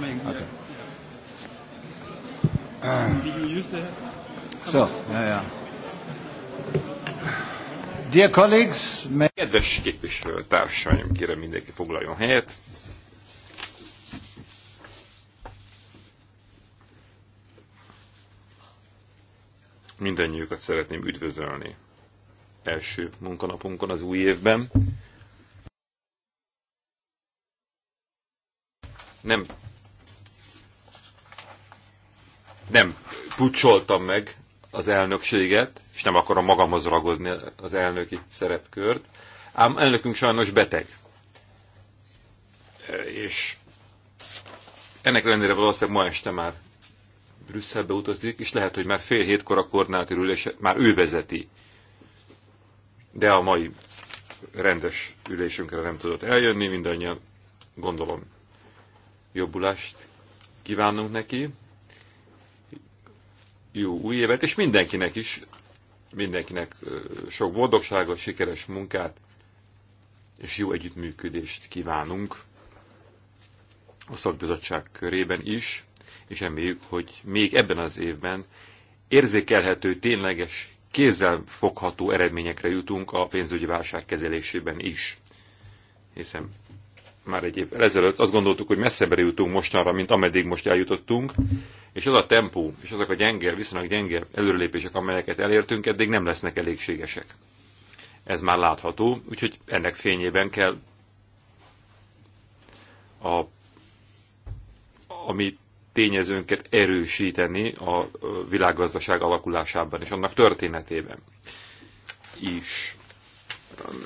Okay. Uh, so, ja, Dear colleagues, may... Kedves képviselőtársaim, kérem mindenki foglaljon helyet. Mindennyiukat szeretném üdvözölni első munkanapunkon az új évben. Nem nem pucsoltam meg az elnökséget, és nem akarom magamhoz ragadni az elnöki szerepkört, ám elnökünk sajnos beteg. E, és ennek ellenére valószínűleg ma este már Brüsszelbe utazik, és lehet, hogy már fél hétkor a ülése már ő vezeti. De a mai rendes ülésünkre nem tudott eljönni, mindannyian gondolom jobbulást kívánunk neki jó új évet, és mindenkinek is, mindenkinek sok boldogságot, sikeres munkát, és jó együttműködést kívánunk a szakbizottság körében is, és reméljük, hogy még ebben az évben érzékelhető, tényleges, kézzel fogható eredményekre jutunk a pénzügyi válság kezelésében is. Hiszen már egy évvel ezelőtt azt gondoltuk, hogy messzebbre jutunk mostanra, mint ameddig most eljutottunk, és az a tempó, és azok a gyenge, viszonylag gyenge előrelépések, amelyeket elértünk, eddig nem lesznek elégségesek. Ez már látható, úgyhogy ennek fényében kell a, ami tényezőnket erősíteni a világgazdaság alakulásában és annak történetében is.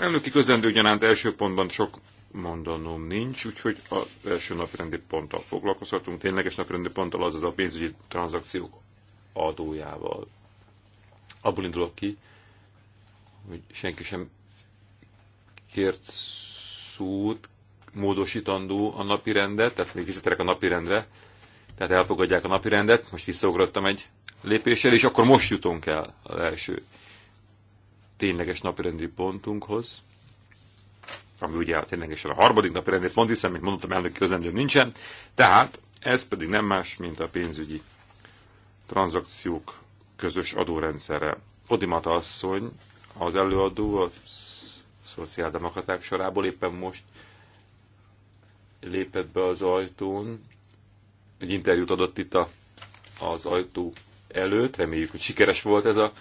Elnöki közlendő gyanánt első pontban sok mondanom nincs, úgyhogy az első napirendi ponttal foglalkozhatunk. Tényleges napirendi ponttal, azaz a pénzügyi tranzakciók adójával. Abból indulok ki, hogy senki sem kért szót, módosítandó a napi rendet, tehát még visszaterek a napi rendre, tehát elfogadják a napi rendet, most visszaugrottam egy lépéssel, és akkor most jutunk el az első tényleges napirendi pontunkhoz ami ugye ténylegesen a harmadik napi rendét pont, hiszen, mint mondtam, elnök közlendő nincsen, tehát ez pedig nem más, mint a pénzügyi tranzakciók közös adórendszere. Odimata asszony, az előadó a szociáldemokraták sorából éppen most lépett be az ajtón, egy interjút adott itt a, az ajtó előtt, reméljük, hogy sikeres volt ez a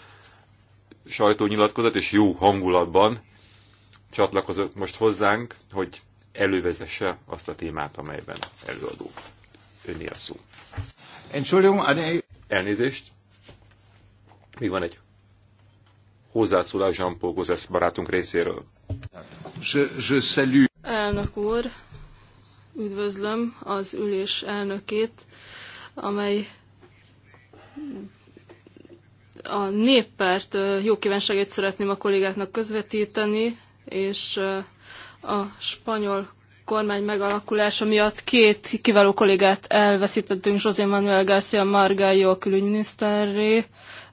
sajtónyilatkozat, és jó hangulatban csatlakozott most hozzánk, hogy elővezesse azt a témát, amelyben előadó. Önné a szó. Elnézést. Még van egy hozzászólás Jean-Paul Gozesz barátunk részéről. Je, je salue. Elnök úr, üdvözlöm az ülés elnökét, amely a néppárt jó kívánságét szeretném a kollégáknak közvetíteni, és a spanyol kormány megalakulása miatt két kiváló kollégát elveszítettünk, José Manuel García Margallo külügyminiszterré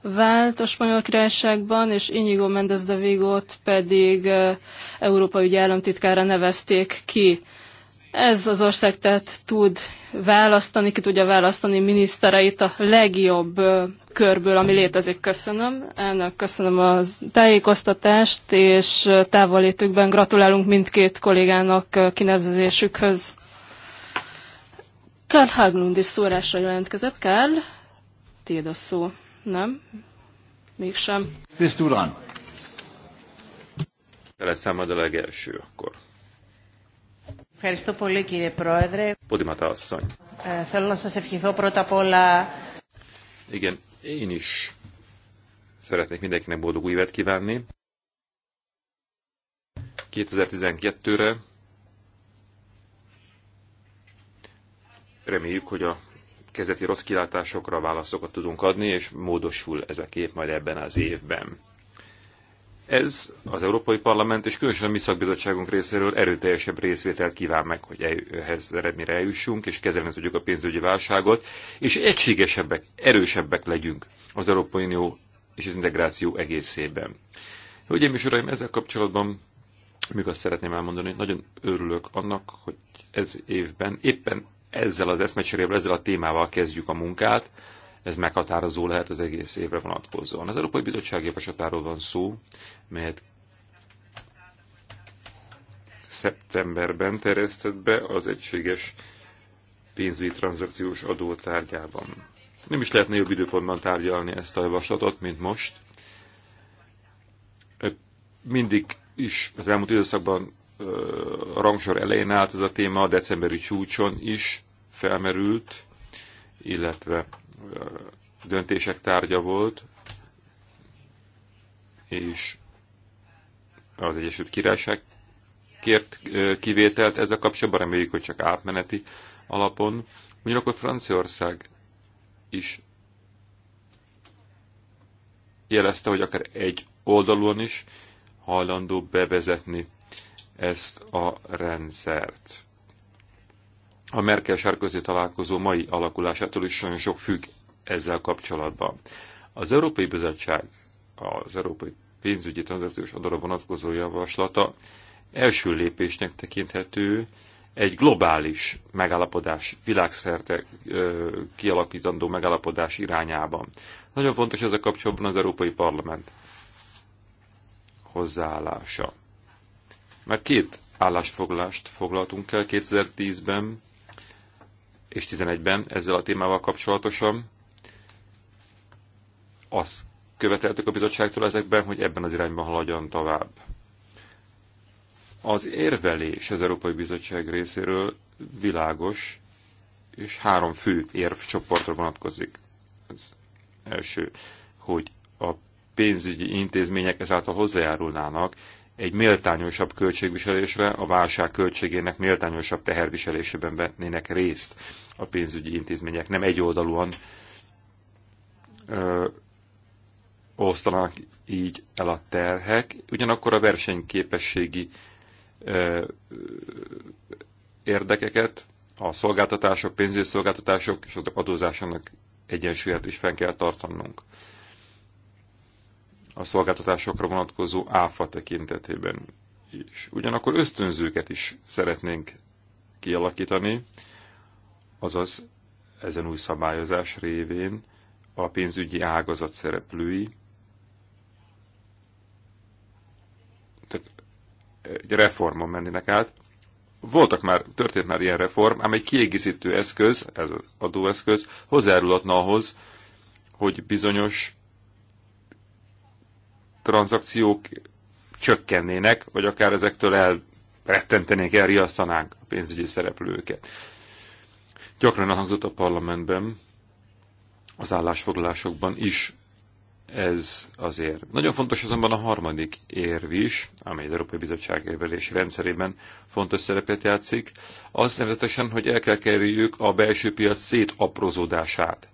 vált a spanyol királyságban, és Inigo Mendez de Vigot pedig Európa ügyi államtitkára nevezték ki. Ez az ország tehát tud választani, ki tudja választani minisztereit a legjobb körből, ami létezik. Köszönöm. Elnök, köszönöm a tájékoztatást, és távolétükben gratulálunk mindkét kollégának kinevezésükhöz. Karl Haglund is szórásra jelentkezett. Karl, tiéd a szó. Nem? Mégsem. Bist du dran? Te leszel a legelső akkor. Ευχαριστώ πολύ κύριε Πρόεδρε. Podimata asszony. Θέλω να σας ευχηθώ πρώτα απ' όλα... Igen, én is szeretnék mindenkinek boldog új évet kívánni. 2012-re reméljük, hogy a kezdeti rossz kilátásokra válaszokat tudunk adni, és módosul ez a kép majd ebben az évben. Ez az Európai Parlament és különösen a mi szakbizottságunk részéről erőteljesebb részvételt kíván meg, hogy ehhez eredményre eljussunk, és kezelni tudjuk a pénzügyi válságot, és egységesebbek, erősebbek legyünk az Európai Unió és az integráció egészében. Hölgyeim és Uraim, ezzel kapcsolatban még azt szeretném elmondani, hogy nagyon örülök annak, hogy ez évben éppen ezzel az eszmecserével, ezzel a témával kezdjük a munkát, ez meghatározó lehet az egész évre vonatkozóan. Az Európai Bizottság javaslatáról van szó, melyet szeptemberben terjesztett be az egységes pénzügyi tranzakciós adó tárgyában. Nem is lehetne jobb időpontban tárgyalni ezt a javaslatot, mint most. Mindig is az elmúlt időszakban a rangsor elején állt ez a téma, a decemberi csúcson is felmerült, illetve döntések tárgya volt, és az Egyesült Királyság kért kivételt ezzel kapcsolatban, reméljük, hogy csak átmeneti alapon. Ugyanakkor Franciaország is jelezte, hogy akár egy oldalon is hajlandó bevezetni ezt a rendszert a Merkel sárközi találkozó mai alakulásától is nagyon sok függ ezzel kapcsolatban. Az Európai Bizottság, az Európai Pénzügyi Tranzakciós Adóra vonatkozó javaslata első lépésnek tekinthető egy globális megállapodás, világszerte kialakítandó megállapodás irányában. Nagyon fontos ez a kapcsolatban az Európai Parlament hozzáállása. Mert két állásfoglalást foglaltunk el 2010-ben, és 11-ben ezzel a témával kapcsolatosan. Azt követeltük a bizottságtól ezekben, hogy ebben az irányban haladjon tovább. Az érvelés az Európai Bizottság részéről világos, és három fő érvcsoportra vonatkozik. Az első, hogy a pénzügyi intézmények ezáltal hozzájárulnának egy méltányosabb költségviselésre, a válság költségének méltányosabb teherviselésében vennének részt a pénzügyi intézmények, nem egyoldalúan ö, osztanak így el a terhek, ugyanakkor a versenyképességi ö, érdekeket, a szolgáltatások, pénzügyi szolgáltatások és az adózásának egyensúlyát is fenn kell tartanunk a szolgáltatásokra vonatkozó áfa tekintetében is. Ugyanakkor ösztönzőket is szeretnénk kialakítani, azaz ezen új szabályozás révén a pénzügyi ágazat szereplői, tehát egy reformon mennének át. Voltak már, történt már ilyen reform, ám egy kiegészítő eszköz, ez az adóeszköz, hozzájárulhatna ahhoz, hogy bizonyos tranzakciók csökkennének, vagy akár ezektől elrettentenék, elriasztanánk a pénzügyi szereplőket. Gyakran elhangzott a parlamentben, az állásfoglalásokban is ez azért. Nagyon fontos azonban a harmadik érv is, amely az Európai Bizottság érvelési rendszerében fontos szerepet játszik, az nevezetesen, hogy el kell kerüljük a belső piac szétaprozódását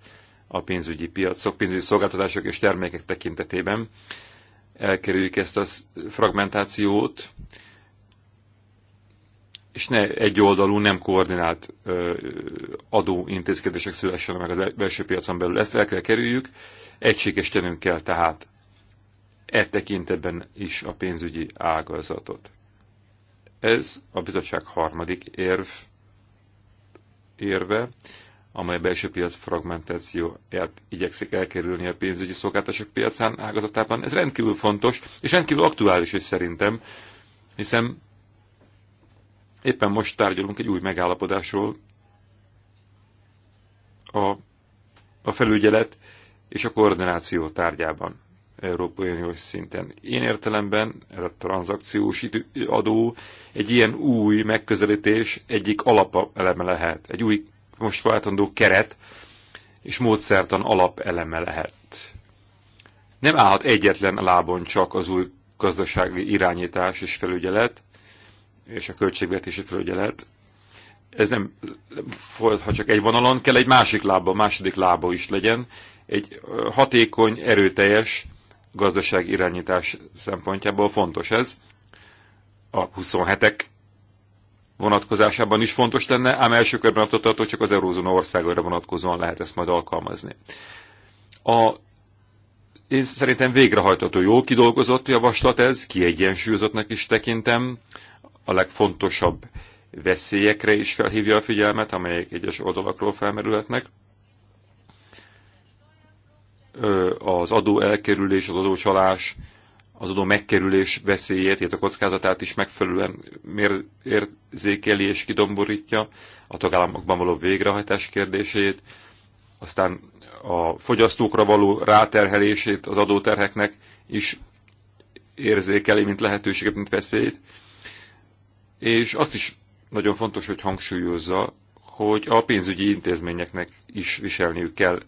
a pénzügyi piacok, pénzügyi szolgáltatások és termékek tekintetében, elkerüljük ezt a fragmentációt, és ne egyoldalú, nem koordinált adóintézkedések szülessenek meg az e- belső piacon belül. Ezt el kell kerüljük, egységes tenünk kell tehát e tekintetben is a pénzügyi ágazatot. Ez a bizottság harmadik érv, érve, amely belső piac fragmentációját igyekszik elkerülni a pénzügyi szolgáltatások piacán ágazatában. Ez rendkívül fontos, és rendkívül aktuális is szerintem, hiszen éppen most tárgyalunk egy új megállapodásról a, a felügyelet és a koordináció tárgyában. Európai Uniós szinten. Én értelemben ez a tranzakciós adó egy ilyen új megközelítés egyik alapeleme lehet, egy új most váltandó keret és módszertan alapeleme lehet. Nem állhat egyetlen lábon csak az új gazdasági irányítás és felügyelet, és a költségvetési felügyelet. Ez nem, ha csak egy vonalon kell, egy másik lába, második lába is legyen, egy hatékony, erőteljes gazdaság irányítás szempontjából fontos ez. A 27-ek vonatkozásában is fontos lenne, ám első körben attól tartó, csak az eurózóna országaira vonatkozóan lehet ezt majd alkalmazni. A, én szerintem végrehajtható, jó kidolgozott javaslat ez, kiegyensúlyozottnak is tekintem, a legfontosabb veszélyekre is felhívja a figyelmet, amelyek egyes oldalakról felmerülhetnek. Az adó elkerülés, az adócsalás, az adó megkerülés veszélyét, illetve a kockázatát is megfelelően érzékeli és kidomborítja, a tagállamokban való végrehajtás kérdését, aztán a fogyasztókra való ráterhelését az adóterheknek is érzékeli, mint lehetőséget, mint veszélyt. És azt is nagyon fontos, hogy hangsúlyozza, hogy a pénzügyi intézményeknek is viselniük kell,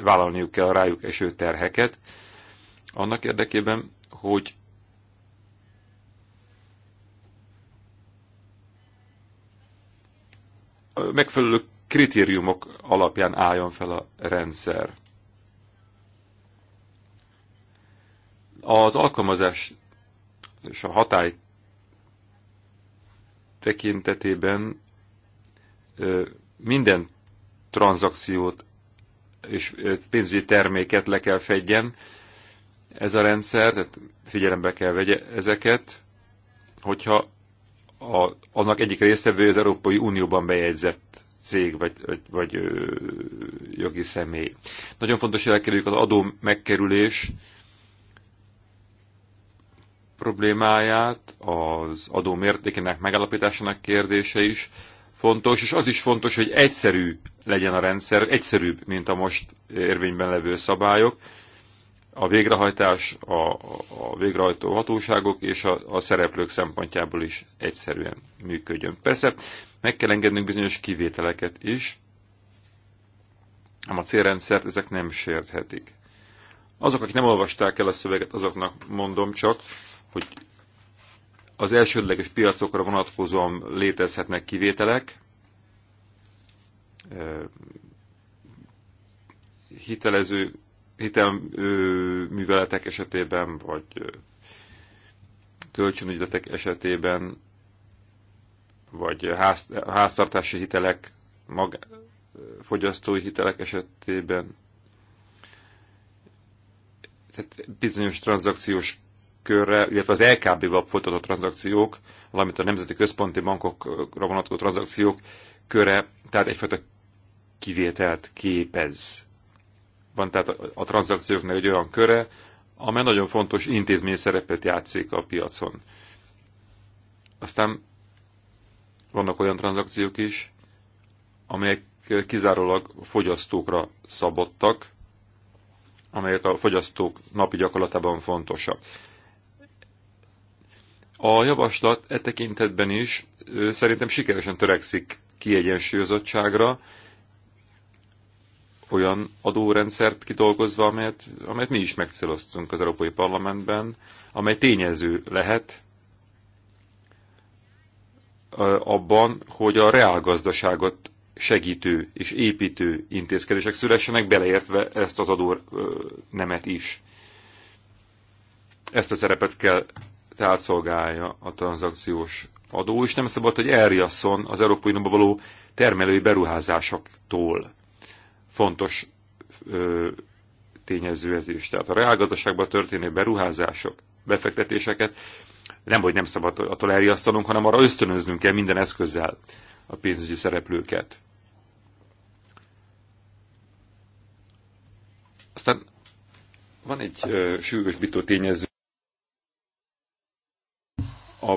vállalniuk kell a rájuk eső terheket, annak érdekében, hogy megfelelő kritériumok alapján álljon fel a rendszer. Az alkalmazás és a hatály tekintetében minden tranzakciót és pénzügyi terméket le kell fedjen, ez a rendszer, tehát figyelembe kell vegye ezeket, hogyha a, annak egyik résztvevő az Európai Unióban bejegyzett cég vagy, vagy, vagy ö, jogi személy. Nagyon fontos, hogy elkerüljük az adó megkerülés problémáját, az adó mértékének megállapításának kérdése is fontos, és az is fontos, hogy egyszerű legyen a rendszer, egyszerűbb, mint a most érvényben levő szabályok, a végrehajtás, a, a végrehajtó hatóságok és a, a szereplők szempontjából is egyszerűen működjön. Persze meg kell engednünk bizonyos kivételeket is, ám a célrendszert ezek nem sérthetik. Azok, akik nem olvasták el a szöveget, azoknak mondom csak, hogy az elsődleges piacokra vonatkozóan létezhetnek kivételek, hitelező hitel műveletek esetében, vagy kölcsönügyletek esetében, vagy háztartási hitelek, mag, fogyasztói hitelek esetében. Tehát bizonyos tranzakciós körre, illetve az LKB-val folytatott tranzakciók, valamint a nemzeti központi bankokra vonatkozó tranzakciók köre, tehát egyfajta kivételt képez van tehát a, a tranzakcióknak egy olyan köre, amely nagyon fontos intézmény szerepet játszik a piacon. Aztán vannak olyan tranzakciók is, amelyek kizárólag fogyasztókra szabottak, amelyek a fogyasztók napi gyakorlatában fontosak. A javaslat e tekintetben is szerintem sikeresen törekszik kiegyensúlyozottságra, olyan adórendszert kidolgozva, amelyet, amelyet mi is megcéloztunk az Európai Parlamentben, amely tényező lehet abban, hogy a reálgazdaságot segítő és építő intézkedések szülessenek, beleértve ezt az adónemet nemet is. Ezt a szerepet kell tehát szolgálja a tranzakciós adó, és nem szabad, hogy elriasszon az Európai Unióba való termelői beruházásoktól fontos ö, tényező ez is. Tehát a reálgazdaságban történő beruházások, befektetéseket nem, hogy nem szabad attól elriasztanunk, hanem arra ösztönöznünk kell minden eszközzel a pénzügyi szereplőket. Aztán van egy sűrűs bitó tényező. A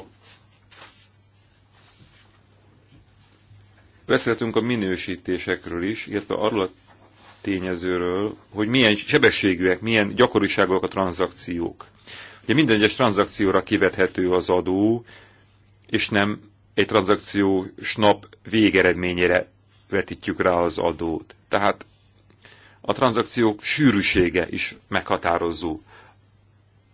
Beszéltünk a minősítésekről is, illetve arról a tényezőről, hogy milyen sebességűek, milyen gyakoriságúak a tranzakciók. Ugye minden egyes tranzakcióra kivethető az adó, és nem egy tranzakciós nap végeredményére vetítjük rá az adót. Tehát a tranzakciók sűrűsége is meghatározó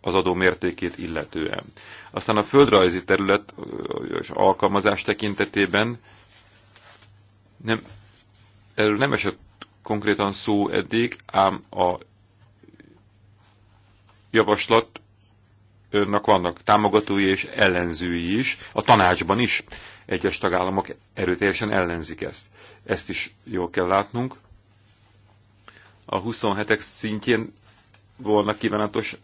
az adó mértékét illetően. Aztán a földrajzi terület és alkalmazás tekintetében nem, erről nem esett konkrétan szó eddig, ám a javaslat önnek vannak támogatói és ellenzői is, a tanácsban is egyes tagállamok erőteljesen ellenzik ezt. Ezt is jól kell látnunk. A 27-ek szintjén volna kívánatos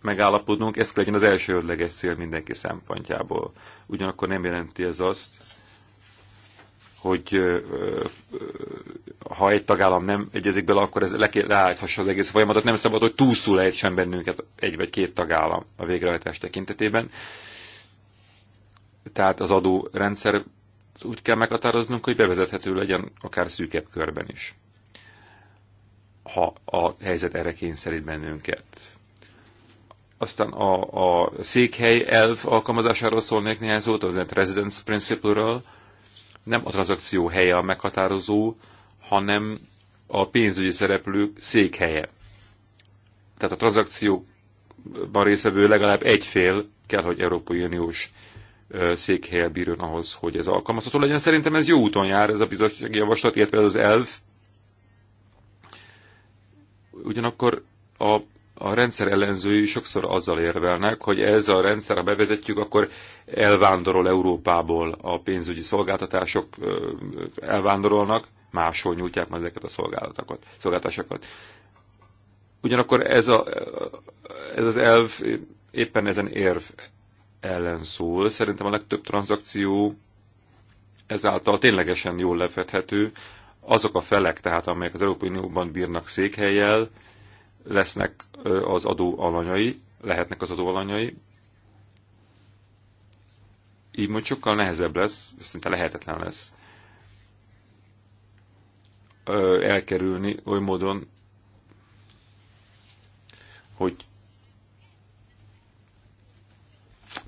megállapodnunk, ez legyen az első ödleges cél mindenki szempontjából. Ugyanakkor nem jelenti ez azt, hogy ha egy tagállam nem egyezik bele, akkor ez leállíthassa az egész folyamatot. Nem szabad, hogy túlszul sem bennünket egy vagy két tagállam a végrehajtás tekintetében. Tehát az adórendszer úgy kell meghatároznunk, hogy bevezethető legyen akár szűkebb körben is, ha a helyzet erre kényszerít bennünket. Aztán a, a székhely elv alkalmazásáról szólnék néhány szót, az residence principle-ről nem a tranzakció helye a meghatározó, hanem a pénzügyi szereplők székhelye. Tehát a tranzakcióban részvevő legalább egy fél kell, hogy Európai Uniós székhelye bírjon ahhoz, hogy ez alkalmazható legyen. Szerintem ez jó úton jár, ez a bizottsági javaslat, illetve ez az elv. Ugyanakkor a a rendszer ellenzői sokszor azzal érvelnek, hogy ez a rendszer, ha bevezetjük, akkor elvándorol Európából a pénzügyi szolgáltatások, elvándorolnak, máshol nyújtják majd ezeket a szolgáltatásokat. szolgáltatásokat. Ugyanakkor ez, a, ez az elv éppen ezen érv ellen szól. Szerintem a legtöbb tranzakció ezáltal ténylegesen jól lefethető. Azok a felek, tehát amelyek az Európai Unióban bírnak székhelyjel, lesznek az adó alanyai, lehetnek az adó alanyai. Így most sokkal nehezebb lesz, szinte lehetetlen lesz elkerülni oly módon, hogy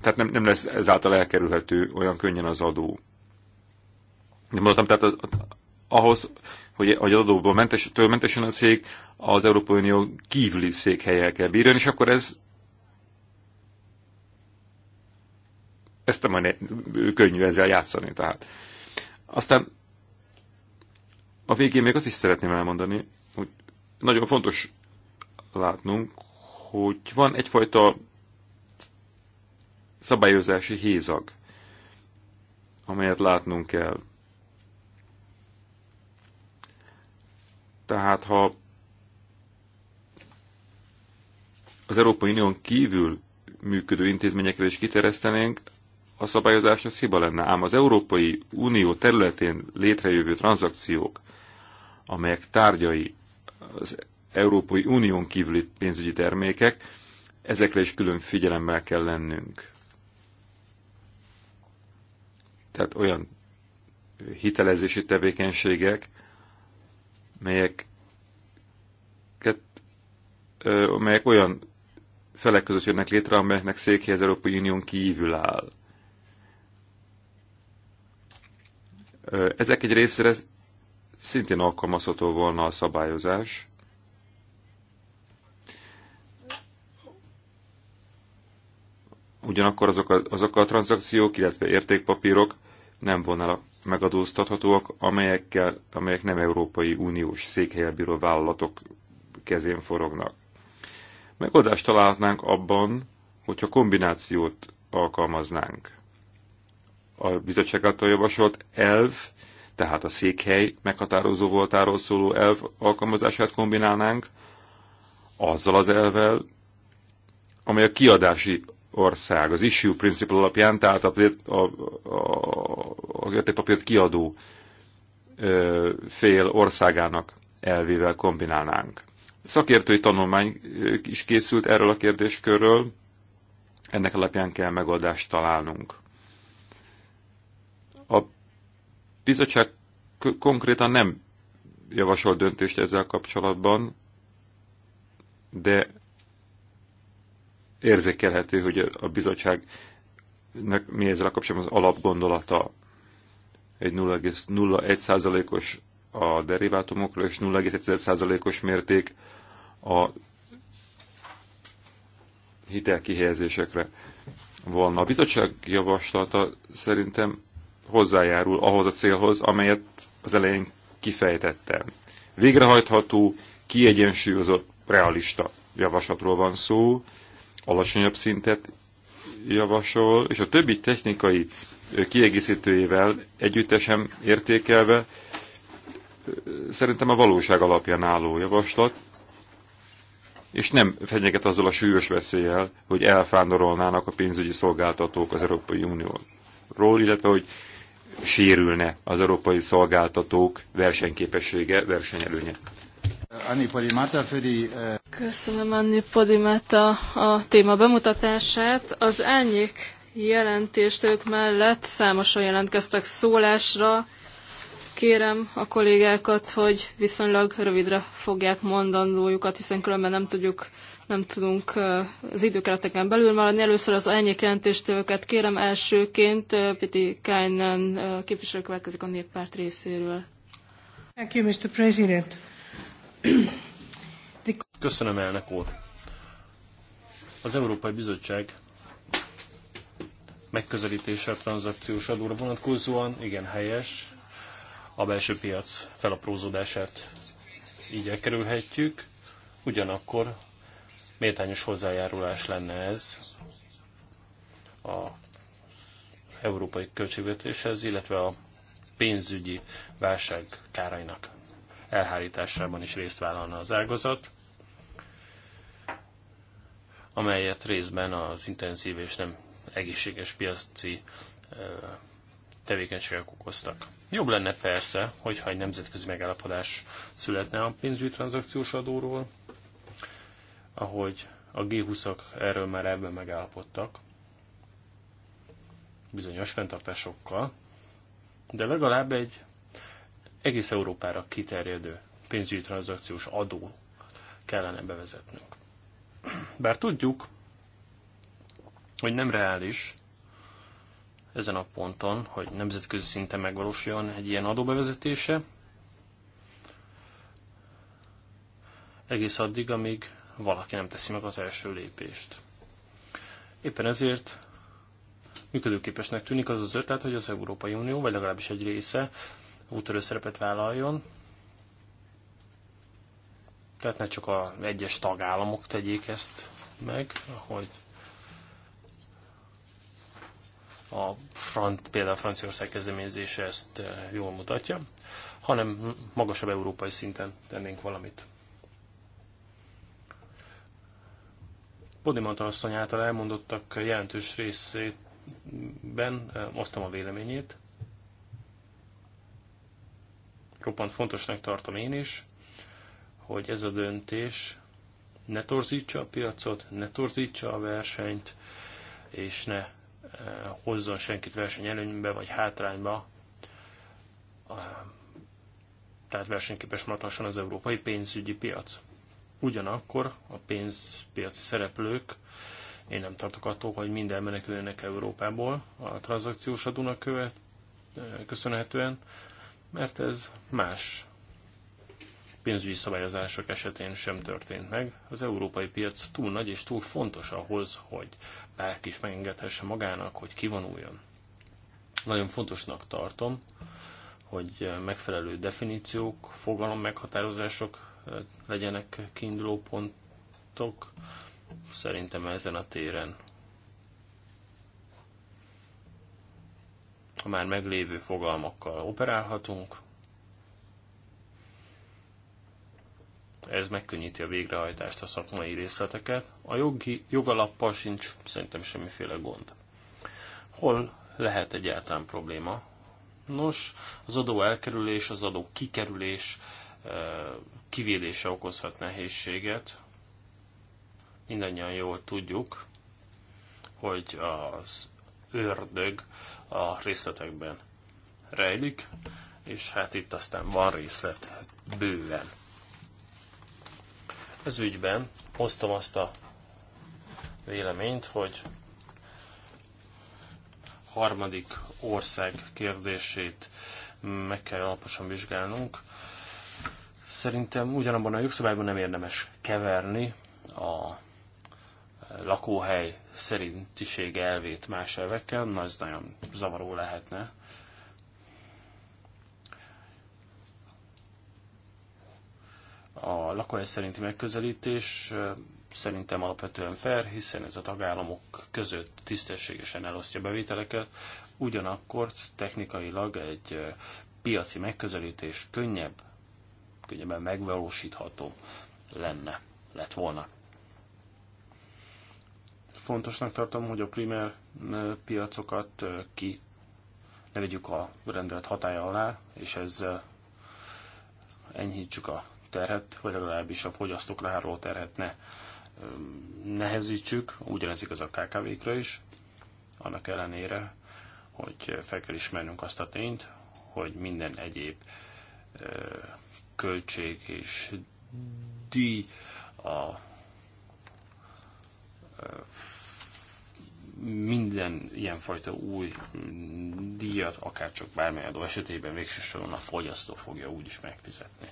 tehát nem, nem lesz ezáltal elkerülhető olyan könnyen az adó. Mondtam, tehát az, az, ahhoz, hogy, hogy adóból mentes, mentesen a cég az Európai Unió kívüli székhelyel kell bírjon, és akkor ez ezt a majd könnyű ezzel játszani. Tehát. Aztán a végén még azt is szeretném elmondani, hogy nagyon fontos látnunk, hogy van egyfajta szabályozási hézag, amelyet látnunk kell. Tehát ha az Európai Unión kívül működő intézményekre is kiterjesztenénk, a szabályozás az hiba lenne. Ám az Európai Unió területén létrejövő tranzakciók, amelyek tárgyai az Európai Unión kívüli pénzügyi termékek, ezekre is külön figyelemmel kell lennünk. Tehát olyan hitelezési tevékenységek, melyek, melyek olyan felek között jönnek létre, amelyeknek székhelye az Európai Unión kívül áll. Ezek egy részére szintén alkalmazható volna a szabályozás. Ugyanakkor azok a, azok a tranzakciók, illetve értékpapírok nem vonnának megadóztathatóak, amelyekkel, amelyek nem Európai Uniós székhelyel bíró vállalatok kezén forognak. Megoldást találhatnánk abban, hogyha kombinációt alkalmaznánk. A bizottság által javasolt elv, tehát a székhely meghatározó voltáról szóló elv alkalmazását kombinálnánk azzal az elvel, amely a kiadási ország az issue principle alapján, tehát a, a, a, a papírt kiadó ö, fél országának elvével kombinálnánk. Szakértői tanulmány is készült erről a kérdéskörről, ennek alapján kell megoldást találnunk. A bizottság konkrétan nem javasol döntést ezzel kapcsolatban, de érzékelhető, hogy a bizottság mi ezzel kapcsolatban az alapgondolata egy 0,01%-os a derivátumokra, és 0,1%-os mérték a hitelkihelyezésekre volna. A bizottság javaslata szerintem hozzájárul ahhoz a célhoz, amelyet az elején kifejtettem. Végrehajtható, kiegyensúlyozott, realista javaslatról van szó, alacsonyabb szintet javasol, és a többi technikai kiegészítőjével együttesen értékelve szerintem a valóság alapján álló javaslat, és nem fenyeget azzal a súlyos veszéllyel, hogy elfándorolnának a pénzügyi szolgáltatók az Európai Unióról, illetve hogy sérülne az európai szolgáltatók versenyképessége, versenyelőnye. Anni Podimata für die, uh... Köszönöm Anni Podimata a téma bemutatását. Az árnyék ők mellett számosan jelentkeztek szólásra. Kérem a kollégákat, hogy viszonylag rövidre fogják mondandójukat, hiszen különben nem tudjuk nem tudunk az időkereteken belül maradni. Először az ennyi jelentéstőket kérem elsőként. Piti Kájnen képviselő következik a néppárt részéről. Thank you, Mr. President. Köszönöm, elnök úr. Az Európai Bizottság megközelítése a tranzakciós adóra vonatkozóan igen helyes, a belső piac felaprózódását így elkerülhetjük, ugyanakkor méltányos hozzájárulás lenne ez a európai költségvetéshez, illetve a pénzügyi válság kárainak elhárításában is részt vállalna az ágazat, amelyet részben az intenzív és nem egészséges piaci tevékenységek okoztak. Jobb lenne persze, hogyha egy nemzetközi megállapodás születne a pénzügyi tranzakciós adóról, ahogy a G20-ak erről már ebben megállapodtak, bizonyos fenntartásokkal, de legalább egy egész Európára kiterjedő pénzügyi tranzakciós adó kellene bevezetnünk. Bár tudjuk, hogy nem reális ezen a ponton, hogy nemzetközi szinten megvalósuljon egy ilyen adóbevezetése, egész addig, amíg valaki nem teszi meg az első lépést. Éppen ezért működőképesnek tűnik az az ötlet, hogy az Európai Unió, vagy legalábbis egy része útörő szerepet vállaljon. Tehát ne csak a egyes tagállamok tegyék ezt meg, ahogy a front, például Franciaország kezdeményezése ezt eh, jól mutatja, hanem magasabb európai szinten tennénk valamit. Podimata asszony által elmondottak jelentős részében eh, osztom a véleményét roppant fontosnak tartom én is, hogy ez a döntés ne torzítsa a piacot, ne torzítsa a versenyt, és ne eh, hozzon senkit versenyelőnybe vagy hátrányba, eh, tehát versenyképes maradhasson az európai pénzügyi piac. Ugyanakkor a pénzpiaci szereplők, én nem tartok attól, hogy minden meneküljenek Európából a tranzakciós adónak követ, eh, köszönhetően, mert ez más pénzügyi szabályozások esetén sem történt meg. Az európai piac túl nagy és túl fontos ahhoz, hogy bárki is megengedhesse magának, hogy kivonuljon. Nagyon fontosnak tartom, hogy megfelelő definíciók, fogalom meghatározások legyenek kiinduló pontok. Szerintem ezen a téren ha már meglévő fogalmakkal operálhatunk. Ez megkönnyíti a végrehajtást, a szakmai részleteket. A jogi, jogalappal sincs szerintem semmiféle gond. Hol lehet egyáltalán probléma? Nos, az adó elkerülés, az adó kikerülés, eh, kivédése okozhat nehézséget. Mindannyian jól tudjuk, hogy az ördög a részletekben rejlik, és hát itt aztán van részlet bőven. Ez ügyben hoztam azt a véleményt, hogy harmadik ország kérdését meg kell alaposan vizsgálnunk. Szerintem ugyanabban a jogszabályban nem érdemes keverni a lakóhely szerintisége elvét más elvekkel, na ez nagyon zavaró lehetne. A lakóhely szerinti megközelítés szerintem alapvetően fair, hiszen ez a tagállamok között tisztességesen elosztja bevételeket, ugyanakkor technikailag egy piaci megközelítés könnyebb, könnyebben megvalósítható lenne, lett volna fontosnak tartom, hogy a primer piacokat ki ne vegyük a rendelet hatája alá, és ezzel enyhítsük a terhet, vagy legalábbis a fogyasztókra háró terhet ne nehezítsük, ugyanez igaz a KKV-kra is, annak ellenére, hogy fel kell ismernünk azt a tényt, hogy minden egyéb költség és díj a minden ilyenfajta új díjat, akár csak bármely adó esetében végső a fogyasztó fogja úgyis megfizetni.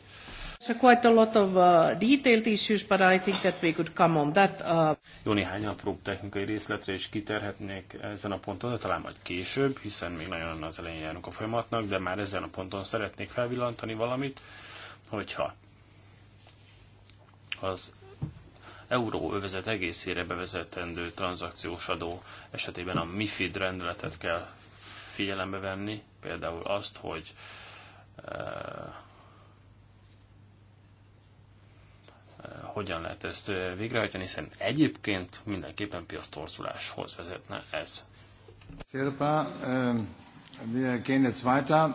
So quite a lot of uh, detailed issues, but I think that we could come on that. Uh... Jó néhány apró technikai részletre is kiterhetnék ezen a ponton, de talán majd később, hiszen még nagyon az elején járunk a folyamatnak, de már ezen a ponton szeretnék felvillantani valamit, hogyha az euróövezet egészére bevezetendő tranzakciós adó esetében a MIFID rendeletet kell figyelembe venni, például azt, hogy eh, eh, hogyan lehet ezt eh, végrehajtani, hiszen egyébként mindenképpen piasztorzuláshoz vezetne ez. Szilpa, wir gehen jetzt weiter.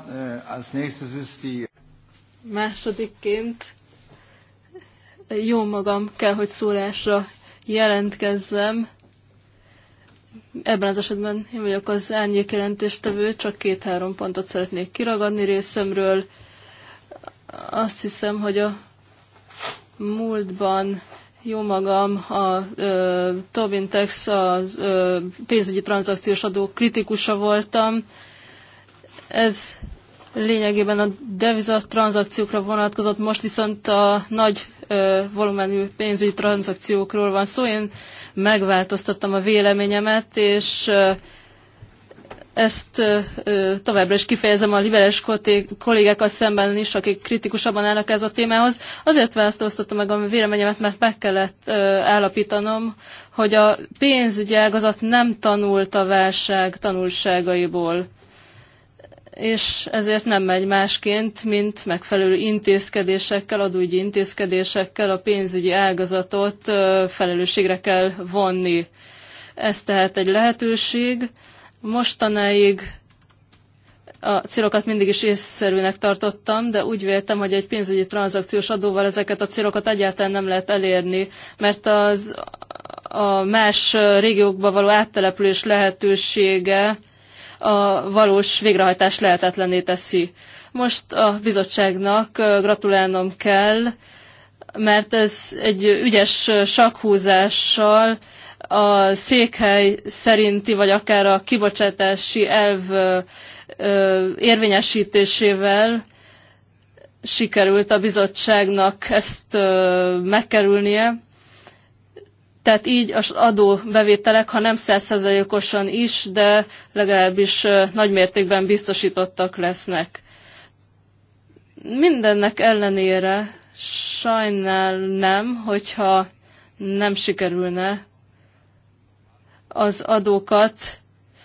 Als nächstes ist die Másodikként jó magam kell, hogy szólásra jelentkezzem. Ebben az esetben én vagyok az árnyék jelentéstevő, csak két-három pontot szeretnék kiragadni részemről. Azt hiszem, hogy a múltban jó magam, a ö, Tobin Tex, a ö, pénzügyi tranzakciós adó kritikusa voltam. Ez lényegében a tranzakciókra vonatkozott, most viszont a nagy volumenű pénzügyi tranzakciókról van szó. Én megváltoztattam a véleményemet, és ezt továbbra is kifejezem a liberális kollégákkal szemben is, akik kritikusabban állnak ez a témához. Azért változtattam meg a véleményemet, mert meg kellett állapítanom, hogy a pénzügyi ágazat nem tanult a válság tanulságaiból és ezért nem megy másként, mint megfelelő intézkedésekkel, adógyi intézkedésekkel a pénzügyi ágazatot felelősségre kell vonni. Ez tehát egy lehetőség. Mostanáig a célokat mindig is észszerűnek tartottam, de úgy véltem, hogy egy pénzügyi tranzakciós adóval ezeket a célokat egyáltalán nem lehet elérni, mert az a más régiókba való áttelepülés lehetősége a valós végrehajtás lehetetlené teszi. Most a bizottságnak gratulálnom kell, mert ez egy ügyes sakhúzással a székhely szerinti, vagy akár a kibocsátási elv érvényesítésével sikerült a bizottságnak ezt megkerülnie tehát így az adóbevételek, ha nem százszerzajokosan is, de legalábbis nagymértékben biztosítottak lesznek. Mindennek ellenére sajnálnám, hogyha nem sikerülne az adókat.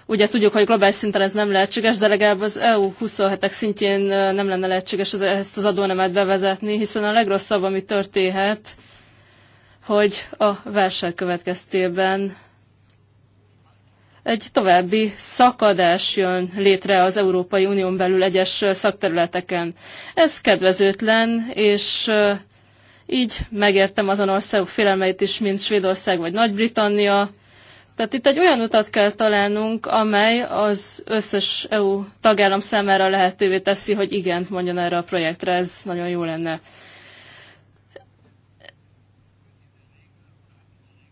Ugye tudjuk, hogy globális szinten ez nem lehetséges, de legalább az EU 27-ek szintjén nem lenne lehetséges ezt az adónemet bevezetni, hiszen a legrosszabb, ami történhet, hogy a válság következtében egy további szakadás jön létre az Európai Unión belül egyes szakterületeken. Ez kedvezőtlen, és így megértem azon országok félelmeit is, mint Svédország vagy Nagy-Britannia. Tehát itt egy olyan utat kell találnunk, amely az összes EU tagállam számára lehetővé teszi, hogy igent mondjon erre a projektre. Ez nagyon jó lenne.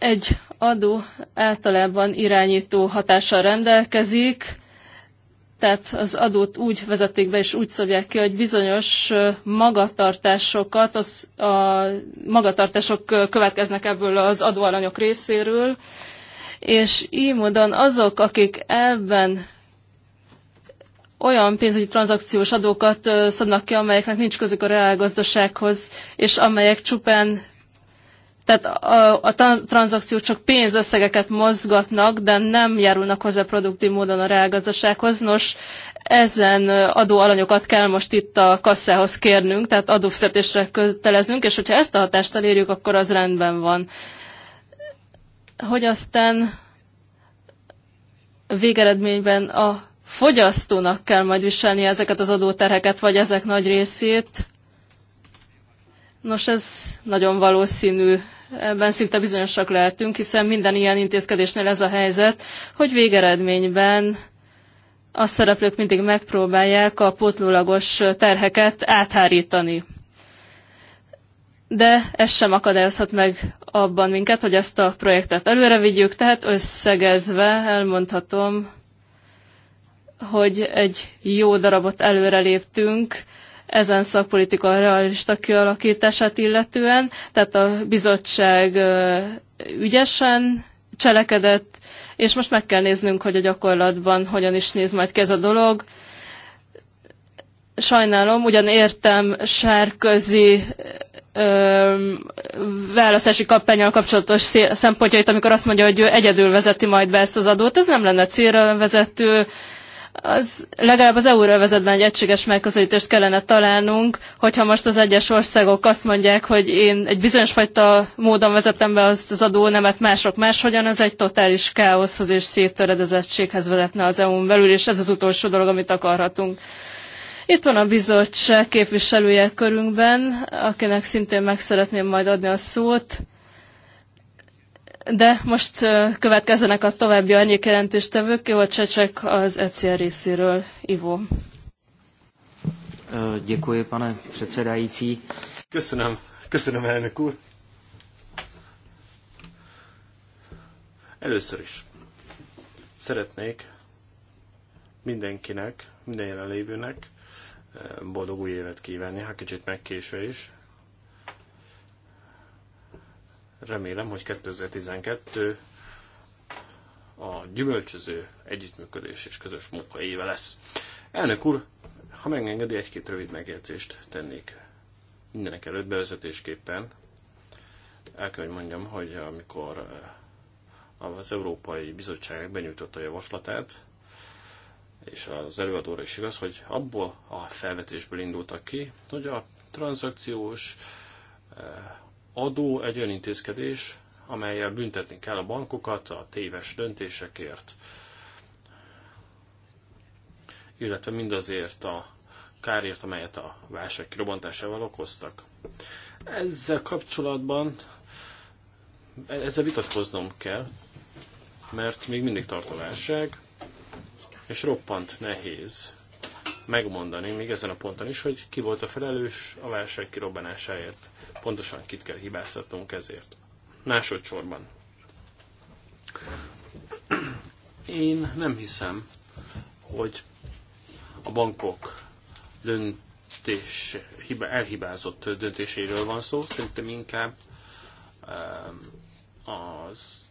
Egy adó általában irányító hatással rendelkezik, tehát az adót úgy vezették be és úgy szabják ki, hogy bizonyos magatartásokat, az, a magatartások következnek ebből az adóalanyok részéről, és így módon azok, akik ebben olyan pénzügyi tranzakciós adókat szabnak ki, amelyeknek nincs közük a reálgazdasághoz, és amelyek csupán tehát a, a tranzakciók csak pénzösszegeket mozgatnak, de nem járulnak hozzá produktív módon a reálgazdasághoz. Nos, ezen adóalanyokat kell most itt a kasszához kérnünk, tehát adófizetésre köteleznünk, és hogyha ezt a hatást elérjük, akkor az rendben van. Hogy aztán végeredményben a fogyasztónak kell majd viselni ezeket az adóterheket, vagy ezek nagy részét. Nos, ez nagyon valószínű ebben szinte bizonyosak lehetünk, hiszen minden ilyen intézkedésnél ez a helyzet, hogy végeredményben a szereplők mindig megpróbálják a pótlólagos terheket áthárítani. De ez sem akadályozhat meg abban minket, hogy ezt a projektet előre vigyük, tehát összegezve elmondhatom, hogy egy jó darabot előreléptünk, léptünk, ezen szakpolitika realista kialakítását illetően, tehát a bizottság ügyesen cselekedett, és most meg kell néznünk, hogy a gyakorlatban hogyan is néz majd ez a dolog. Sajnálom, ugyan értem sárközi ö, választási kampányal kapcsolatos szempontjait, amikor azt mondja, hogy ő egyedül vezeti majd be ezt az adót. Ez nem lenne célra vezető, az legalább az euróvezetben egy egységes megközelítést kellene találnunk, hogyha most az egyes országok azt mondják, hogy én egy bizonyos fajta módon vezetem be azt az adónemet mások máshogyan, az egy totális káoszhoz és széttöredezettséghez vezetne az EU-n belül, és ez az utolsó dolog, amit akarhatunk. Itt van a bizottság képviselője körünkben, akinek szintén meg szeretném majd adni a szót. De most következzenek a további árnyékjelentéstevők, jó Csecsek az ECR részéről, Ivo. Děkuji, pane předsedající. Köszönöm, köszönöm elnök úr. Először is szeretnék mindenkinek, minden jelenlévőnek boldog új évet kívánni, ha kicsit megkésve is, Remélem, hogy 2012 a gyümölcsöző együttműködés és közös munka éve lesz. Elnök úr, ha megengedi, egy-két rövid megjegyzést tennék mindenek előtt bevezetésképpen. El kell, hogy mondjam, hogy amikor eh, az Európai Bizottság benyújtotta a javaslatát, és az előadóra is igaz, hogy abból a felvetésből indultak ki, hogy a tranzakciós eh, adó egy olyan intézkedés, amelyel büntetni kell a bankokat a téves döntésekért, illetve mindazért a kárért, amelyet a válság kirobantásával okoztak. Ezzel kapcsolatban e- ezzel vitatkoznom kell, mert még mindig tart a válság, és roppant nehéz megmondani, még ezen a ponton is, hogy ki volt a felelős a válság kirobbanásáért pontosan kit kell hibáztatnunk ezért. Másodszorban. Én nem hiszem, hogy a bankok döntés, elhibázott döntéséről van szó, szerintem inkább az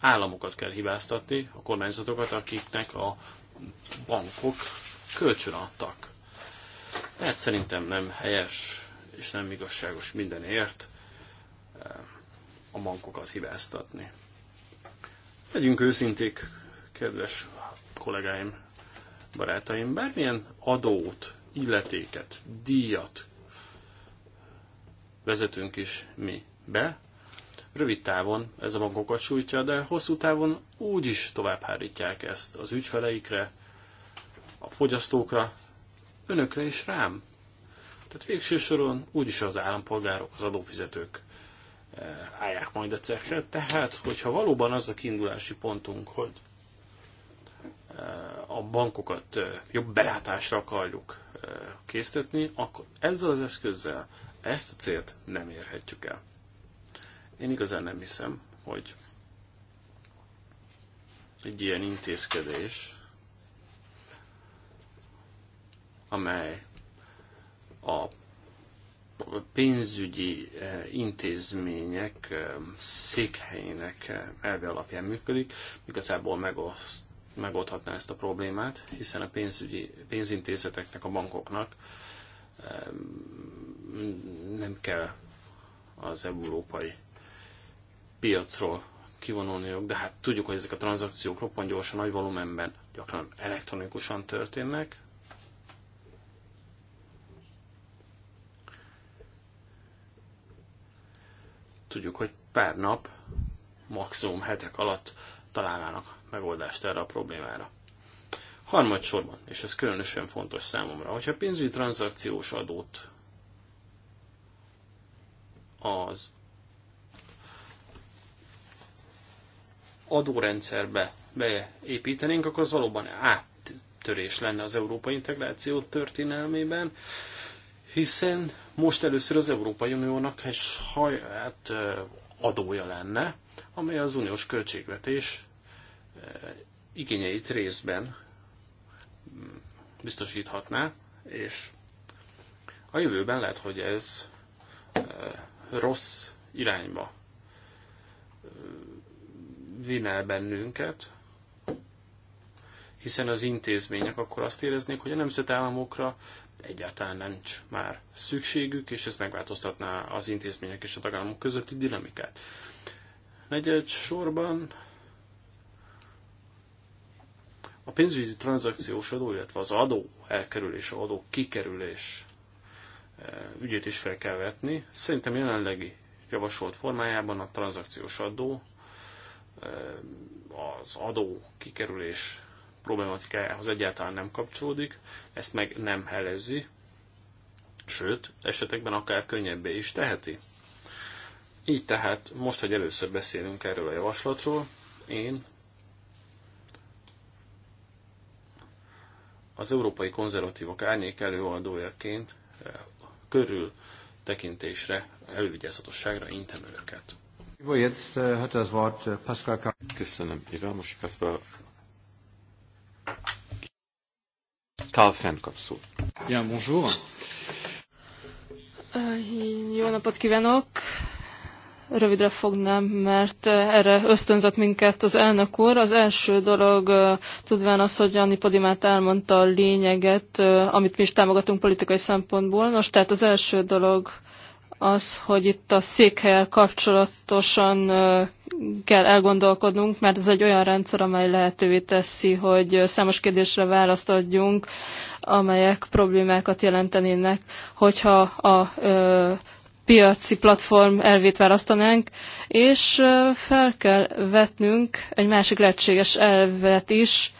államokat kell hibáztatni, a kormányzatokat, akiknek a bankok kölcsön adtak. Tehát szerintem nem helyes és nem igazságos mindenért eh, a mankokat hibáztatni. Legyünk őszinték, kedves kollégáim, barátaim, bármilyen adót, illetéket, díjat vezetünk is mi be, rövid távon ez a magokat sújtja, de hosszú távon úgy is továbbhárítják ezt az ügyfeleikre, a fogyasztókra, önökre és rám. Tehát végső soron úgyis az állampolgárok, az adófizetők eh, állják majd a cekre. Tehát, hogyha valóban az a kiindulási pontunk, hogy eh, a bankokat eh, jobb belátásra akarjuk késztetni, akkor ezzel az eszközzel ezt a célt nem érhetjük el. Én igazán nem hiszem, hogy egy ilyen intézkedés, amely a pénzügyi eh, intézmények eh, székhelyének eh, elve alapján működik, igazából megoszt, megoldhatná ezt a problémát, hiszen a pénzügyi, pénzintézeteknek, a bankoknak nem kell az európai piacról kivonulniuk, de hát tudjuk, hogy ezek a tranzakciók roppant gyorsan, nagy volumenben, gyakran elektronikusan történnek, tudjuk, hogy pár nap, maximum hetek alatt találnának megoldást erre a problémára. Harmadsorban, és ez különösen fontos számomra, hogyha pénzügyi tranzakciós adót az adórendszerbe beépítenénk, akkor az valóban áttörés lenne az európai integráció történelmében hiszen most először az Európai Uniónak egy saját adója lenne, amely az uniós költségvetés igényeit részben mm, biztosíthatná, és a jövőben lehet, hogy ez rossz irányba vinne bennünket, hiszen az intézmények akkor azt éreznék, hogy a nemzetállamokra egyáltalán nincs már szükségük, és ez megváltoztatná az intézmények és a tagállamok közötti dinamikát. Negyed sorban a pénzügyi tranzakciós adó, illetve az adó elkerülés, adó kikerülés eh, ügyét is fel kell vetni. Szerintem jelenlegi javasolt formájában a tranzakciós adó, eh, az adó kikerülés problematikájához egyáltalán nem kapcsolódik, ezt meg nem helezi, sőt, esetekben akár könnyebbé is teheti. Így tehát, most, hogy először beszélünk erről a javaslatról, én az európai konzervatívok árnyék előadójaként eh, körül tekintésre, elővigyázatosságra intem őket. Eh, hát eh, Köszönöm, Iván, Most Kaspar Karl Fenn Ja, bonjour. Jó napot kívánok! Rövidre fognám, mert erre ösztönzött minket az elnök úr. Az első dolog, tudván az, hogy Anni Podimát elmondta a lényeget, amit mi is támogatunk politikai szempontból. Nos, tehát az első dolog, az, hogy itt a székhelyel kapcsolatosan kell elgondolkodnunk, mert ez egy olyan rendszer, amely lehetővé teszi, hogy számos kérdésre választ adjunk, amelyek problémákat jelentenének, hogyha a ö, piaci platform elvét választanánk, és fel kell vetnünk egy másik lehetséges elvet is,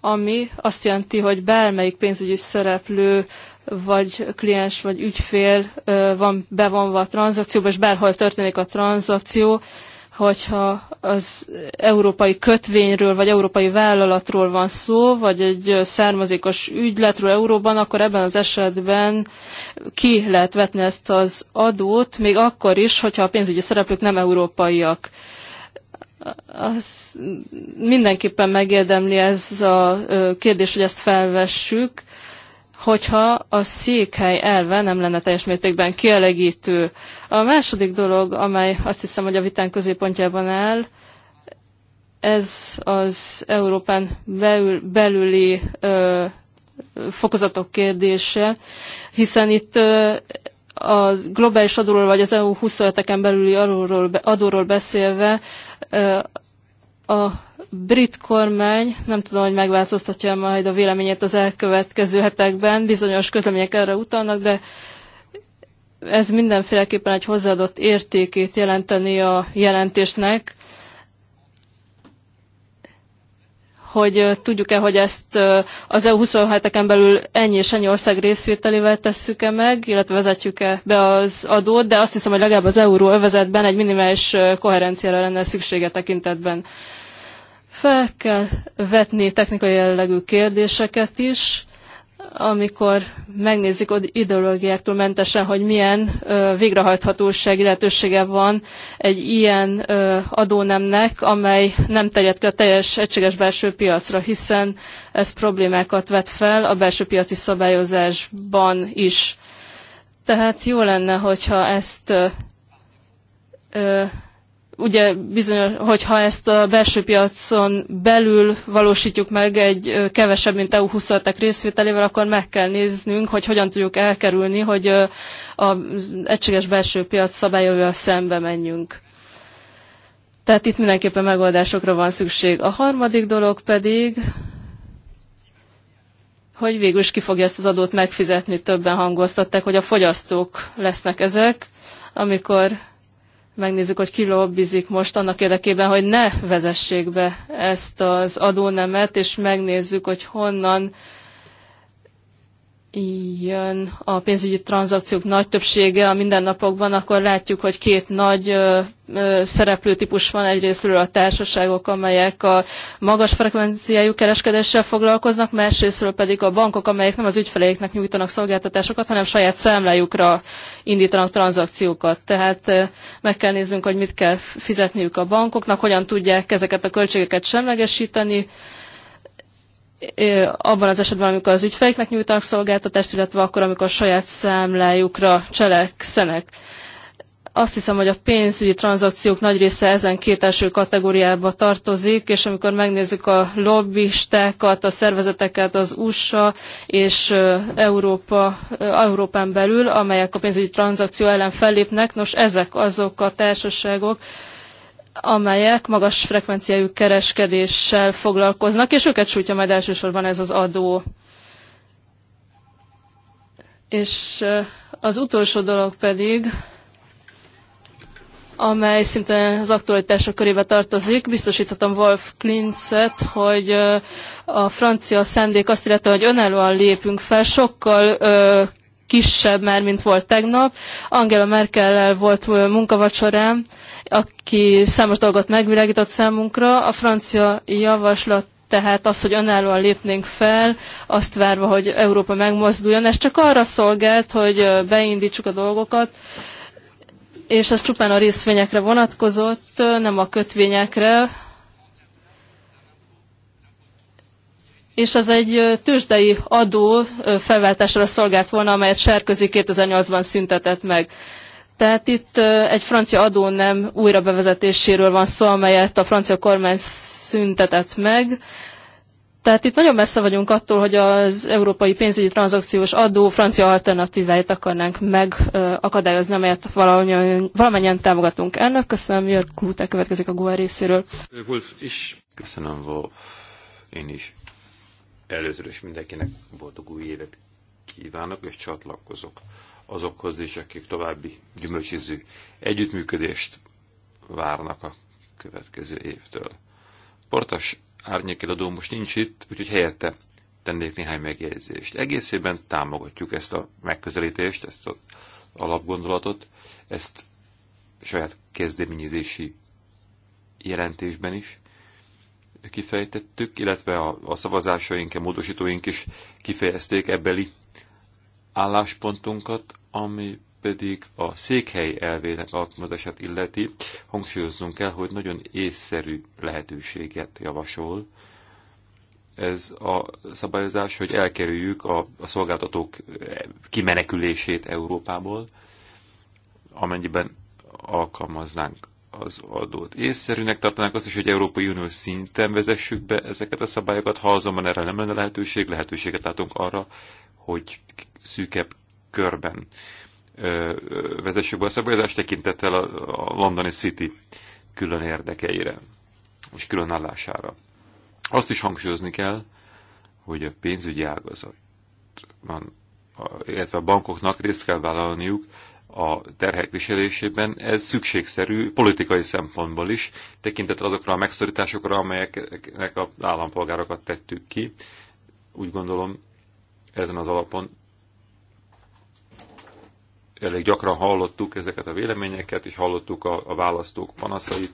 ami azt jelenti, hogy bármelyik pénzügyi szereplő vagy kliens, vagy ügyfél van bevonva a tranzakcióba, és bárhol történik a tranzakció, hogyha az európai kötvényről, vagy európai vállalatról van szó, vagy egy származékos ügyletről euróban, akkor ebben az esetben ki lehet vetni ezt az adót, még akkor is, hogyha a pénzügyi szereplők nem európaiak. Az mindenképpen megérdemli ez a kérdés, hogy ezt felvessük hogyha a székhely elve nem lenne teljes mértékben kielegítő. A második dolog, amely azt hiszem, hogy a vitán középpontjában áll, ez az Európán belül, belüli ö, fokozatok kérdése, hiszen itt ö, a globális adóról vagy az EU 25-eken belüli adóról, adóról beszélve ö, a brit kormány, nem tudom, hogy megváltoztatja majd a véleményét az elkövetkező hetekben, bizonyos közlemények erre utalnak, de ez mindenféleképpen egy hozzáadott értékét jelenteni a jelentésnek, hogy tudjuk-e, hogy ezt az EU27-eken belül ennyi és ennyi ország részvételével tesszük-e meg, illetve vezetjük-e be az adót, de azt hiszem, hogy legalább az euróövezetben egy minimális koherenciára lenne szüksége tekintetben. Fel kell vetni technikai jellegű kérdéseket is, amikor megnézzük hogy ideológiáktól mentesen, hogy milyen ö, végrehajthatósági lehetősége van egy ilyen ö, adónemnek, amely nem terjed ki a teljes egységes belső piacra, hiszen ez problémákat vet fel a belső piaci szabályozásban is. Tehát jó lenne, hogyha ezt ö, ö, ugye bizony, hogyha ezt a belső piacon belül valósítjuk meg egy kevesebb, mint EU 27 részvételével, akkor meg kell néznünk, hogy hogyan tudjuk elkerülni, hogy az egységes belső piac szabályaival szembe menjünk. Tehát itt mindenképpen megoldásokra van szükség. A harmadik dolog pedig, hogy végül is ki fogja ezt az adót megfizetni, többen hangoztatták, hogy a fogyasztók lesznek ezek, amikor megnézzük, hogy ki lobbizik most annak érdekében, hogy ne vezessék be ezt az adónemet, és megnézzük, hogy honnan jön a pénzügyi tranzakciók nagy többsége a mindennapokban, akkor látjuk, hogy két nagy szereplőtípus van egyrésztről a társaságok, amelyek a magas frekvenciájú kereskedéssel foglalkoznak, másrésztről pedig a bankok, amelyek nem az ügyfeleiknek nyújtanak szolgáltatásokat, hanem saját számlájukra indítanak tranzakciókat. Tehát meg kell néznünk, hogy mit kell fizetniük a bankoknak, hogyan tudják ezeket a költségeket semlegesíteni, abban az esetben, amikor az ügyfeleknek nyújtanak szolgáltatást, illetve akkor, amikor a saját számlájukra cselekszenek. Azt hiszem, hogy a pénzügyi tranzakciók nagy része ezen két első kategóriába tartozik, és amikor megnézzük a lobbistákat, a szervezeteket az USA és Európa, Európán belül, amelyek a pénzügyi tranzakció ellen fellépnek, nos ezek azok a társaságok, amelyek magas frekvenciájú kereskedéssel foglalkoznak, és őket sújtja majd elsősorban ez az adó. És az utolsó dolog pedig, amely szinte az aktualitások körébe tartozik. Biztosíthatom Wolf Klintzet, hogy a francia szendék azt illetve, hogy önállóan lépünk fel, sokkal kisebb már, mint volt tegnap. Angela Merkel volt munkavacsorám, aki számos dolgot megvilágított számunkra. A francia javaslat tehát az, hogy önállóan lépnénk fel, azt várva, hogy Európa megmozduljon. Ez csak arra szolgált, hogy beindítsuk a dolgokat, és ez csupán a részvényekre vonatkozott, nem a kötvényekre, és ez egy tőzsdei adó felváltásra szolgált volna, amelyet Sárközi 2008-ban szüntetett meg. Tehát itt egy francia adó nem újra bevezetéséről van szó, amelyet a francia kormány szüntetett meg. Tehát itt nagyon messze vagyunk attól, hogy az európai pénzügyi tranzakciós adó francia alternatíváit akarnánk megakadályozni, amelyet valamennyien, támogatunk. Ennek köszönöm, Jörg Klute következik a GUA részéről. Wolf is. Köszönöm, Wolf. Én is Először is mindenkinek boldog új évet kívánok, és csatlakozok azokhoz is, akik további gyümölcsiző együttműködést várnak a következő évtől. Portas árnyékeladó most nincs itt, úgyhogy helyette tennék néhány megjegyzést. Egészében támogatjuk ezt a megközelítést, ezt az alapgondolatot, ezt saját kezdeményezési jelentésben is kifejtettük, illetve a, a szavazásaink, a módosítóink is kifejezték ebbeli álláspontunkat, ami pedig a székhely elvének alkalmazását illeti, hangsúlyoznunk kell, hogy nagyon észszerű lehetőséget javasol ez a szabályozás, hogy elkerüljük a, a szolgáltatók kimenekülését Európából, amennyiben alkalmaznánk az adót. Észszerűnek tartanák azt is, hogy Európai Unió szinten vezessük be ezeket a szabályokat, ha azonban erre nem lenne lehetőség, lehetőséget látunk arra, hogy szűkebb körben ö, ö, vezessük be a szabályozást tekintettel a, a londoni City külön érdekeire és külön állására. Azt is hangsúlyozni kell, hogy a pénzügyi ágazatban, illetve a bankoknak részt kell vállalniuk a terhek viselésében, ez szükségszerű politikai szempontból is, tekintet azokra a megszorításokra, amelyeknek az állampolgárokat tettük ki. Úgy gondolom, ezen az alapon elég gyakran hallottuk ezeket a véleményeket, és hallottuk a, a választók panaszait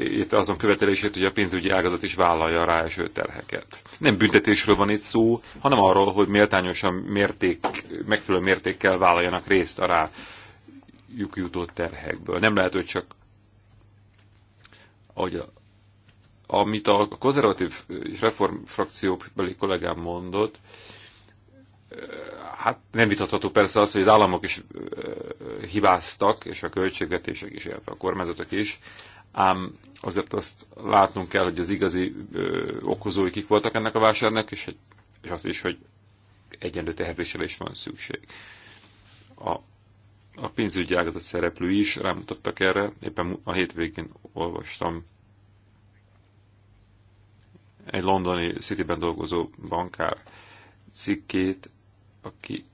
itt azon követelését, hogy a pénzügyi ágazat is vállalja rá eső terheket. Nem büntetésről van itt szó, hanem arról, hogy méltányosan mérték, megfelelő mértékkel vállaljanak részt a rájuk jutó terhekből. Nem lehet, hogy csak ahogy a, amit a konzervatív és reform frakcióbeli kollégám mondott, hát nem vitatható persze az, hogy az államok is hibáztak, és a költségvetések is, illetve a kormányzatok is, ám azért azt látnunk kell, hogy az igazi ö, okozói kik voltak ennek a vásárnak, és, és azt is, hogy egyenlő teherviselés is van szükség. A, a pénzügyi ágazat szereplő is rámutattak erre, éppen a hétvégén olvastam egy londoni Cityben dolgozó bankár cikkét, aki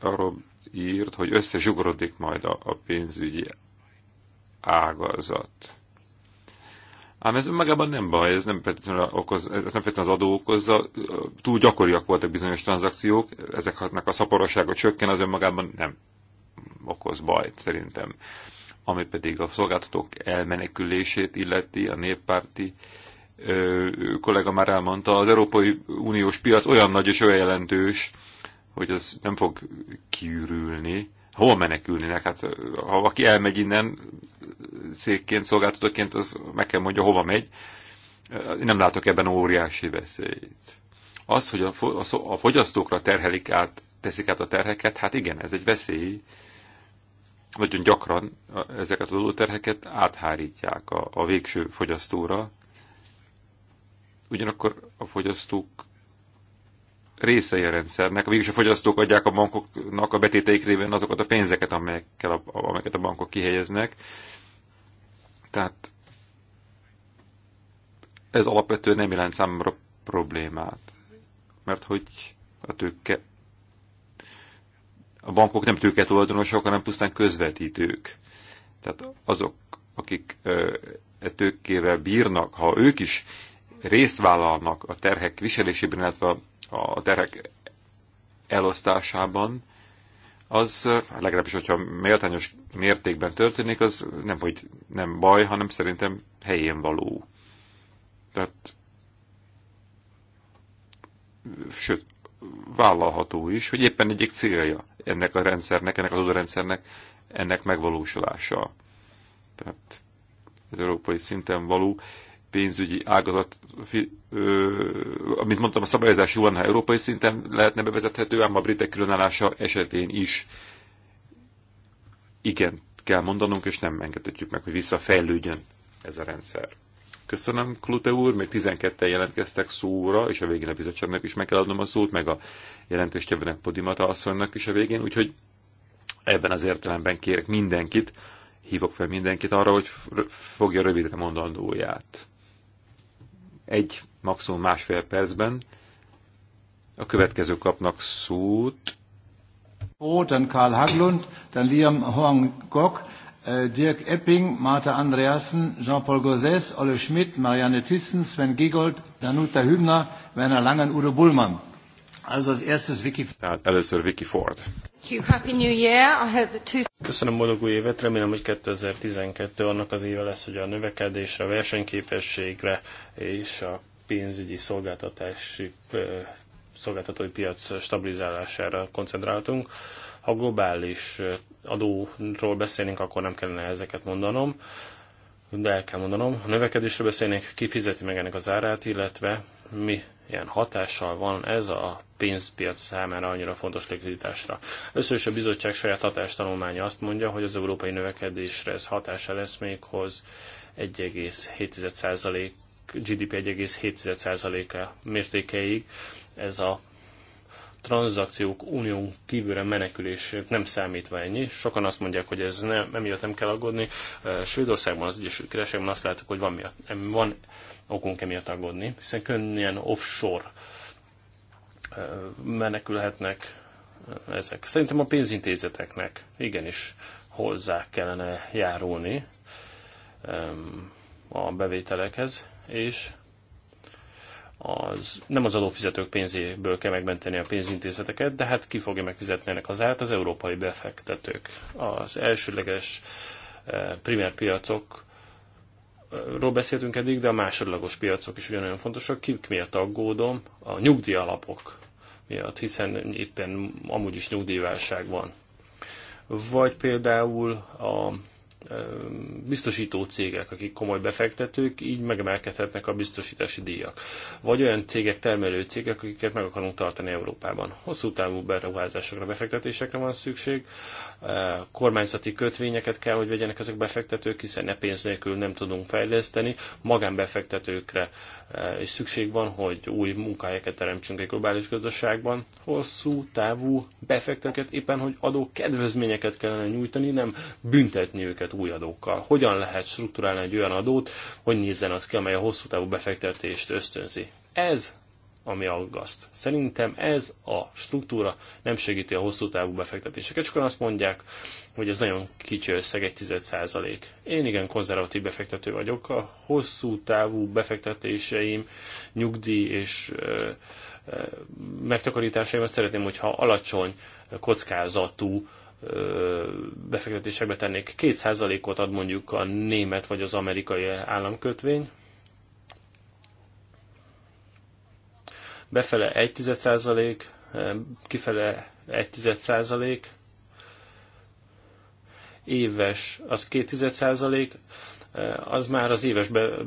arról írt, hogy összezsugorodik majd a, a pénzügyi ágazat. Ám ez önmagában nem baj, ez nem feltétlenül, okoz, ez nem feltétlenül az adó okozza, túl gyakoriak voltak bizonyos tranzakciók, ezeknek a szaporossága csökken, az önmagában nem okoz bajt szerintem. Ami pedig a szolgáltatók elmenekülését illeti, a néppárti ö, kollega már elmondta, az Európai Uniós piac olyan nagy és olyan jelentős, hogy ez nem fog kiürülni, hova menekülnének? Hát ha valaki elmegy innen székként szolgáltatóként, az meg kell mondja, hova megy. Én nem látok ebben óriási veszélyt. Az, hogy a fogyasztókra terhelik át, teszik át a terheket, hát igen, ez egy veszély. Nagyon gyakran ezeket az adóterheket áthárítják a, a végső fogyasztóra. Ugyanakkor a fogyasztók részei a rendszernek, mégis a fogyasztók adják a bankoknak a betéteik révén azokat a pénzeket, amelyekkel a, amelyeket a bankok kihelyeznek. Tehát ez alapvetően nem jelent számomra problémát, mert hogy a tőke a bankok nem tőke tulajdonosok, hanem pusztán közvetítők. Tehát azok, akik e tőkével bírnak, ha ők is részt vállalnak a terhek viselésében, illetve a a terek elosztásában, az legalábbis, hogyha méltányos mértékben történik, az nem, hogy nem baj, hanem szerintem helyén való. Tehát, sőt, vállalható is, hogy éppen egyik célja ennek a rendszernek, ennek az rendszernek ennek megvalósulása. Tehát az európai szinten való pénzügyi ágazat, amit mondtam, a szabályozás jó lenne, európai szinten lehetne bevezethető, ám a britek különállása esetén is igen kell mondanunk, és nem engedhetjük meg, hogy visszafejlődjön ez a rendszer. Köszönöm, Klute úr, még 12-en jelentkeztek szóra, és a végén a bizottságnak is meg kell adnom a szót, meg a jelentéstevőnek Podimata asszonynak is a végén, úgyhogy ebben az értelemben kérek mindenkit, hívok fel mindenkit arra, hogy fogja rövidre mondandóját egy, maximum másfél percben. A következő kapnak szót. Ó, oh, dann Karl Haglund, dann Liam Hoang Gok, äh, Dirk Epping, Marta Andreasen, Jean-Paul Gauzès, Olle Schmidt, Marianne Thyssen, Sven Giegold, Danuta Hübner, Werner Langen, Udo Bullmann. Also az erstes Wiki... Ja, először Wiki Ford. Köszönöm boldog új évet, remélem, hogy 2012 annak az éve lesz, hogy a növekedésre, a versenyképességre és a pénzügyi szolgáltatási szolgáltatói piac stabilizálására koncentráltunk. Ha globális adóról beszélnénk, akkor nem kellene ezeket mondanom, de el kell mondanom. Ha növekedésről beszélnénk, ki fizeti meg ennek az árát, illetve mi ilyen hatással van ez a pénzpiac számára annyira fontos likviditásra. Összör is a bizottság saját hatástanulmánya azt mondja, hogy az európai növekedésre ez hatása lesz még hoz 1,7% GDP 1,7%-a mértékeig. Ez a tranzakciók unión kívülre menekülését nem számítva ennyi. Sokan azt mondják, hogy ez nem, emiatt nem kell aggódni. Svédországban, az Egyesült Királyságban azt látok, hogy van, miatt, van okunk emiatt aggódni, hiszen könnyen offshore menekülhetnek ezek. Szerintem a pénzintézeteknek igenis hozzá kellene járulni a bevételekhez, és az, nem az adófizetők pénzéből kell megmenteni a pénzintézeteket, de hát ki fogja megfizetni ennek az árt? Az európai befektetők. Az elsőleges eh, primer piacok ról beszéltünk eddig, de a másodlagos piacok is ugyanolyan fontosak. Kik miatt aggódom? A nyugdíj alapok miatt, hiszen éppen amúgy is nyugdíjválság van. Vagy például a biztosító cégek, akik komoly befektetők, így megemelkedhetnek a biztosítási díjak. Vagy olyan cégek, termelő cégek, akiket meg akarunk tartani Európában. Hosszú távú beruházásokra, befektetésekre van szükség, kormányzati kötvényeket kell, hogy vegyenek ezek befektetők, hiszen ne pénz nélkül nem tudunk fejleszteni, magánbefektetőkre is szükség van, hogy új munkahelyeket teremtsünk egy globális gazdaságban. Hosszú távú befektetőket éppen, hogy adó kedvezményeket kellene nyújtani, nem büntetni őket terhet új adókkal. Hogyan lehet struktúrálni egy olyan adót, hogy nézzen az ki, amely a hosszú távú befektetést ösztönzi. Ez ami aggaszt. Szerintem ez a struktúra nem segíti a hosszú távú befektetéseket. csak azt mondják, hogy ez nagyon kicsi összeg, egy százalék. Én igen konzervatív befektető vagyok. A hosszú távú befektetéseim, nyugdíj és ö, ö, megtakarításaimat szeretném, hogyha alacsony kockázatú befektetésekbe tennék. Két százalékot ad mondjuk a német vagy az amerikai államkötvény. Befele százalék kifele százalék éves az százalék, az már az éves be,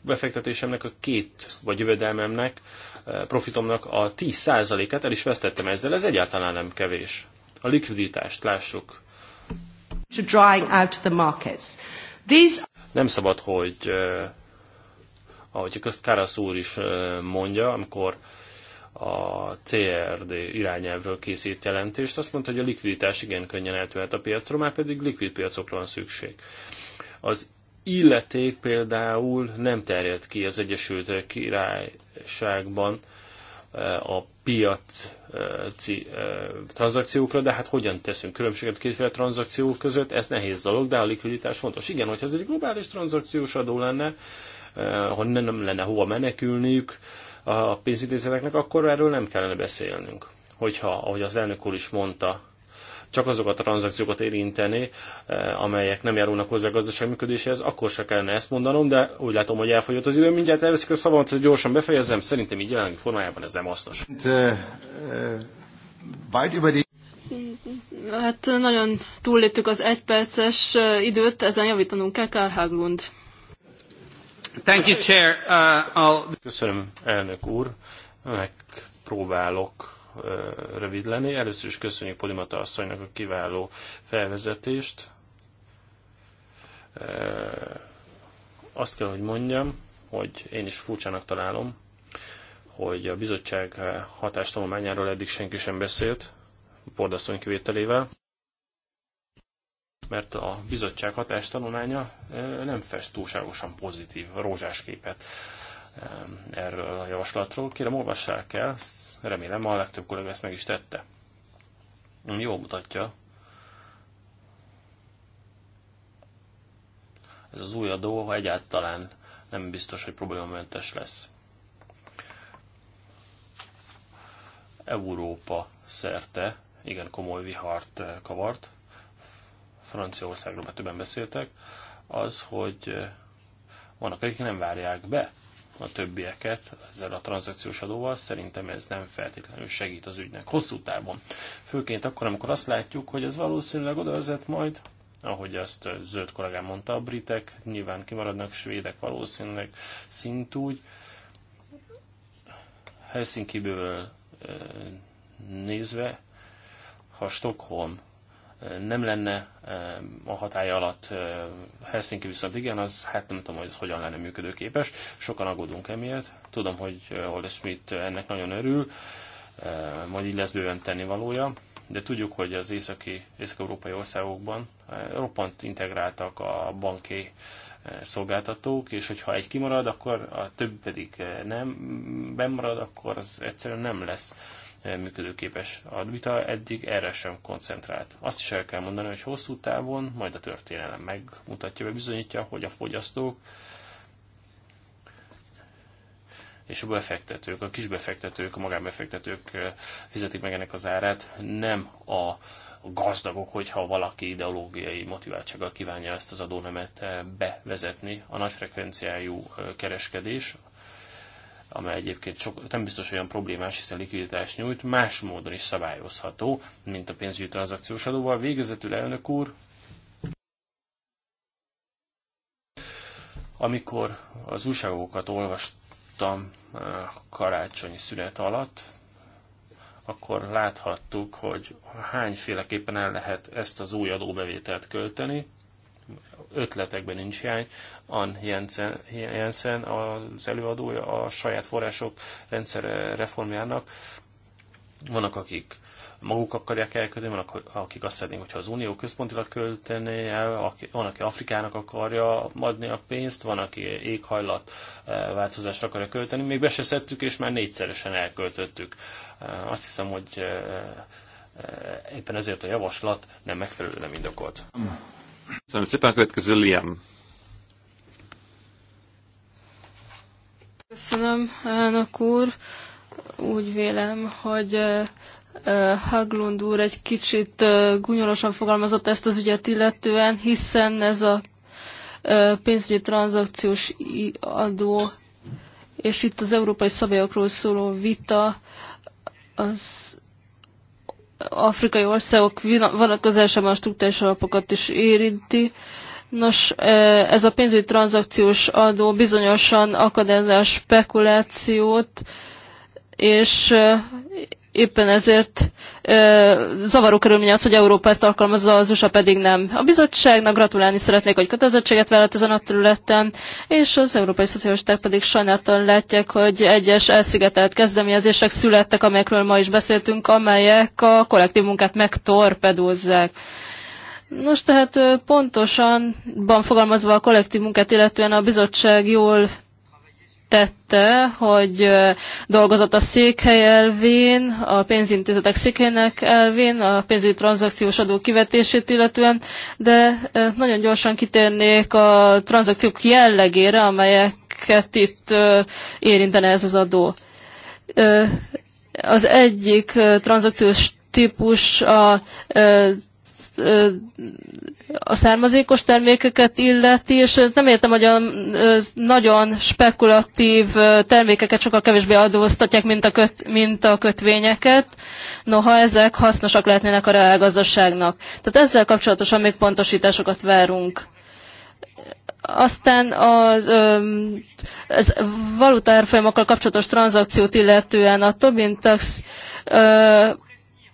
befektetésemnek a két, vagy jövedelmemnek, profitomnak a 10%-át el is vesztettem ezzel, ez egyáltalán nem kevés a likviditást lássuk. To drying out the markets. These... Nem szabad, hogy eh, ahogy közt Karasz úr is eh, mondja, amikor a CRD irányelvről készít jelentést, azt mondta, hogy a likviditás igen könnyen eltűnhet a piacról, már pedig likvid piacokra van szükség. Az illeték például nem terjed ki az Egyesült Királyságban eh, a piaci tranzakciókra, de hát hogyan teszünk különbséget kétféle tranzakciók között, ez nehéz dolog, de a likviditás fontos. Igen, hogyha ez egy globális tranzakciós adó lenne, ha nem lenne hova menekülniük a pénzintézeteknek, akkor erről nem kellene beszélnünk. Hogyha, ahogy az elnök úr is mondta, csak azokat a tranzakciókat érinteni, eh, amelyek nem járulnak hozzá a gazdaság működéséhez, akkor se kellene ezt mondanom, de úgy látom, hogy elfogyott az idő. Mindjárt elveszik a szavamat, hogy gyorsan befejezem. Szerintem így jelenlegi formájában ez nem hasznos. Hát, eh, eh, hát nagyon túlléptük az egyperces időt, ezen javítanunk kell, Karl Haglund. Thank you, Chair. Uh, I'll... Köszönöm, elnök úr. Megpróbálok rövid lenni. Először is köszönjük Polimata asszonynak a kiváló felvezetést. Azt kell, hogy mondjam, hogy én is furcsának találom, hogy a bizottság hatástanulmányáról eddig senki sem beszélt, Pordasszony kivételével, mert a bizottság hatástanulmánya nem fest túlságosan pozitív, rózsás képet Eh, erről a javaslatról. Kérem, olvassák el, remélem a legtöbb kollega ezt meg is tette. jó mutatja. Ez az új adó ha egyáltalán nem biztos, hogy problémamentes lesz. Európa szerte igen komoly vihart eh, kavart. Franciaországról már többen beszéltek. Az, hogy eh, vannak, akik nem várják be a többieket ezzel a tranzakciós adóval, szerintem ez nem feltétlenül segít az ügynek hosszú távon. Főként akkor, amikor azt látjuk, hogy ez valószínűleg oda vezet majd, ahogy azt zöld kollégám mondta, a britek nyilván kimaradnak, svédek valószínűleg szintúgy. Helsinki-ből nézve, ha Stockholm nem lenne eh, a hatája alatt eh, Helsinki viszont igen, az hát nem tudom, hogy ez hogyan lenne működőképes. Sokan aggódunk emiatt. Tudom, hogy eh, Olde Schmidt ennek nagyon örül, majd így lesz bőven tennivalója, de tudjuk, hogy az északi, észak-európai országokban roppant integráltak a banki szolgáltatók, és hogyha egy kimarad, akkor a több pedig nem mm, bemarad, akkor az egyszerűen nem lesz működőképes advita eddig erre sem koncentrált. Azt is el kell mondani, hogy hosszú távon majd a történelem megmutatja, bizonyítja, hogy a fogyasztók és a befektetők, a kisbefektetők, a magánbefektetők eh, fizetik meg ennek az árát, nem a gazdagok, hogyha valaki ideológiai motiváltsággal kívánja ezt az adónemet eh, bevezetni. A nagyfrekvenciájú eh, kereskedés, amely egyébként sok, nem biztos olyan problémás, hiszen likviditást nyújt, más módon is szabályozható, mint a pénzügyi tranzakciós adóval. Végezetül elnök úr, amikor az újságokat olvastam eh, karácsonyi szünet alatt, akkor láthattuk, hogy hányféleképpen el lehet ezt az új adóbevételt költeni, ötletekben nincs hiány. an Jensen, Jensen az előadója a saját források rendszer reformjának. Vannak, akik maguk akarják elkölteni, vannak, akik azt szeretnénk, hogyha az Unió központilag költené el, van, aki Afrikának akarja adni a pénzt, van, aki éghajlat eh, változásra akarja költeni. Még be se szedtük, és már négyszeresen elköltöttük. Eh, azt hiszem, hogy eh, éppen ezért a javaslat nem megfelelően nem indokolt. Köszönöm szépen, a következő Liam. Köszönöm, elnök úr. Úgy vélem, hogy Haglund úr egy kicsit gúnyolosan fogalmazott ezt az ügyet illetően, hiszen ez a pénzügyi tranzakciós adó, és itt az európai szabályokról szóló vita, az afrikai országok vonatkozásában a struktúrás alapokat is érinti. Nos, e, ez a pénzügyi tranzakciós adó bizonyosan akadályozza a spekulációt, és e, éppen ezért ö, zavaró körülmény az, hogy Európa ezt alkalmazza, az USA pedig nem. A bizottságnak gratulálni szeretnék, hogy kötelezettséget vállalt ezen a területen, és az európai szocialisták pedig sajnálatlan látják, hogy egyes elszigetelt kezdeményezések születtek, amelyekről ma is beszéltünk, amelyek a kollektív munkát megtorpedózzák. Nos, tehát pontosan, ban fogalmazva a kollektív munkát, illetően a bizottság jól tette, hogy dolgozott a székhely elvén, a pénzintézetek székhelynek elvén, a pénzügyi tranzakciós adó kivetését illetően, de nagyon gyorsan kitérnék a tranzakciók jellegére, amelyeket itt érintene ez az adó. Az egyik tranzakciós típus a a származékos termékeket illeti, és nem értem, hogy a nagyon spekulatív termékeket sokkal kevésbé adóztatják, mint a, köt, mint a kötvényeket, noha ezek hasznosak lehetnének a reálgazdaságnak. Tehát ezzel kapcsolatosan még pontosításokat várunk. Aztán az, az valutaárfolyamokkal kapcsolatos tranzakciót illetően a Tobin Tax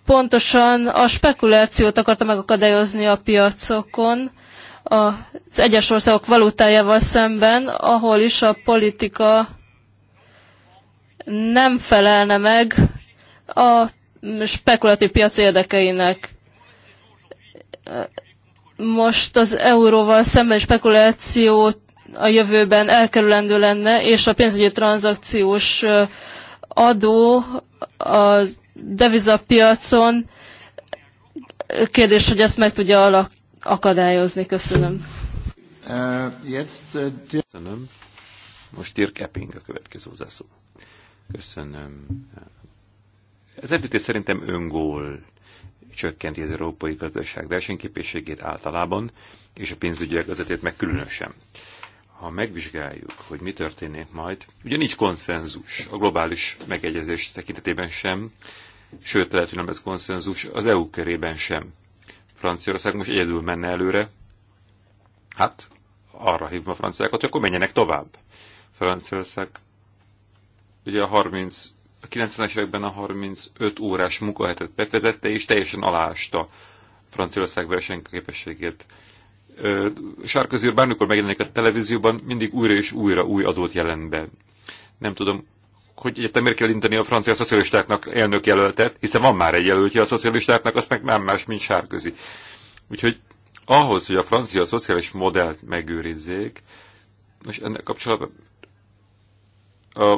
pontosan a spekulációt akarta megakadályozni a piacokon, az egyes országok valutájával szemben, ahol is a politika nem felelne meg a spekulatív piac érdekeinek. Most az euróval szemben spekuláció a jövőben elkerülendő lenne, és a pénzügyi tranzakciós adó az devizapiacon. Kérdés, hogy ezt meg tudja alak akadályozni. Köszönöm. Uh, uh, Köszönöm. Most Dirk Epping a következő hozzászó. Köszönöm. Ez együttés szerintem öngól csökkenti az európai gazdaság versenyképességét általában, és a pénzügyi vezetét meg különösen ha megvizsgáljuk, hogy mi történik majd, ugye nincs konszenzus a globális megegyezés tekintetében sem, sőt, lehet, hogy nem lesz konszenzus az EU körében sem. Franciaország most egyedül menne előre, hát arra hívom a franciákat, hogy akkor menjenek tovább. Franciaország ugye a 30 a 90-es években a 35 órás munkahetet bevezette, és teljesen aláásta Franciaország versenyképességét. Sárközi úr bármikor megjelenik a televízióban, mindig újra és újra új adót jelent be. Nem tudom, hogy egyetem miért kell inteni a francia szocialistáknak elnök jelöltet, hiszen van már egy jelöltje a szocialistáknak, az meg nem más, mint Sárközi. Úgyhogy ahhoz, hogy a francia szociális modellt megőrizzék, és ennek kapcsolatban a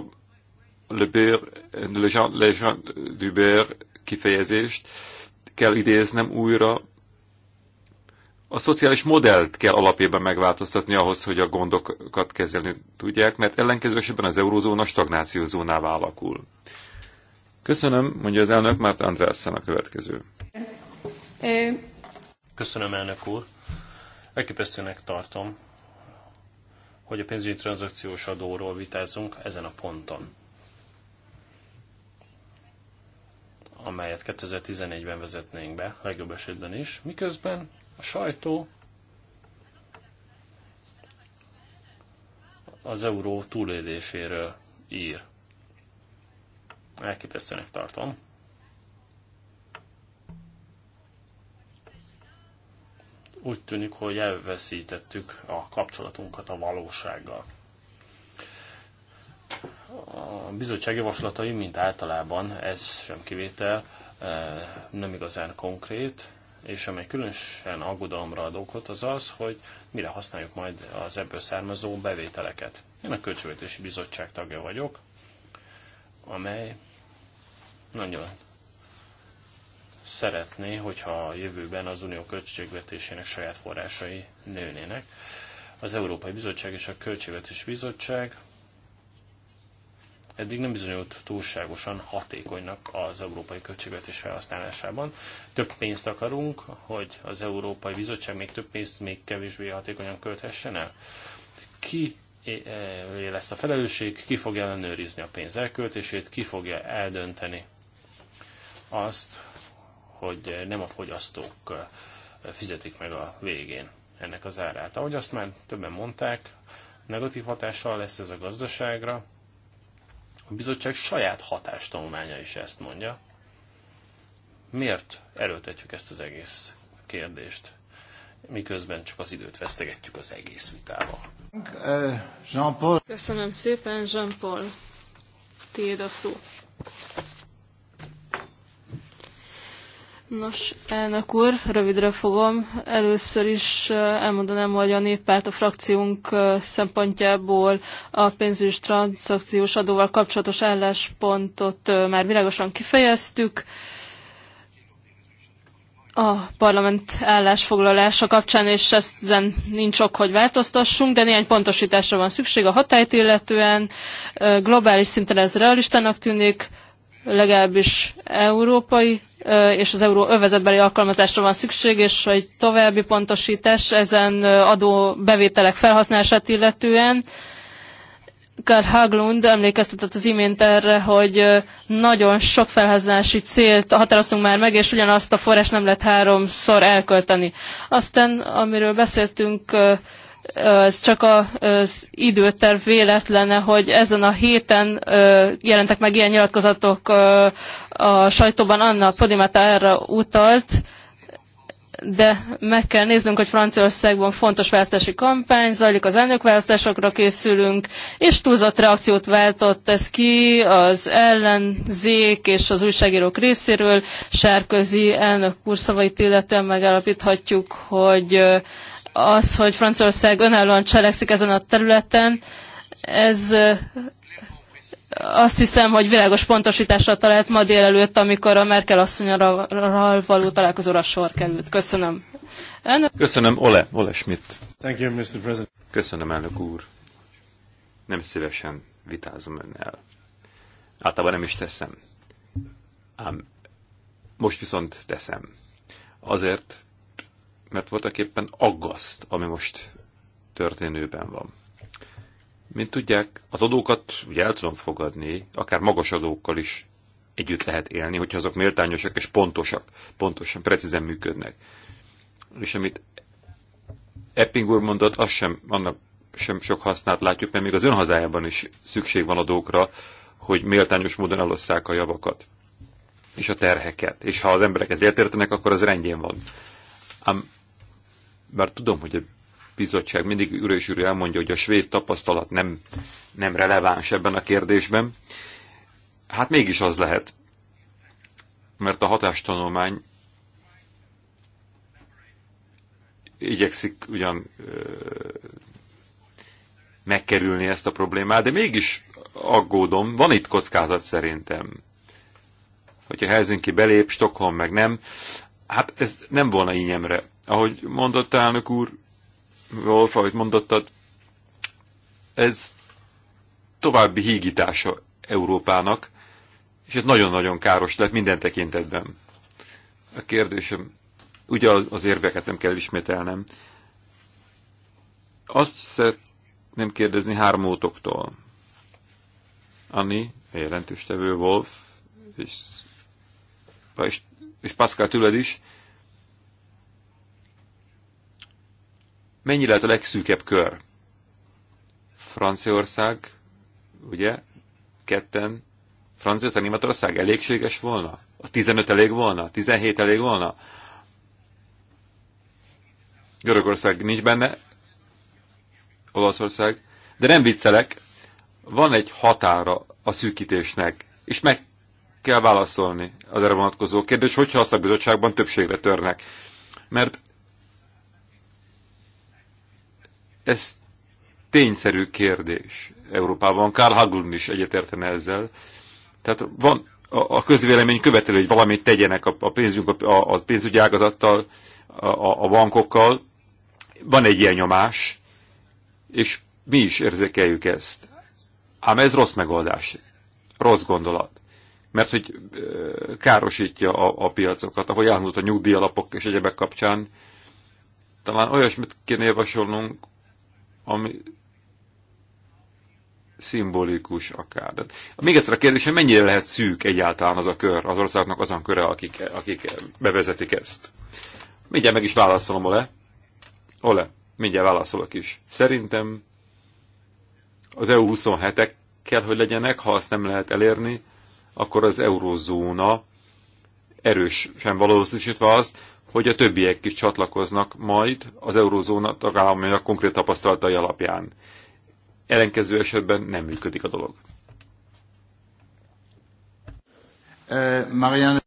Le Beurre, Le Jean, Le Jean du Beurre kifejezést kell idéznem újra, a szociális modellt kell alapjában megváltoztatni ahhoz, hogy a gondokat kezelni tudják, mert ellenkező esetben az eurózóna stagnációzónává alakul. Köszönöm, mondja az elnök Márt Andrásszen a következő. Köszönöm, elnök úr. Elképesztőnek tartom, hogy a pénzügyi tranzakciós adóról vitázunk ezen a ponton, amelyet 2014 ben vezetnénk be, legjobb esetben is, miközben sajtó az euró túléléséről ír. Elképesztőnek tartom. Úgy tűnik, hogy elveszítettük a kapcsolatunkat a valósággal. A bizottság javaslatai, mint általában, ez sem kivétel, eh, nem igazán konkrét, és amely különösen aggodalomra ad okot, az az, hogy mire használjuk majd az ebből származó bevételeket. Én a Költségvetési Bizottság tagja vagyok, amely nagyon szeretné, hogyha a jövőben az unió költségvetésének saját forrásai nőnének. Az Európai Bizottság és a Költségvetési Bizottság eddig nem bizonyult túlságosan hatékonynak az európai költségvetés felhasználásában. Több pénzt akarunk, hogy az Európai Bizottság még több pénzt még kevésbé hatékonyan költhessen el. Ki eh, eh, lesz a felelősség, ki fogja ellenőrizni a pénz elköltését, ki fogja eldönteni azt, hogy nem a fogyasztók eh, fizetik meg a végén ennek az árát. Ahogy azt már többen mondták, negatív hatással lesz ez a gazdaságra, a bizottság saját hatástanulmánya is ezt mondja. Miért erőltetjük ezt az egész kérdést, miközben csak az időt vesztegetjük az egész vitával? Jean-Paul. Köszönöm szépen, Jean-Paul. Tiéd a szó. Nos, elnök úr, rövidre fogom. Először is elmondanám, hogy a néppárt a frakciónk szempontjából a pénzügyi transzakciós adóval kapcsolatos álláspontot már világosan kifejeztük. A parlament állásfoglalása kapcsán, és ezt ezen nincs ok, hogy változtassunk, de néhány pontosításra van szükség a hatályt illetően. Globális szinten ez realistának tűnik, legalábbis európai és az euró övezetbeli alkalmazásra van szükség, és egy további pontosítás ezen adó bevételek felhasználását illetően. Karl Haglund emlékeztetett az imént erre, hogy nagyon sok felhasználási célt határoztunk már meg, és ugyanazt a forrás nem lehet háromszor elkölteni. Aztán, amiről beszéltünk ez csak az időterv véletlene, hogy ezen a héten jelentek meg ilyen nyilatkozatok a sajtóban, Anna Podimata erre utalt, de meg kell néznünk, hogy Franciaországban fontos választási kampány zajlik, az elnökválasztásokra készülünk, és túlzott reakciót váltott ez ki az ellenzék és az újságírók részéről. Sárközi elnök úr szavait illetően megállapíthatjuk, hogy az, hogy Franciaország önállóan cselekszik ezen a területen, ez azt hiszem, hogy világos pontosításra talált ma délelőtt, amikor a Merkel asszonyral való találkozóra sor került. Köszönöm. Elnök... Köszönöm, Ole, Ole Schmidt. Thank you, Mr. President. Köszönöm, elnök úr. Nem szívesen vitázom önnel. Általában nem is teszem. Ám most viszont teszem. Azért, mert voltak éppen aggaszt, ami most történőben van. Mint tudják, az adókat ugye el tudom fogadni, akár magas adókkal is együtt lehet élni, hogyha azok méltányosak és pontosak, pontosan, precízen működnek. És amit Epping úr mondott, az sem, annak sem sok hasznát látjuk, mert még az ön hazájában is szükség van adókra, hogy méltányos módon elosszák a javakat és a terheket. És ha az emberek ezért értenek, akkor az rendjén van. Ám bár tudom, hogy a bizottság mindig üres és üre elmondja, hogy a svéd tapasztalat nem, nem releváns ebben a kérdésben, hát mégis az lehet, mert a hatástanulmány igyekszik ugyan ö, megkerülni ezt a problémát, de mégis aggódom, van itt kockázat szerintem. Hogyha Helsinki belép, Stockholm meg nem, hát ez nem volna ínyemre ahogy mondott elnök úr, Wolf, ahogy mondottad, ez további hígítása Európának, és ez nagyon-nagyon káros lett minden tekintetben. A kérdésem, ugye az érveket nem kell ismételnem, azt szeretném kérdezni három ótoktól. Anni, a jelentőstevő Wolf, és, és Pascal tőled is, Mennyi lehet a legszűkebb kör? Franciaország, ugye, ketten, Franciaország, Németország elégséges volna? A 15 elég volna? 17 elég volna? Görögország nincs benne, Olaszország, de nem viccelek, van egy határa a szűkítésnek, és meg kell válaszolni az erre vonatkozó kérdés, hogyha a szabadságban többségre törnek. Mert Ez tényszerű kérdés Európában. Karl Haglund is egyetértene ezzel. Tehát van a, a közvélemény követelő, hogy valamit tegyenek a, a, pénzünk, a, a pénzügyi ágazattal, a, a, a bankokkal. Van egy ilyen nyomás, és mi is érzékeljük ezt. Ám ez rossz megoldás, rossz gondolat. Mert hogy károsítja a, a piacokat, ahogy elhangzott a nyugdíjalapok és egyebek kapcsán, talán olyasmit kéne javasolnunk, ami szimbolikus akár. De még egyszer a kérdés, hogy mennyire lehet szűk egyáltalán az a kör, az országnak azon köre, akik, akik bevezetik ezt. Mindjárt meg is válaszolom, Ole. Ole, mindjárt válaszolok is. Szerintem az EU 27-ek kell, hogy legyenek, ha azt nem lehet elérni, akkor az eurozóna erős sem valószínűsítve azt, hogy a többiek is csatlakoznak majd az eurózóna tagállamainak konkrét tapasztalatai alapján. Ellenkező esetben nem működik a dolog. Eh, Marianne...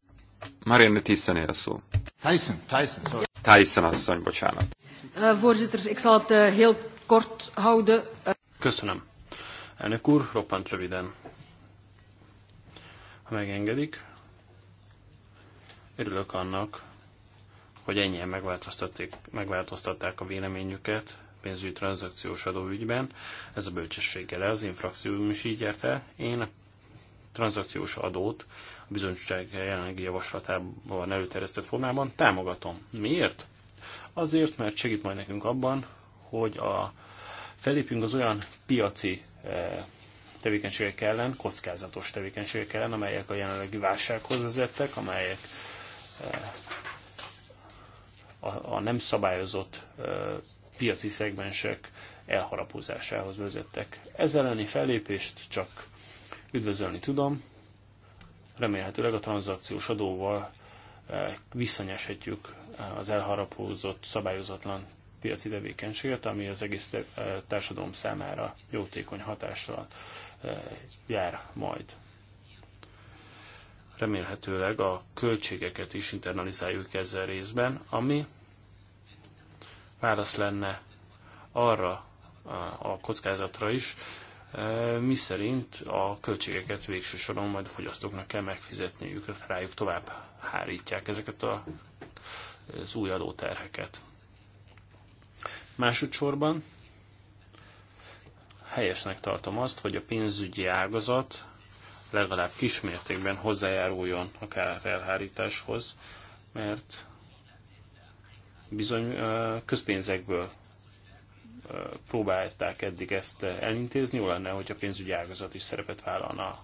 Marianne Thyssen él szó. Tyson, Tyson, sorry. Tyson asszony, bocsánat. Eh, voorzitter, ik zal het eh, heel kort houden. Köszönöm. Elnök úr, roppant röviden. Ha megengedik, örülök annak, hogy ennyien megváltoztatták, megváltoztatták a véleményüket pénzügyi tranzakciós adó ügyben. Ez a bölcsességgel az infrakcióm is így érte. Én a tranzakciós adót a bizonyság jelenlegi javaslatában előterjesztett formában támogatom. Miért? Azért, mert segít majd nekünk abban, hogy a, felépjünk az olyan piaci e, tevékenységek ellen, kockázatos tevékenységek ellen, amelyek a jelenlegi válsághoz vezettek, amelyek e, a, a nem szabályozott piaci szegmensek elharapozásához vezettek. Ez elleni fellépést csak üdvözölni tudom. Remélhetőleg a tranzakciós adóval visszanyeshetjük az elharapózott, szabályozatlan piaci tevékenységet, ami az egész társadalom számára jótékony hatással jár majd. Remélhetőleg a költségeket is internalizáljuk ezzel részben, ami válasz lenne arra a kockázatra is, e, mi szerint a költségeket végső soron majd a fogyasztóknak kell megfizetniük, rájuk tovább hárítják ezeket a, az új adóterheket. Másodszorban helyesnek tartom azt, hogy a pénzügyi ágazat legalább kismértékben hozzájáruljon a kár mert bizony közpénzekből próbálták eddig ezt elintézni. Jó lenne, hogy a pénzügyi ágazat is szerepet vállalna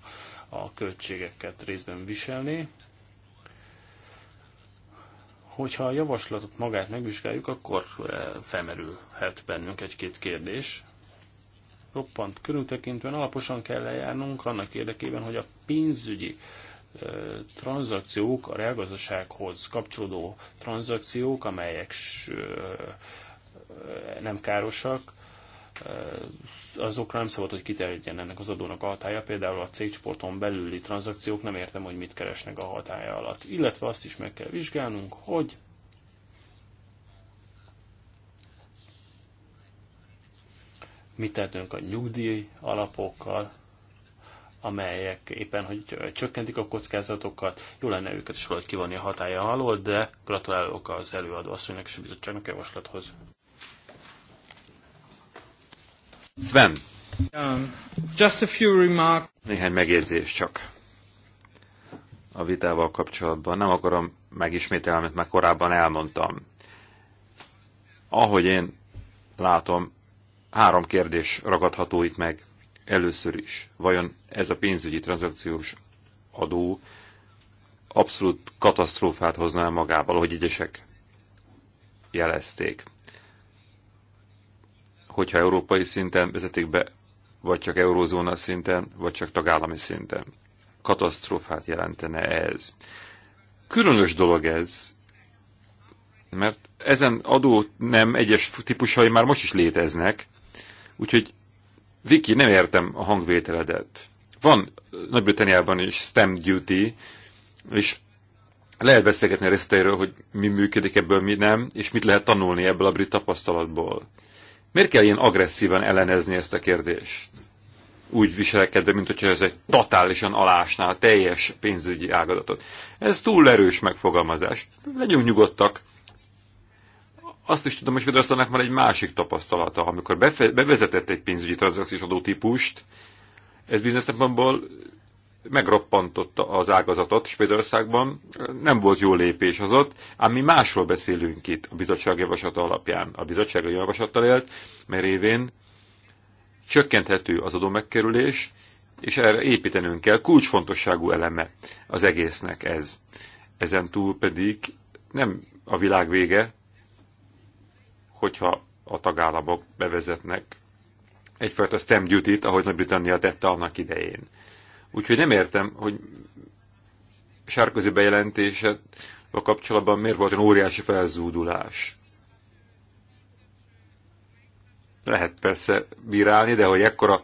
a költségeket részben viselni. Hogyha a javaslatot magát megvizsgáljuk, akkor felmerülhet bennünk egy-két kérdés. Roppant körültekintően alaposan kell lejárnunk annak érdekében, hogy a pénzügyi uh, tranzakciók, a reálgazdasághoz kapcsolódó tranzakciók, amelyek nem károsak, azokra nem szabad, hogy kiterjedjen ennek az adónak a hatája, például a cégsporton belüli tranzakciók nem értem, hogy mit keresnek a hatája alatt. Illetve azt is meg kell vizsgálnunk, hogy mit tehetünk a nyugdíj alapokkal, amelyek éppen, hogy csökkentik a kockázatokat, jó lenne őket is valahogy kivonni a hatája alól, de gratulálok az előadó asszonynak és a bizottságnak javaslathoz. Sven. Um, just a few remark. Néhány megjegyzés csak a vitával kapcsolatban. Nem akarom megismételni, amit már korábban elmondtam. Ahogy én látom, három kérdés ragadható itt meg Először is, vajon ez a pénzügyi tranzakciós adó abszolút katasztrófát hozná magával, hogy egyesek jelezték. Hogyha európai szinten vezetik be, vagy csak eurózóna szinten, vagy csak tagállami szinten. Katasztrófát jelentene ez. Különös dolog ez, mert ezen adó nem egyes típusai már most is léteznek, úgyhogy Viki, nem értem a hangvételedet. Van Nagy-Britanniában is stem duty, és lehet beszélgetni részteiről, hogy mi működik ebből, mi nem, és mit lehet tanulni ebből a brit tapasztalatból. Miért kell ilyen agresszívan ellenezni ezt a kérdést? Úgy viselkedve, mint hogyha ez egy totálisan alásnál, teljes pénzügyi ágazatot. Ez túl erős megfogalmazás. Legyünk nyugodtak, azt is tudom, hogy Fidesznek már egy másik tapasztalata, amikor bevezetett egy pénzügyi tranzakciós adótípust, ez biznisz szempontból megroppantotta az ágazatot Svédországban, nem volt jó lépés az ott, ám mi másról beszélünk itt a bizottság javaslata alapján. A bizottság javaslattal élt, mert évén csökkenthető az adó megkerülés, és erre építenünk kell, kulcsfontosságú eleme az egésznek ez. Ezen túl pedig nem a világ vége, hogyha a tagállamok bevezetnek egyfajta stamp duty ahogy Nagy-Britannia tette annak idején. Úgyhogy nem értem, hogy sárközi bejelentése a kapcsolatban miért volt egy óriási felzúdulás. Lehet persze bírálni, de hogy ekkora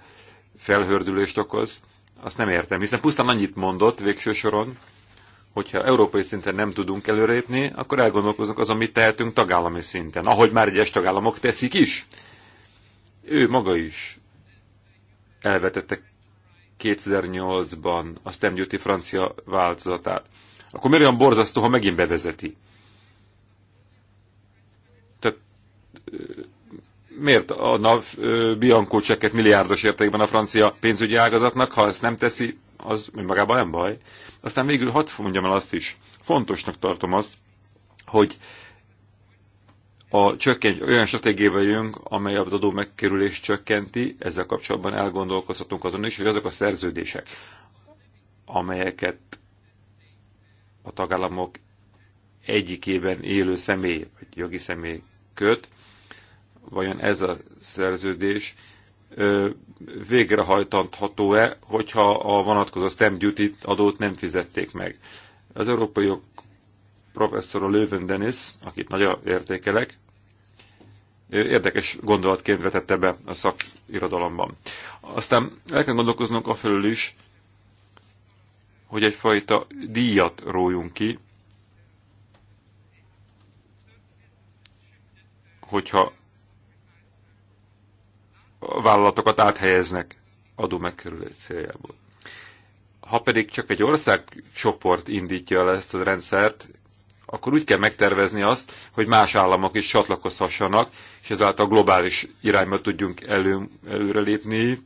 felhördülést okoz, azt nem értem, hiszen pusztán annyit mondott végső soron, hogyha európai szinten nem tudunk előrépni, akkor elgondolkozunk azon, mit tehetünk tagállami szinten, ahogy már egyes tagállamok teszik is. Ő maga is elvetette 2008-ban a Stem Duty francia változatát. Akkor miért olyan borzasztó, ha megint bevezeti? Tehát miért adna Bianco milliárdos értékben a francia pénzügyi ágazatnak, ha ezt nem teszi az önmagában nem baj. Aztán végül hadd mondjam el azt is, fontosnak tartom azt, hogy a csökkent, olyan stratégiával jönk, amely az adó megkerülés csökkenti, ezzel kapcsolatban elgondolkozhatunk azon is, hogy azok a szerződések, amelyeket a tagállamok egyikében élő személy, vagy jogi személy köt, vajon ez a szerződés végrehajtható-e, hogyha a vonatkozó stamp duty adót nem fizették meg. Az európai jog professzor Löwen Dennis, akit nagyon értékelek, érdekes gondolatként vetette be a szakirodalomban. Aztán el kell gondolkoznunk a felül is, hogy egyfajta díjat rójunk ki, hogyha vállalatokat áthelyeznek adó megkerülés céljából. Ha pedig csak egy országcsoport indítja el ezt a rendszert, akkor úgy kell megtervezni azt, hogy más államok is csatlakozhassanak, és ezáltal globális irányba tudjunk elő, előrelépni,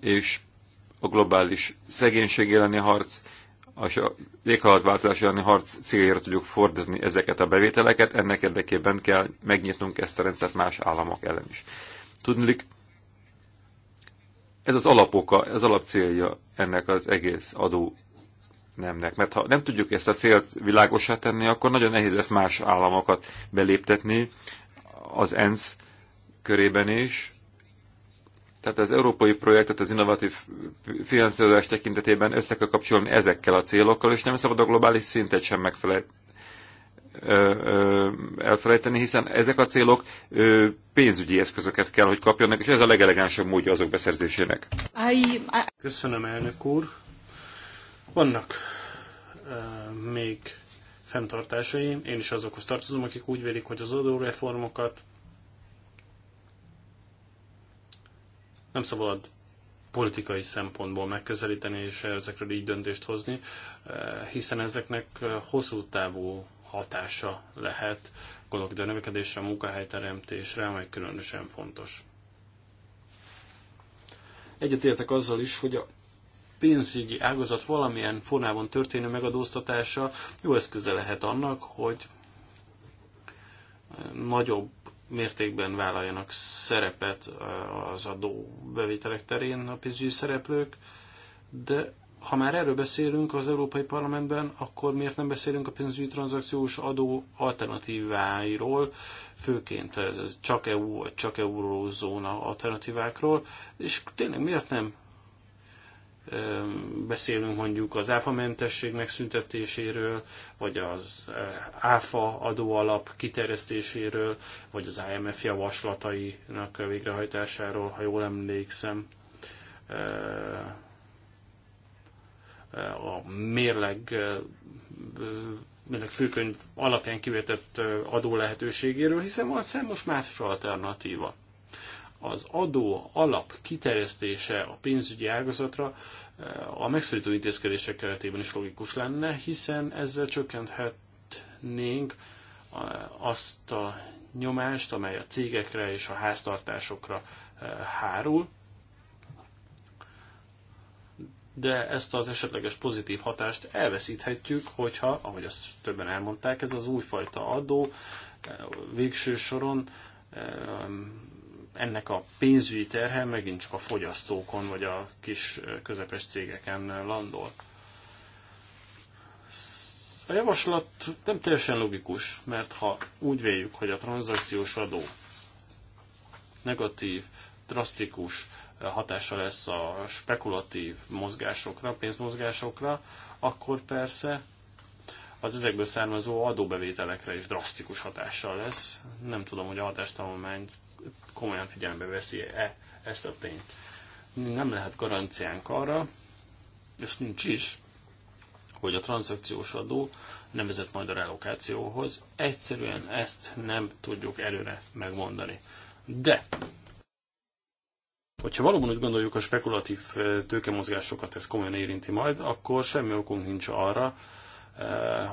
és a globális szegénység elleni harc és a éghajlatváltozás elleni harc céljára tudjuk fordítani ezeket a bevételeket, ennek érdekében kell megnyitnunk ezt a rendszert más államok ellen is. Tudnilik, ez az alapoka, ez alap célja ennek az egész adó nemnek. Mert ha nem tudjuk ezt a célt világosá tenni, akkor nagyon nehéz ezt más államokat beléptetni, az ENSZ körében is, tehát az európai projektet az innovatív finanszírozás tekintetében össze kell kapcsolni ezekkel a célokkal, és nem szabad a globális szintet sem megfelelt, elfelejteni, hiszen ezek a célok pénzügyi eszközöket kell, hogy kapjanak, és ez a legelegánsabb módja azok beszerzésének. Köszönöm, elnök úr. Vannak uh, még fenntartásaim, én is azokhoz tartozom, akik úgy vélik, hogy az adóreformokat Nem szabad politikai szempontból megközelíteni és ezekről így döntést hozni, eh, hiszen ezeknek eh, hosszú távú hatása lehet, gondolok ide a növekedésre, a munkahelyteremtésre, amely különösen fontos. Egyetértek azzal is, hogy a pénzügyi ágazat valamilyen formában történő megadóztatása jó eszköze lehet annak, hogy eh, nagyobb mértékben vállaljanak szerepet az adó bevételek terén a pénzügyi szereplők, de ha már erről beszélünk az Európai Parlamentben, akkor miért nem beszélünk a pénzügyi tranzakciós adó alternatíváiról, főként csak EU vagy csak eurózóna alternatívákról, és tényleg miért nem beszélünk mondjuk az áfamentesség megszüntetéséről, vagy az eh, áfa adóalap kiterjesztéséről, vagy az IMF javaslatainak végrehajtásáról, ha jól emlékszem, eh, eh, a mérleg, mérleg főkönyv alapján kivetett adó lehetőségéről, hiszen van számos más alternatíva az adó alap kiterjesztése a pénzügyi ágazatra eh, a megszorító intézkedések keretében is logikus lenne, hiszen ezzel csökkenthetnénk eh, azt a nyomást, amely a cégekre és a háztartásokra eh, hárul, de ezt az esetleges pozitív hatást elveszíthetjük, hogyha, ahogy azt többen elmondták, ez az újfajta adó végső soron ennek a pénzügyi terhe megint csak a fogyasztókon vagy a kis közepes cégeken landol. A javaslat nem teljesen logikus, mert ha úgy véljük, hogy a tranzakciós adó negatív, drasztikus hatása lesz a spekulatív mozgásokra, pénzmozgásokra, akkor persze az ezekből származó adóbevételekre is drasztikus hatással lesz. Nem tudom, hogy a hatástanulmányt komolyan figyelembe veszi-e ezt a tényt. Nem lehet garanciánk arra, és nincs is, hogy a tranzakciós adó nem vezet majd a relokációhoz. Egyszerűen ezt nem tudjuk előre megmondani. De, hogyha valóban úgy gondoljuk, a spekulatív eh, tőkemozgásokat ez komolyan érinti majd, akkor semmi okunk nincs arra,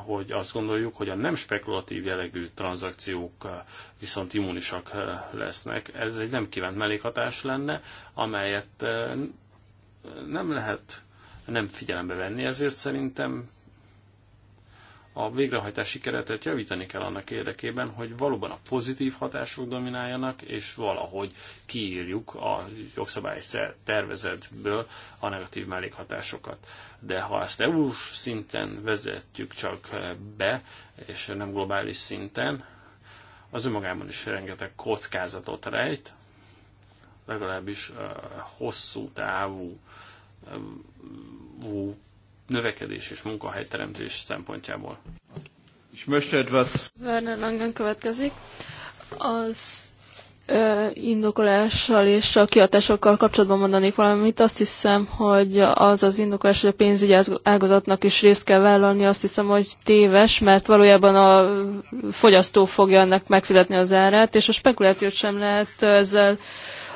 hogy azt gondoljuk, hogy a nem spekulatív jellegű tranzakciók eh, viszont immunisak eh, lesznek. Ez egy nem kívánt mellékhatás lenne, amelyet eh, nem lehet nem figyelembe venni, ezért szerintem a végrehajtási keretet javítani kell annak érdekében, hogy valóban a pozitív hatások domináljanak, és valahogy kiírjuk a jogszabály tervezetből a negatív mellékhatásokat. De ha ezt eu szinten vezetjük csak be, és nem globális szinten, az önmagában is rengeteg kockázatot rejt, legalábbis eh, hosszú távú eh, növekedés és munkahelyteremtés szempontjából. Werner Langen következik. Az ö, indokolással és a kiadásokkal kapcsolatban mondanék valamit. Azt hiszem, hogy az az indokolás, hogy a pénzügyi ágazatnak is részt kell vállalni, azt hiszem, hogy téves, mert valójában a fogyasztó fogja ennek megfizetni az árát, és a spekulációt sem lehet ezzel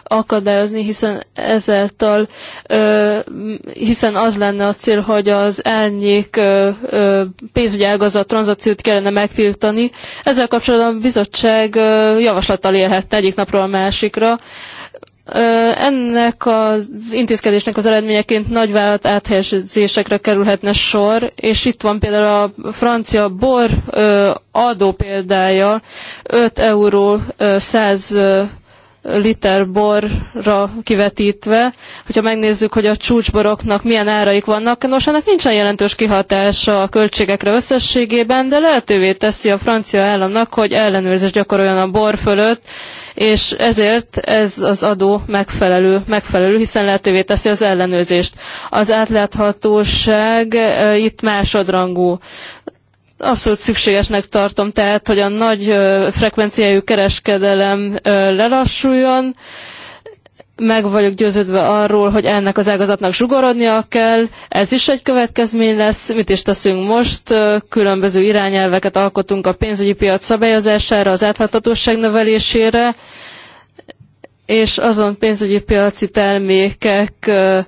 akadályozni, hiszen ezáltal, hiszen az lenne a cél, hogy az elnyék pénzügyi ágazat tranzakciót kellene megtiltani. Ezzel kapcsolatban a bizottság javaslattal élhetne egyik napról a másikra. Ennek az intézkedésnek az eredményeként nagyvállalat áthelyezésekre kerülhetne sor, és itt van például a francia bor adó példája, 5 euró 100 liter borra kivetítve, hogyha megnézzük, hogy a csúcsboroknak milyen áraik vannak, nos, ennek nincsen jelentős kihatása a költségekre összességében, de lehetővé teszi a francia államnak, hogy ellenőrzést gyakoroljon a bor fölött, és ezért ez az adó megfelelő, megfelelő hiszen lehetővé teszi az ellenőrzést. Az átláthatóság eh, itt másodrangú Abszolút szükségesnek tartom, tehát, hogy a nagy frekvenciájú kereskedelem lelassuljon. Meg vagyok győződve arról, hogy ennek az ágazatnak zsugorodnia kell. Ez is egy következmény lesz. Mit is teszünk most? Különböző irányelveket alkotunk a pénzügyi piac szabályozására, az átláthatóság növelésére és azon pénzügyi piaci termékek ö,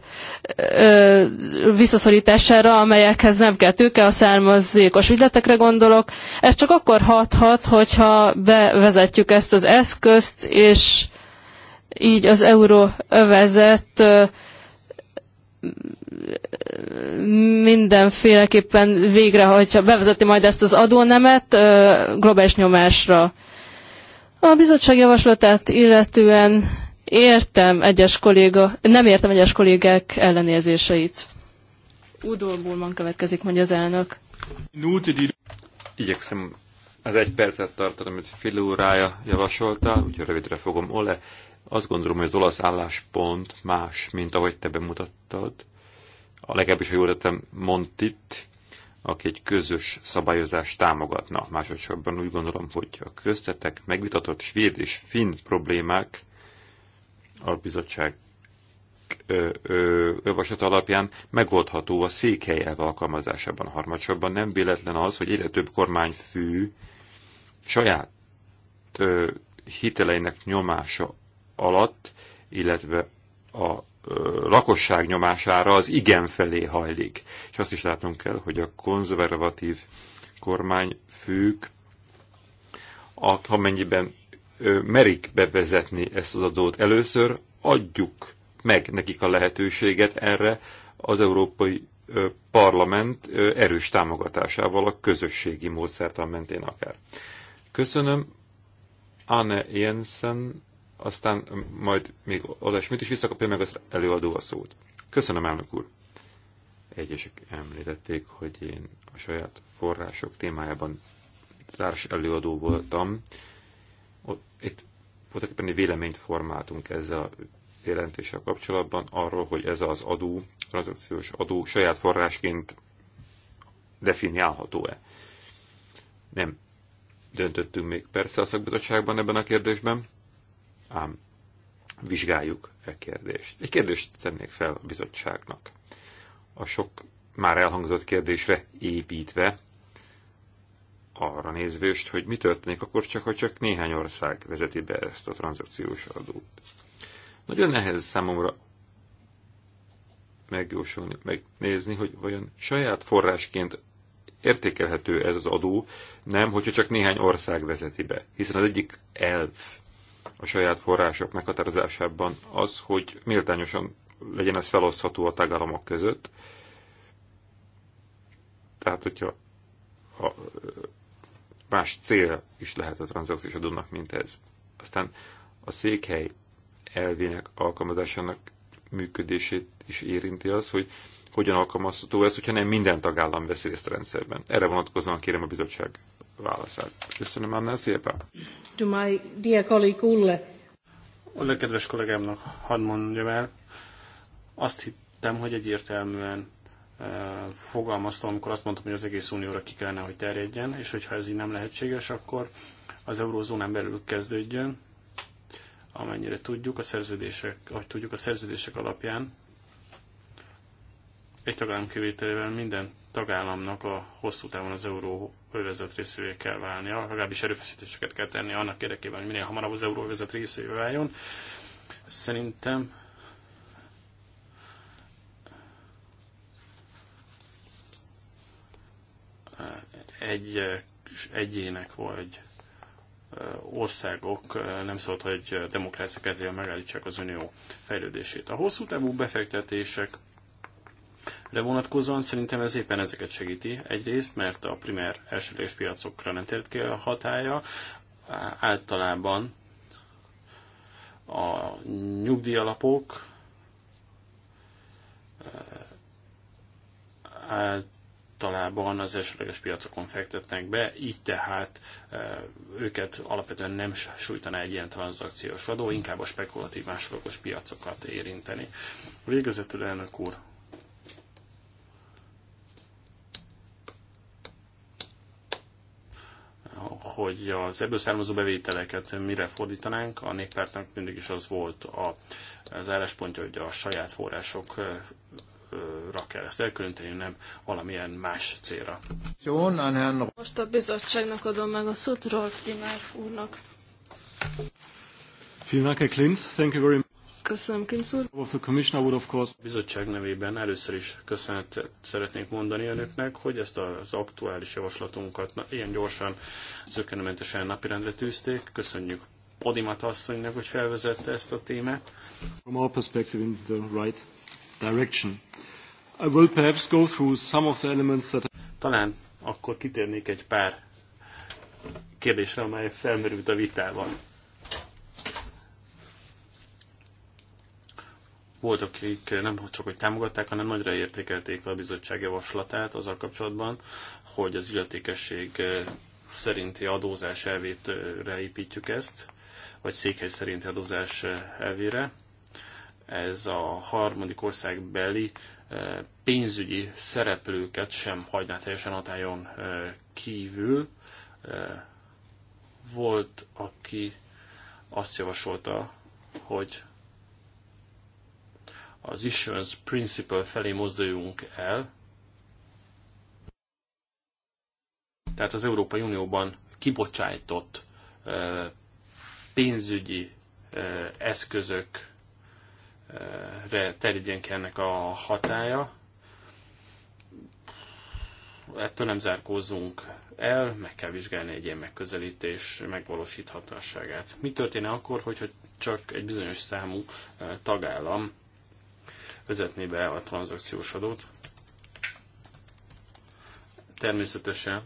ö, visszaszorítására, amelyekhez nem kell tőke, a származékos ügyletekre gondolok. Ez csak akkor hathat, hogyha bevezetjük ezt az eszközt, és így az euróövezet övezet mindenféleképpen végre, hogyha bevezeti majd ezt az adónemet globális nyomásra. A bizottság javaslatát illetően értem egyes kolléga, nem értem egyes kollégák ellenérzéseit. Udo Bulman következik, mondja az elnök. Igyekszem az egy percet tartani, amit fél órája javasoltál, úgyhogy rövidre fogom. Ole, azt gondolom, hogy az olasz álláspont más, mint ahogy te bemutattad. A legalábbis, ha jól tettem, Montit aki egy közös szabályozást támogatna. Másodszorban úgy gondolom, hogy a köztetek megvitatott svéd és finn problémák a bizottság javaslat alapján megoldható a székhely alkalmazásában harmadsorban. Nem véletlen az, hogy egyre több kormányfű saját ö, hiteleinek nyomása alatt, illetve a lakosság nyomására az igen felé hajlik. És azt is látnunk kell, hogy a konzervatív kormányfők, ha mennyiben merik bevezetni ezt az adót először, adjuk meg nekik a lehetőséget erre az Európai Parlament erős támogatásával a közösségi módszertan mentén akár. Köszönöm Anne Jensen aztán majd még olyasmit is visszakapja meg az előadó a szót. Köszönöm, elnök úr! Egyesek említették, hogy én a saját források témájában társ előadó voltam. Ott, itt voltak egy véleményt formáltunk ezzel a jelentéssel kapcsolatban arról, hogy ez az adó, tranzakciós adó saját forrásként definiálható-e. Nem döntöttünk még persze a szakbizottságban ebben a kérdésben, ám vizsgáljuk e kérdést. Egy kérdést tennék fel a bizottságnak. A sok már elhangzott kérdésre építve, arra nézvést, hogy mi történik akkor csak, ha csak néhány ország vezeti be ezt a tranzakciós adót. Nagyon nehéz számomra megjósolni, megnézni, hogy vajon saját forrásként értékelhető ez az adó, nem, hogyha csak néhány ország vezeti be. Hiszen az egyik elv a saját források meghatározásában az, hogy méltányosan legyen ez felosztható a tagállamok között. Tehát, hogyha a, más cél is lehet a tranzakciós adónak, mint ez. Aztán a székhely elvének alkalmazásának működését is érinti az, hogy hogyan alkalmazható ez, hogyha nem minden tagállam vesz részt a rendszerben. Erre vonatkozóan kérem a bizottság válaszát. Köszönöm annál szépen. To my dear colleague Ulle. kedves kollégámnak hadd mondjam el, azt hittem, hogy egyértelműen e, fogalmaztam, amikor azt mondtam, hogy az egész unióra ki kellene, hogy terjedjen, és hogyha ez így nem lehetséges, akkor az eurózónán belül kezdődjön, amennyire tudjuk a szerződések, ahogy tudjuk a szerződések alapján egy tagállam kivételével minden tagállamnak a hosszú távon az euró övezet részévé kell válnia, legalábbis erőfeszítéseket kell tenni annak érdekében, hogy minél hamarabb az euró övezet részévé váljon. Szerintem egy egyének vagy országok nem szólt, hogy demokrácia kedvéért megállítsák az unió fejlődését. A hosszú távú befektetések Re vonatkozóan szerintem ez éppen ezeket segíti. Egyrészt, mert a primer elsődleges piacokra nem tért ki a hatája, általában a nyugdíjalapok általában az elsőleges piacokon fektetnek be, így tehát őket alapvetően nem sújtaná egy ilyen tranzakciós adó, inkább a spekulatív másodlagos piacokat érinteni. Végezetül elnök úr, hogy az ebből származó bevételeket mire fordítanánk, a néppártnak mindig is az volt a, az álláspontja, hogy a saját forrásokra kell ezt elkülönteni, nem valamilyen más célra. Most a bizottságnak adom meg a szót Rolf Dimár úrnak. Vielen Dank, Herr Klintz. Thank you very much. Köszönöm, Klinc úr. A bizottság nevében először is köszönetet szeretnék mondani önöknek, hogy ezt az aktuális javaslatunkat ilyen gyorsan, zökkenőmentesen napirendre tűzték. Köszönjük Podimat asszonynak, hogy felvezette ezt a témát. From our perspective in the right direction. I will perhaps go through some of the elements that... Talán akkor kitérnék egy pár kérdésre, amely felmerült a vitában. Volt, akik nem csak hogy támogatták, hanem nagyra értékelték a bizottság javaslatát azzal kapcsolatban, hogy az illetékesség eh, szerinti adózás elvét építjük ezt, vagy székhely szerinti adózás eh, elvére. Ez a harmadik ország beli eh, pénzügyi szereplőket sem hagyná teljesen hatályon kívül. Volt, aki azt javasolta, hogy az issuance principle felé mozduljunk el. Tehát az Európai Unióban kibocsájtott pénzügyi eszközökre terjedjen ki ennek a hatája. Ettől nem zárkózzunk el, meg kell vizsgálni egy ilyen megközelítés megvalósíthatóságát. Mi történne akkor, hogyha csak egy bizonyos számú tagállam vezetné be a tranzakciós adót. Természetesen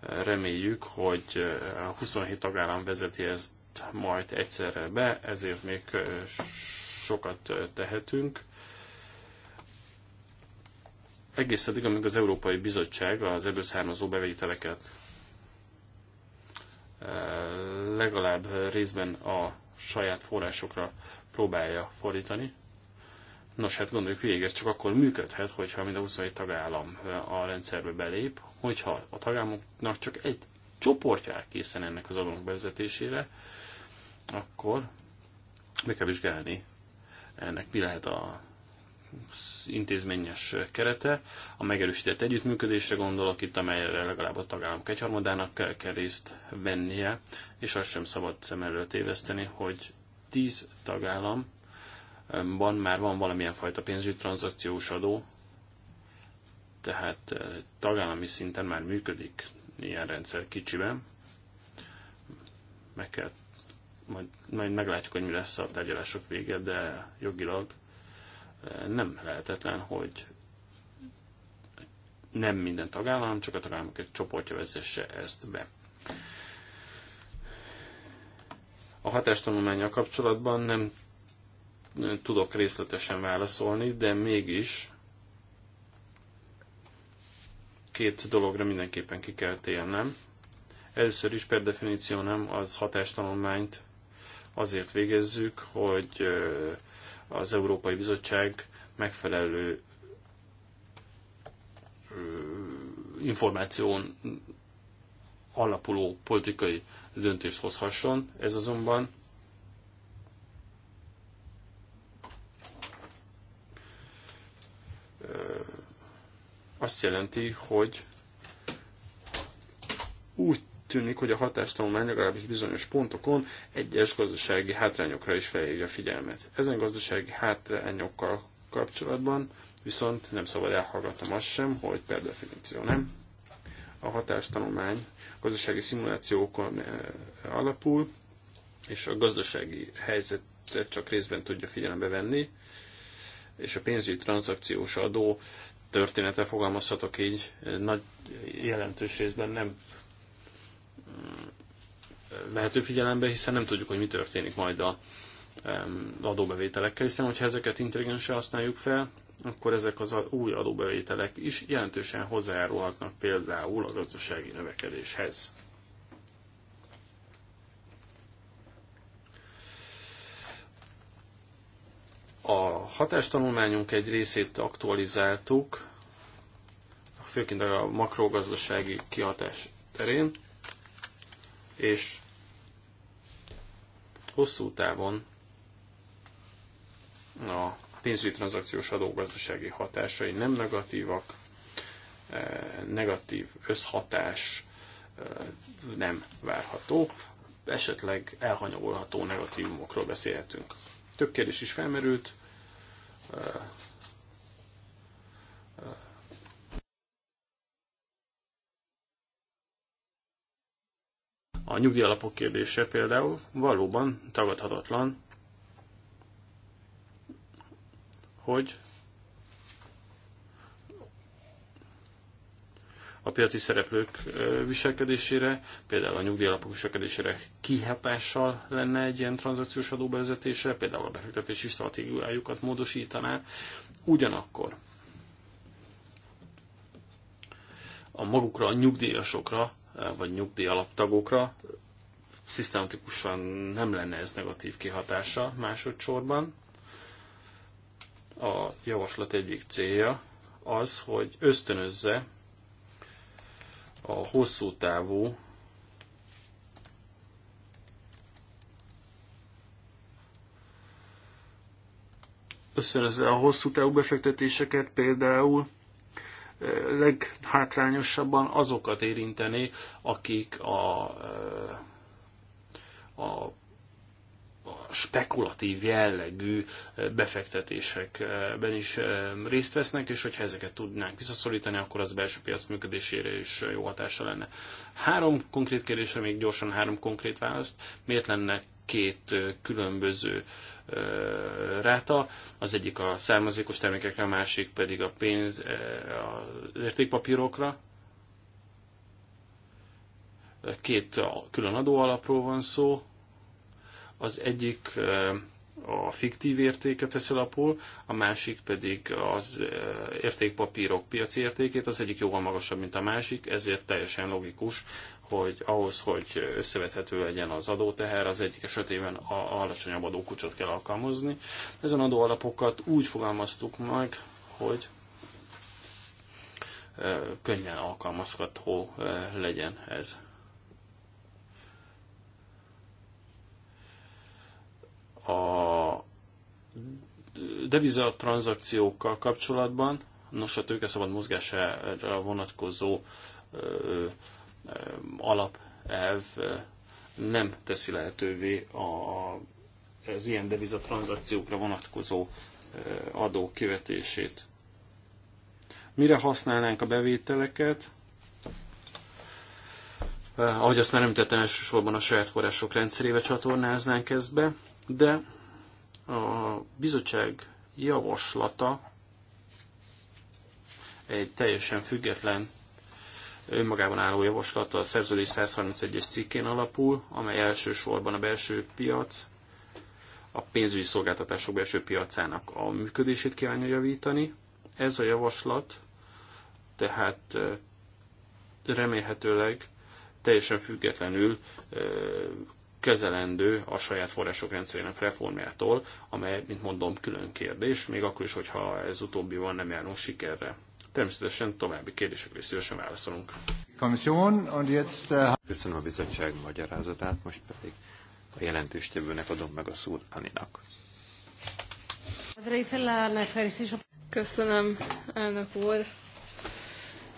reméljük, hogy 27 tagállam vezeti ezt majd egyszerre be, ezért még sokat tehetünk. Egész addig, amíg az Európai Bizottság az ebből származó bevételeket legalább részben a saját forrásokra próbálja fordítani. Nos, hát gondoljuk végig, ez csak akkor működhet, hogyha mind a 27 tagállam eh, a rendszerbe belép, hogyha a tagállamoknak csak egy csoportja készen ennek az adónak bevezetésére, akkor meg kell vizsgálni ennek mi lehet a intézményes kerete. A megerősített együttműködésre gondolok itt, amelyre legalább a tagállamok egyharmadának kell, kell részt vennie, és azt sem szabad szem előtt éveszteni, hogy tíz tagállamban már van valamilyen fajta pénzügyi tranzakciós adó, tehát eh, tagállami szinten már működik ilyen rendszer kicsiben. Meg kell, majd, majd meglátjuk, hogy mi lesz a tárgyalások vége, de jogilag eh, nem lehetetlen, hogy nem minden tagállam, csak a tagállamok egy csoportja vezesse ezt be. A hatástanulmányjal kapcsolatban nem tudok részletesen válaszolni, de mégis két dologra mindenképpen ki kell térnem. Először is per definíció nem az hatástanulmányt azért végezzük, hogy az Európai Bizottság megfelelő információn alapuló politikai döntést hozhasson. Ez azonban azt jelenti, hogy úgy tűnik, hogy a hatástanulmány legalábbis bizonyos pontokon egyes gazdasági hátrányokra is felhívja a figyelmet. Ezen gazdasági hátrányokkal kapcsolatban viszont nem szabad elhallgatnom azt sem, hogy per definíció nem. A hatástanulmány gazdasági szimulációkon eh, alapul, és a gazdasági helyzetet csak részben tudja figyelembe venni, és a pénzügyi tranzakciós adó története fogalmazhatok így, eh, nagy jelentős részben nem eh, vehető figyelembe, hiszen nem tudjuk, hogy mi történik majd a adóbevételekkel, hiszen hogyha ezeket intelligensen használjuk fel, akkor ezek az új adóbevételek is jelentősen hozzájárulhatnak például a gazdasági növekedéshez. A hatástanulmányunk egy részét aktualizáltuk, főként a makrogazdasági kihatás terén, és hosszú távon a pénzügyi tranzakciós adó gazdasági hatásai nem negatívak, e, negatív összhatás e, nem várható, esetleg elhanyagolható negatívumokról beszélhetünk. Több kérdés is felmerült. E, a nyugdíjalapok kérdése például valóban tagadhatatlan, hogy a piaci szereplők viselkedésére, például a nyugdíjalapok viselkedésére kihatással lenne egy ilyen tranzakciós adó bevezetése, például a befektetési stratégiájukat módosítaná. Ugyanakkor a magukra, a nyugdíjasokra, vagy nyugdíjalaptagokra szisztematikusan nem lenne ez negatív kihatása másodszorban a javaslat egyik célja az, hogy ösztönözze a hosszú távú ösztönözze a hosszú távú befektetéseket például eh, leghátrányosabban azokat érinteni, akik a, eh, a spekulatív jellegű befektetésekben is részt vesznek, és hogyha ezeket tudnánk visszaszorítani, akkor az belső piac működésére is jó hatása lenne. Három konkrét kérdésre még gyorsan három konkrét választ. Miért lenne két különböző ráta, az egyik a származékos termékekre, a másik pedig a pénz, az értékpapírokra, két külön adóalapról van szó, az egyik eh, a fiktív értéket tesz alapul, a másik pedig az eh, értékpapírok piaci értékét, az egyik jóval magasabb, mint a másik, ezért teljesen logikus, hogy ahhoz, hogy összevethető legyen az adóteher, az egyik esetében a alacsonyabb adókucsot kell alkalmazni. Ezen adóalapokat úgy fogalmaztuk meg, hogy eh, könnyen alkalmazható legyen ez. a deviza tranzakciókkal kapcsolatban, nos a szabad mozgására vonatkozó alapelv nem teszi lehetővé a, az ilyen deviza tranzakciókra vonatkozó adó kivetését. Mire használnánk a bevételeket? Ahogy azt már említettem, elsősorban a saját források rendszerébe csatornáznánk ezt be de a bizottság javaslata egy teljesen független önmagában álló javaslata a szerződés 131-es cikkén alapul, amely elsősorban a belső piac, a pénzügyi szolgáltatások belső piacának a működését kívánja javítani. Ez a javaslat tehát remélhetőleg teljesen függetlenül kezelendő a saját források rendszerének reformjától, amely, mint mondom, külön kérdés, még akkor is, hogyha ez utóbbi van, nem járunk sikerre. Természetesen további kérdésekre is szívesen válaszolunk. Äh, Köszönöm a bizottság magyarázatát, most pedig a jelentéstevőnek adom meg a szót Aninak. Köszönöm, elnök úr.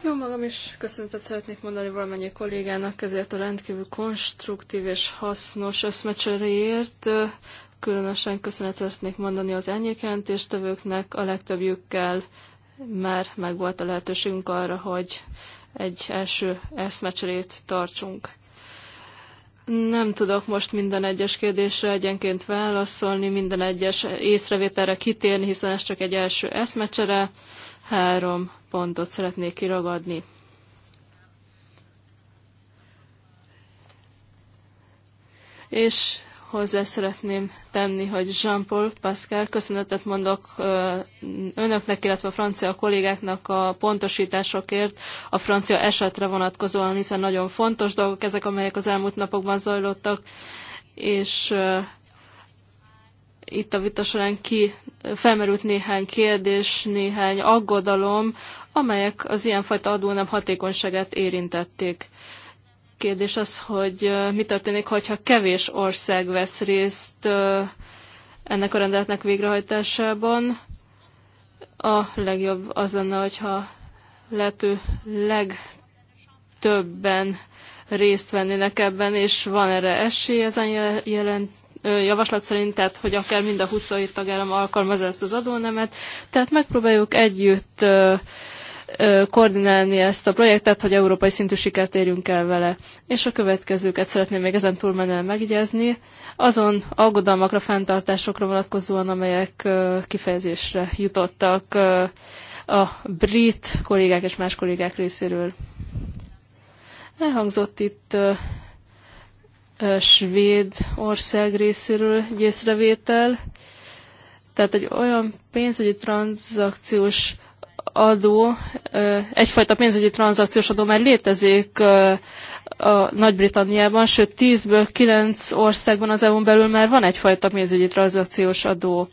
Jó magam is köszöntet szeretnék mondani valamennyi kollégának ezért a rendkívül konstruktív és hasznos összmecseréért. Különösen köszönet szeretnék mondani az elnyékjelentéstevőknek, a legtöbbjükkel már megvolt a lehetőségünk arra, hogy egy első eszmecserét tartsunk. Nem tudok most minden egyes kérdésre egyenként válaszolni, minden egyes észrevételre kitérni, hiszen ez csak egy első eszmecsere. Három pontot szeretnék kiragadni. És hozzá szeretném tenni, hogy Jean-Paul Pascal, köszönetet mondok önöknek, illetve a francia kollégáknak a pontosításokért a francia esetre vonatkozóan, hiszen nagyon fontos dolgok ezek, amelyek az elmúlt napokban zajlottak, és itt a vita során ki felmerült néhány kérdés, néhány aggodalom amelyek az ilyenfajta adónem hatékonyságát érintették. Kérdés az, hogy mi történik, hogyha kevés ország vesz részt ennek a rendeletnek végrehajtásában. A legjobb az lenne, hogyha lehető legtöbben részt vennének ebben, és van erre esély ezen jelent javaslat szerint, tehát hogy akár mind a 27 tagállam alkalmazza ezt az adónemet. Tehát megpróbáljuk együtt koordinálni ezt a projektet, hogy európai szintű sikert érjünk el vele. És a következőket szeretném még ezen túlmenően megjegyezni, azon aggodalmakra, fenntartásokra vonatkozóan, amelyek kifejezésre jutottak a brit kollégák és más kollégák részéről. Elhangzott itt svéd ország részéről egy észrevétel, tehát egy olyan pénzügyi tranzakciós adó, egyfajta pénzügyi tranzakciós adó már létezik a Nagy-Britanniában, sőt 10-ből 9 országban az EU-n belül már van egyfajta pénzügyi tranzakciós adó.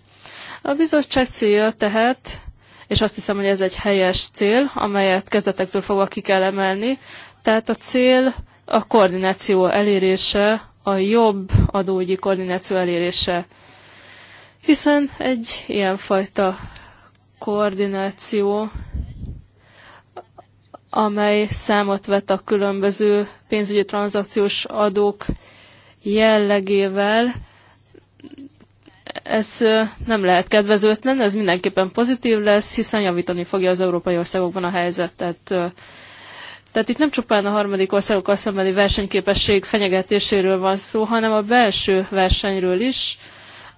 A bizottság célja tehát, és azt hiszem, hogy ez egy helyes cél, amelyet kezdetektől fogva ki kell emelni, tehát a cél a koordináció elérése, a jobb adóügyi koordináció elérése. Hiszen egy ilyenfajta koordináció, amely számot vet a különböző pénzügyi tranzakciós adók jellegével. Ez nem lehet kedvezőtlen, ez mindenképpen pozitív lesz, hiszen javítani fogja az európai országokban a helyzetet. Tehát itt nem csupán a harmadik országokkal szembeni versenyképesség fenyegetéséről van szó, hanem a belső versenyről is,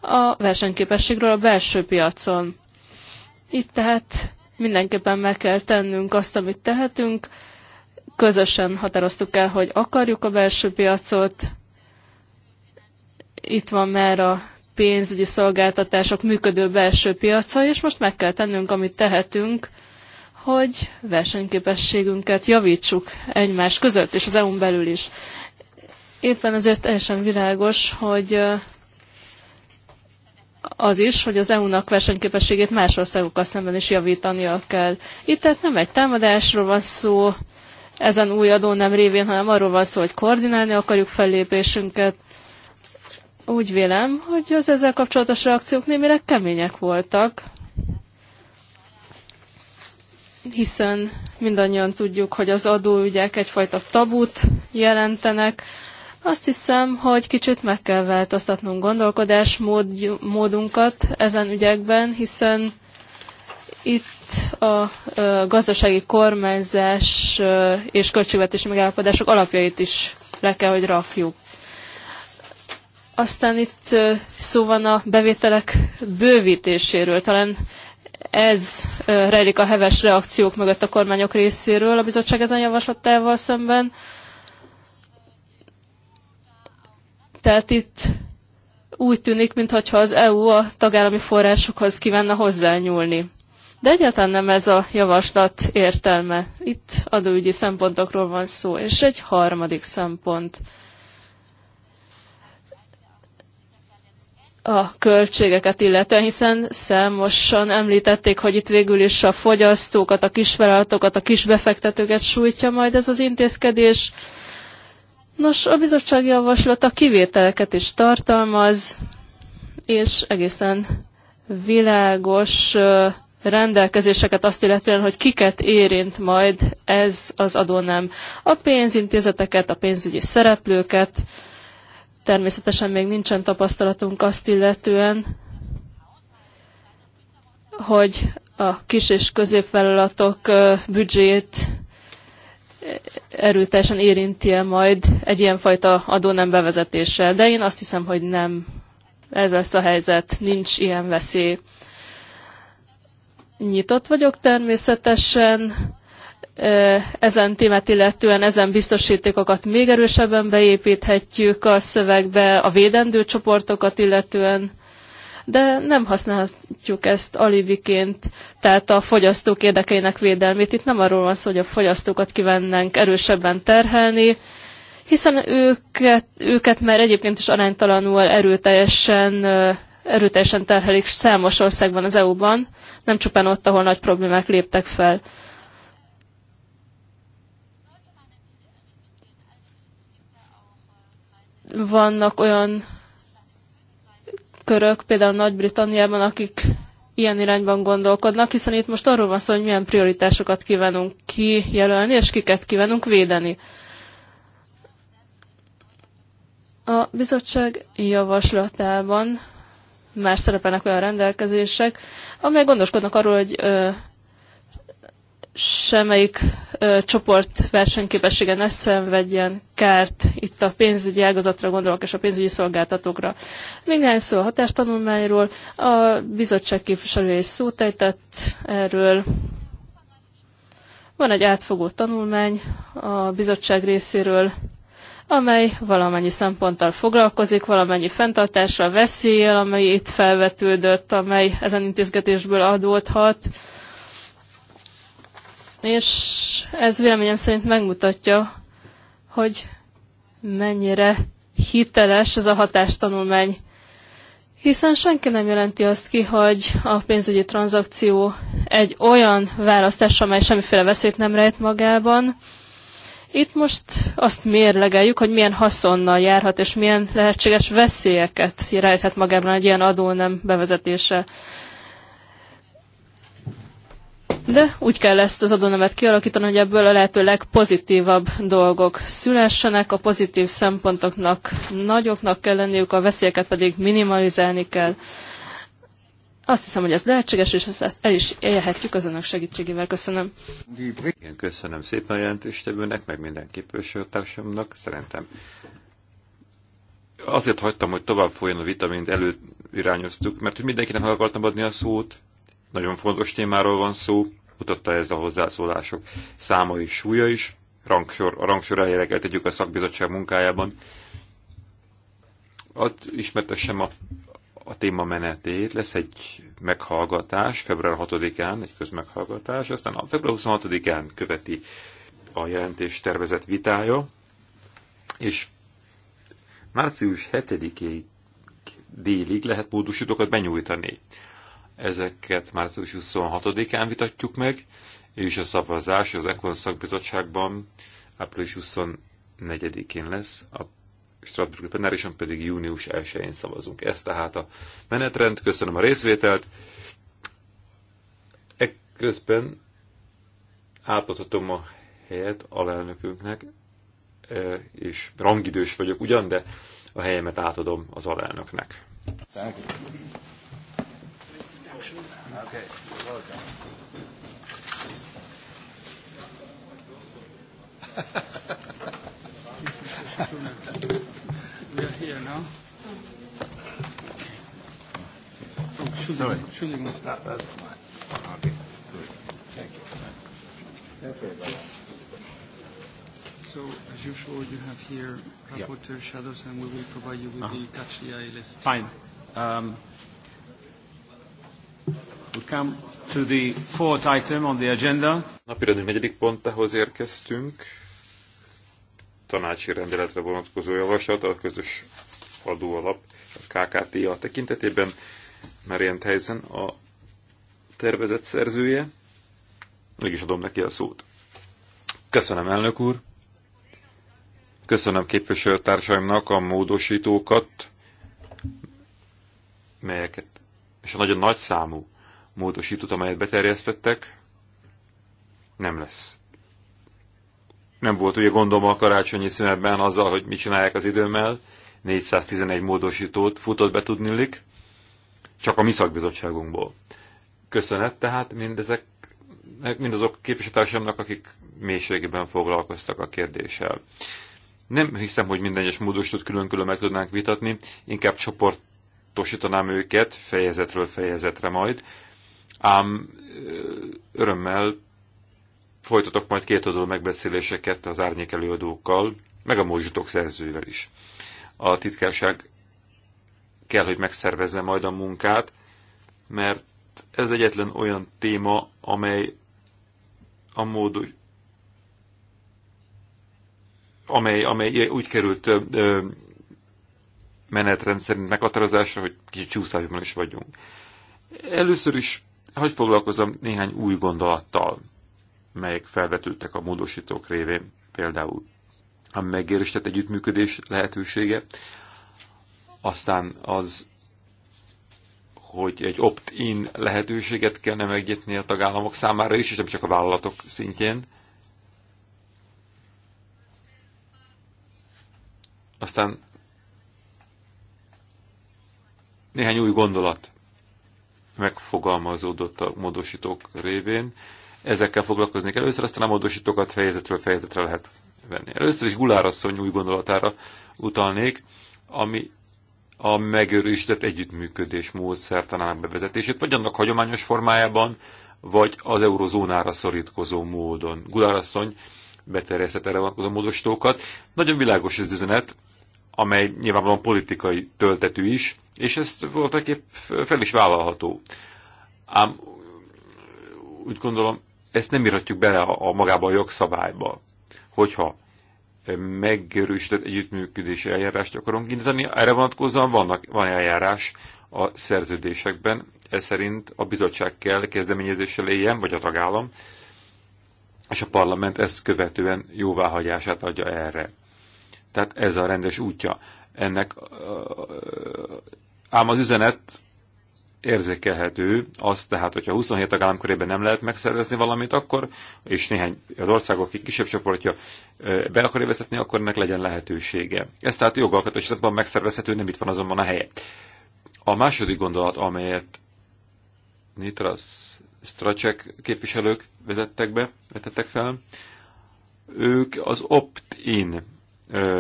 a versenyképességről a belső piacon. Itt tehát mindenképpen meg kell tennünk azt, amit tehetünk. Közösen határoztuk el, hogy akarjuk a belső piacot. Itt van már a pénzügyi szolgáltatások működő belső piaca, és most meg kell tennünk, amit tehetünk, hogy versenyképességünket javítsuk egymás között, és az EU-n belül is. Éppen ezért teljesen világos, hogy az is, hogy az EU-nak versenyképességét más országokkal szemben is javítania kell. Itt tehát nem egy támadásról van szó, ezen új adó nem révén, hanem arról van szó, hogy koordinálni akarjuk fellépésünket. Úgy vélem, hogy az ezzel kapcsolatos reakciók némileg kemények voltak, hiszen mindannyian tudjuk, hogy az adóügyek egyfajta tabut jelentenek, azt hiszem, hogy kicsit meg kell változtatnunk gondolkodásmódunkat ezen ügyekben, hiszen itt a gazdasági kormányzás és költségvetési megállapodások alapjait is le kell, hogy rakjuk. Aztán itt szó van a bevételek bővítéséről. Talán ez rejlik a heves reakciók mögött a kormányok részéről a bizottság ezen javaslatával szemben. Tehát itt úgy tűnik, mintha az EU a tagállami forrásokhoz kívánna hozzányúlni. De egyáltalán nem ez a javaslat értelme. Itt adóügyi szempontokról van szó. És egy harmadik szempont. a költségeket illetően, hiszen számosan említették, hogy itt végül is a fogyasztókat, a kisvállalatokat, a kisbefektetőket sújtja majd ez az intézkedés. Nos, a javaslat a kivételeket is tartalmaz, és egészen világos rendelkezéseket azt illetően, hogy kiket érint majd ez az adónem. A pénzintézeteket, a pénzügyi szereplőket, természetesen még nincsen tapasztalatunk azt illetően, hogy a kis és középvállalatok büdzsét erőteljesen érinti-e majd egy ilyenfajta adó nem bevezetése. De én azt hiszem, hogy nem. Ez lesz a helyzet, nincs ilyen veszély. Nyitott vagyok természetesen ezen témát illetően, ezen biztosítékokat még erősebben beépíthetjük a szövegbe, a védendő csoportokat illetően de nem használhatjuk ezt alibiként, tehát a fogyasztók érdekeinek védelmét. Itt nem arról van szó, hogy a fogyasztókat kívánnánk erősebben terhelni, hiszen őket, őket már egyébként is aránytalanul erőteljesen erőteljesen terhelik számos országban az EU-ban, nem csupán ott, ahol nagy problémák léptek fel. Vannak olyan körök, például Nagy-Britanniában, akik ilyen irányban gondolkodnak, hiszen itt most arról van szó, hogy milyen prioritásokat kívánunk kijelölni, és kiket kívánunk védeni. A bizottság javaslatában már szerepelnek olyan rendelkezések, amelyek gondoskodnak arról, hogy semmelyik ö, csoport versenyképessége ne szenvedjen kárt, itt a pénzügyi ágazatra gondolok, és a pénzügyi szolgáltatókra. Még néhány szó a hatástanulmányról, a bizottság képviselője is szót ejtett erről. Van egy átfogó tanulmány a bizottság részéről, amely valamennyi szemponttal foglalkozik, valamennyi fenntartással, veszélyel, amely itt felvetődött, amely ezen intézkedésből adódhat, és ez véleményem szerint megmutatja, hogy mennyire hiteles ez a hatástanulmány. Hiszen senki nem jelenti azt ki, hogy a pénzügyi tranzakció egy olyan választás, amely semmiféle veszélyt nem rejt magában. Itt most azt mérlegeljük, hogy milyen haszonnal járhat, és milyen lehetséges veszélyeket rejthet magában egy ilyen adó nem bevezetése de úgy kell ezt az adónemet kialakítani, hogy ebből a lehető legpozitívabb dolgok szülessenek, a pozitív szempontoknak nagyoknak kell lenniük, a veszélyeket pedig minimalizálni kell. Azt hiszem, hogy ez lehetséges, és ezt el is élhetjük az önök segítségével. Köszönöm. Igen, köszönöm szépen a jelentéstevőnek, meg minden képviselőtársamnak. Szerintem azért hagytam, hogy tovább folyjon a vita, mint előirányoztuk, mert hogy mindenkinek akartam adni a szót, nagyon fontos témáról van szó, mutatta ez a hozzászólások száma és súlya is. Rangsor, a rangsor eljeleket tegyük a szakbizottság munkájában. Ott ismertessem a, a téma menetét. Lesz egy meghallgatás február 6-án, egy közmeghallgatás, aztán a február 26-án követi a jelentés tervezett vitája, és március 7-ig délig lehet módosítókat benyújtani. Ezeket március 26-án vitatjuk meg, és a szavazás az Ekon szakbizottságban április 24-én lesz, a Strasbourg plenárison pedig június 1-én szavazunk. Ez tehát a menetrend, köszönöm a részvételt. Ekközben átadhatom a helyet alelnökünknek, e, és rangidős vagyok ugyan, de a helyemet átadom az alelnöknek. Thank introduction. Okay, you're welcome. we are here now. Oh, Sorry. That, that's fine. Okay, good. Thank you. Thank you. So, as usual, you have here rapporteur yep. shadows, and we will provide you with uh-huh. the catch the eye list. Fine. Um, We come Napirendünk negyedik pontához érkeztünk. Tanácsi rendeletre vonatkozó javaslat a közös adóalap, a a tekintetében. Marian Tyson a tervezett szerzője. Mégis adom neki a szót. Köszönöm, elnök úr. Köszönöm képviselőtársaimnak a módosítókat, melyeket, és a nagyon nagy számú módosítót, amelyet beterjesztettek, nem lesz. Nem volt ugye gondom a karácsonyi szünetben azzal, hogy mit csinálják az időmmel. 411 módosítót futott be lik, csak a mi szakbizottságunkból. Köszönet tehát mindezek, mindazok képviselőtársamnak, akik mélységében foglalkoztak a kérdéssel. Nem hiszem, hogy minden egyes módosítót külön-külön meg tudnánk vitatni, inkább csoport tosítanám őket fejezetről fejezetre majd, ám örömmel folytatok majd két oldalú megbeszéléseket az árnyék előadókkal, meg a mózsutok szerzővel is. A titkárság kell, hogy megszervezze majd a munkát, mert ez egyetlen olyan téma, amely a mód, amely, amely úgy került ö, menetrend szerint meghatározásra, hogy kicsit csúszásban is vagyunk. Először is hogy foglalkozom néhány új gondolattal, melyek felvetődtek a módosítók révén, például a megérősített együttműködés lehetősége, aztán az, hogy egy opt-in lehetőséget kellene megnyitni a tagállamok számára is, és nem csak a vállalatok szintjén. Aztán néhány új gondolat megfogalmazódott a módosítók révén. Ezekkel foglalkozni kell először, aztán a módosítókat fejezetről fejezetre lehet venni. Először is Gulárasszony új gondolatára utalnék, ami a megőrősített együttműködés módszertanának bevezetését, vagy annak hagyományos formájában, vagy az eurozónára szorítkozó módon. Gulárasszony beterjesztett erre vonatkozó módosítókat. Nagyon világos az üzenet, amely nyilvánvalóan politikai töltetű is, és ezt voltak épp fel is vállalható. Ám úgy gondolom, ezt nem írhatjuk bele a, a magába a jogszabályba, hogyha megerősített együttműködési eljárást akarunk indítani. Erre vonatkozóan vannak, van eljárás a szerződésekben, ez szerint a bizottság kell kezdeményezéssel éljen, vagy a tagállam, és a parlament ezt követően jóváhagyását adja erre. Tehát ez a rendes útja ennek. Ám az üzenet érzékelhető, az tehát, hogyha 27 tagállam körében nem lehet megszervezni valamit, akkor, és néhány az országok kisebb csoportja be akarja vezetni, akkor ennek legyen lehetősége. Ez tehát jogalkotási szempontból megszervezhető, nem itt van azonban a helye. A második gondolat, amelyet Nitras Stracek képviselők vezettek be, vetettek fel, ők az opt-in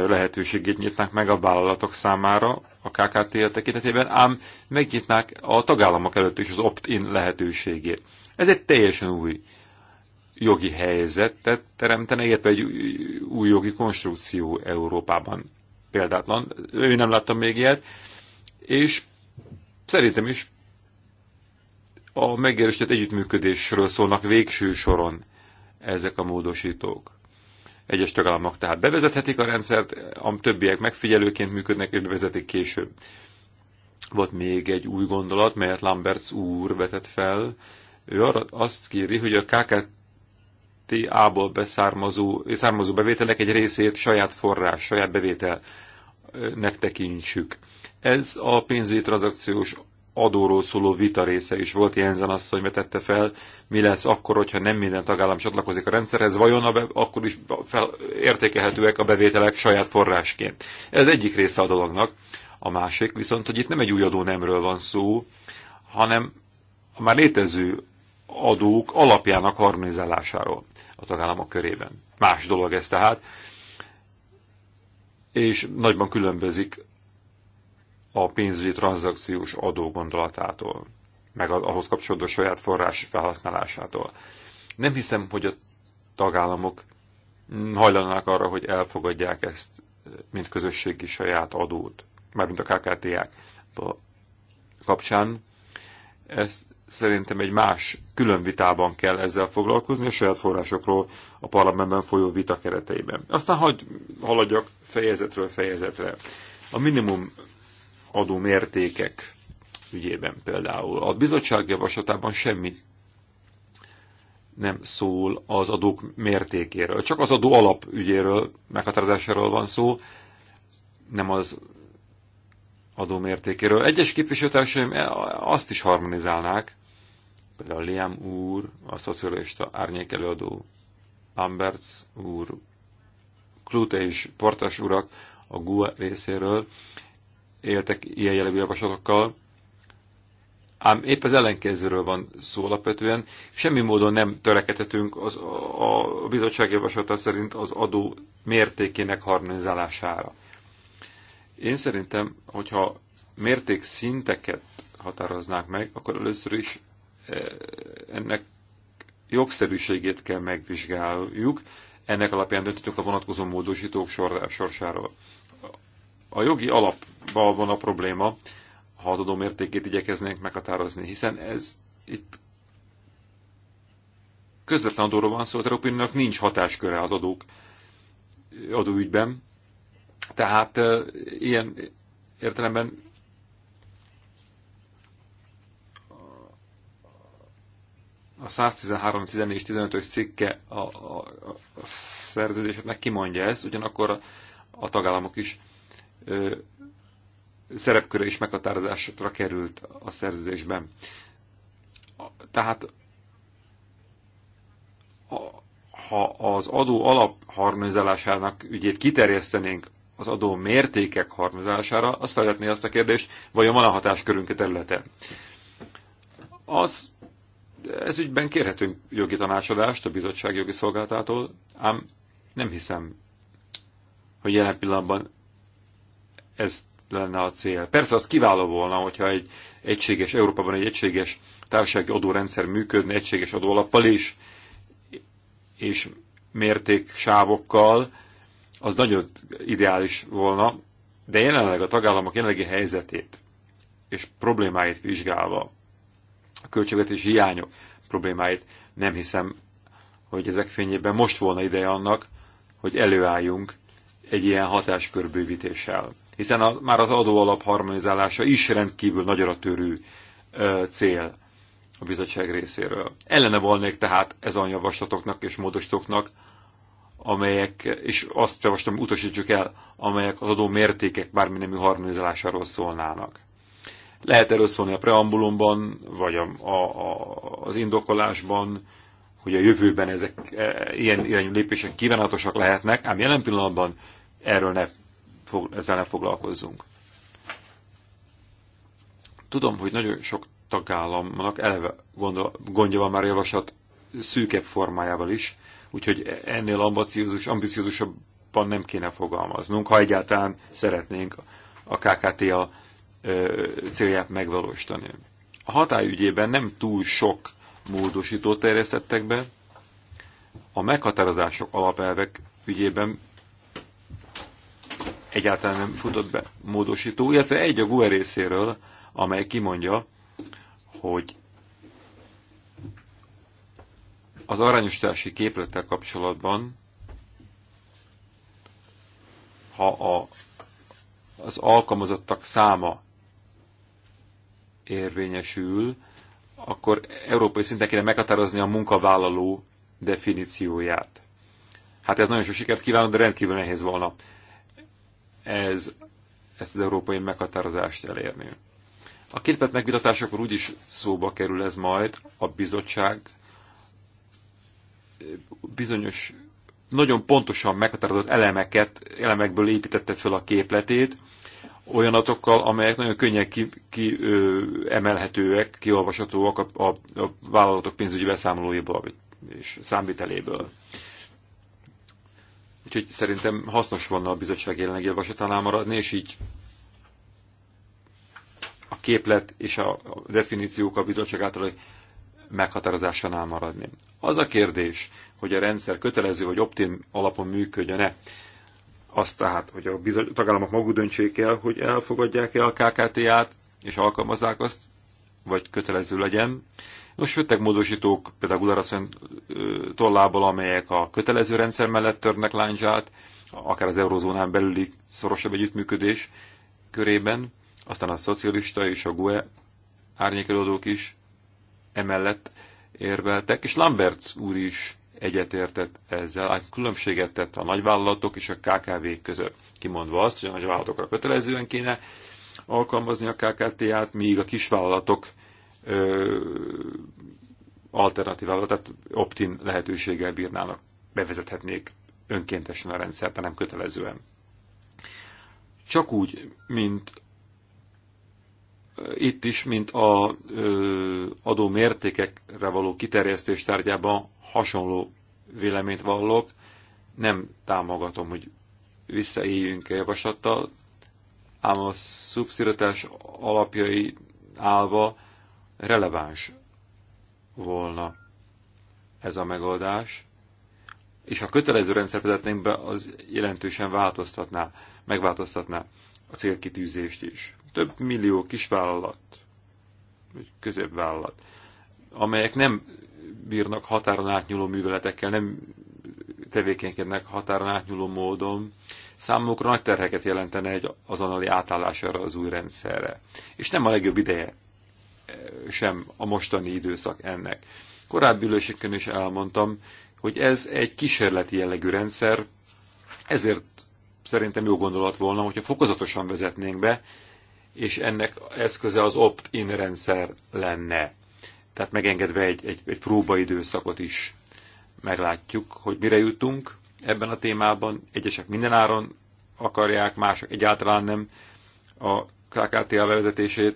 lehetőségét nyitnák meg a vállalatok számára a KKT tekintetében, ám megnyitnák a tagállamok előtt is az opt-in lehetőségét. Ez egy teljesen új jogi helyzetet teremtene, illetve egy új jogi konstrukció Európában példátlan. Ő nem láttam még ilyet, és szerintem is a megerősített együttműködésről szólnak végső soron ezek a módosítók. Egyes tagállamok tehát bevezethetik a rendszert, a többiek megfigyelőként működnek, és bevezetik később. Volt még egy új gondolat, melyet Lamberts úr vetett fel. Ő arra azt kéri, hogy a KKTA-ból beszármazó származó bevételek egy részét saját forrás, saját bevételnek tekintsük. Ez a pénzügyi tranzakciós adóról szóló vita része is volt, Jensen asszony vetette fel, mi lesz akkor, hogyha nem minden tagállam csatlakozik a rendszerhez, vajon a be, akkor is fel, értékelhetőek a bevételek saját forrásként. Ez egyik része a dolognak. A másik viszont, hogy itt nem egy új adó nemről van szó, hanem a már létező adók alapjának harmonizálásáról a tagállamok körében. Más dolog ez tehát, és nagyban különbözik a pénzügyi tranzakciós adó gondolatától, meg ahhoz kapcsolódó saját forrás felhasználásától. Nem hiszem, hogy a tagállamok hajlanak arra, hogy elfogadják ezt, mint közösségi saját adót, mármint a KKT-ák kapcsán. Ezt szerintem egy más, külön vitában kell ezzel foglalkozni, a saját forrásokról a parlamentben folyó vita kereteiben. Aztán hagy haladjak fejezetről fejezetre. A minimum adómértékek ügyében például. A bizottság javaslatában semmi nem szól az adók mértékéről. Csak az adó alap ügyéről, meghatározásáról van szó, nem az adó mértékéről. Egyes képviselőtársaim e- azt is harmonizálnák, például Liam úr, a szocialista árnyék előadó, Lamberts úr, Klute és Portas urak a GUA részéről éltek ilyen jellegű javaslatokkal, ám épp az ellenkezőről van szó alapvetően. Semmi módon nem törekedhetünk az, a, a bizottság javaslata szerint az adó mértékének harmonizálására. Én szerintem, hogyha mérték szinteket határoznák meg, akkor először is e, ennek jogszerűségét kell megvizsgáljuk, ennek alapján döntöttünk a vonatkozó módosítók sorsáról. A jogi alapban van a probléma, ha az mértékét igyekeznénk meghatározni, hiszen ez itt közvetlen adóról van szó, az Európai Uniónak nincs hatásköre az adók adóügyben, tehát uh, ilyen értelemben a 113, 14, 15-ös cikke a, a, a szerződéseknek kimondja ezt, ugyanakkor a, a tagállamok is szerepköre és meghatározásra került a szerződésben. Tehát ha az adó alap harmonizálásának ügyét kiterjesztenénk az adó mértékek harmonizálására, az felvetné azt a kérdést, vajon van a hatáskörünk a területe. Az, ez ügyben kérhetünk jogi tanácsadást a bizottság jogi szolgáltától, ám nem hiszem, hogy jelen pillanatban ez lenne a cél. Persze az kiváló volna, hogyha egy egységes, Európában egy egységes társasági adórendszer működne, egységes adóalappal is, és mérték sávokkal, az nagyon ideális volna, de jelenleg a tagállamok jelenlegi helyzetét és problémáit vizsgálva, a költségvetés hiányok problémáit nem hiszem, hogy ezek fényében most volna ideje annak, hogy előálljunk egy ilyen hatáskörbővítéssel hiszen a, már az adóalap harmonizálása is rendkívül nagyra törő ö, cél a bizottság részéről. Ellene volnék tehát a javaslatoknak és módosítóknak, amelyek, és azt javaslom, utasítsuk el, amelyek az adó mértékek bárminemű harmonizálásáról szólnának. Lehet erről szólni a preambulumban, vagy a, a, a, az indokolásban, hogy a jövőben ezek e, ilyen irányú lépések kívánatosak lehetnek, ám jelen pillanatban erről ne ezzel ne foglalkozzunk. Tudom, hogy nagyon sok tagállamnak eleve gondol, gondja van már a javaslat szűkebb formájával is, úgyhogy ennél ambiciózus, ambiciózusabban nem kéne fogalmaznunk, ha egyáltalán szeretnénk a KKTA célját megvalósítani. A hatályügyében nem túl sok módosítót terjesztettek be, a meghatározások alapelvek ügyében egyáltalán nem futott be módosító, illetve egy a GUE részéről, amely kimondja, hogy az arányosítási képlettel kapcsolatban, ha a, az alkalmazottak száma érvényesül, akkor európai szinten kéne meghatározni a munkavállaló definícióját. Hát ez nagyon sok sikert kívánok, de rendkívül nehéz volna ez, ezt az európai meghatározást elérni. A képlet megvitatásakor is szóba kerül ez majd, a bizottság bizonyos, nagyon pontosan meghatározott elemeket, elemekből építette fel a képletét, olyanatokkal, amelyek nagyon könnyen kiemelhetőek ki kiolvashatóak a, a, a vállalatok pénzügyi beszámolóiból és számviteléből. Úgyhogy szerintem hasznos volna a bizottság jelenlegi javaslatánál maradni, és így a képlet és a definíciók a bizottság által meghatározásánál maradni. Az a kérdés, hogy a rendszer kötelező vagy optim alapon működjön-e, az tehát, hogy a tagállamok maguk döntsék el, hogy elfogadják-e a KKT-át, és alkalmazzák azt, vagy kötelező legyen, Nos, jöttek módosítók, például Gularaszony tollából, amelyek a kötelező rendszer mellett törnek lányzsát, akár az eurozónán belüli szorosabb együttműködés körében, aztán a szocialista és a GUE árnyékelődők is emellett érveltek, és Lamberts úr is egyetértett ezzel, különbséget tett a nagyvállalatok és a KKV között, kimondva azt, hogy a nagyvállalatokra kötelezően kéne alkalmazni a KKT-át, míg a kisvállalatok alternatívával, tehát opt-in lehetőséggel bírnának, bevezethetnék önkéntesen a rendszert, nem kötelezően. Csak úgy, mint itt is, mint a ö, adó mértékekre való kiterjesztés tárgyában hasonló véleményt vallok, nem támogatom, hogy visszaéljünk a javaslattal, ám a szubszidatás alapjai állva releváns volna ez a megoldás, és ha kötelező rendszer be, az jelentősen változtatná, megváltoztatná a célkitűzést is. Több millió kisvállalat, vagy középvállalat, amelyek nem bírnak határon átnyúló műveletekkel, nem tevékenykednek határon átnyúló módon, számukra nagy terheket jelentene egy azonnali átállás az új rendszerre. És nem a legjobb ideje sem a mostani időszak ennek. Korábbi üléseken is elmondtam, hogy ez egy kísérleti jellegű rendszer, ezért szerintem jó gondolat volna, hogyha fokozatosan vezetnénk be, és ennek eszköze az opt-in rendszer lenne. Tehát megengedve egy, egy, egy próbaidőszakot is meglátjuk, hogy mire jutunk ebben a témában. Egyesek mindenáron akarják, mások egyáltalán nem a KKTA vezetését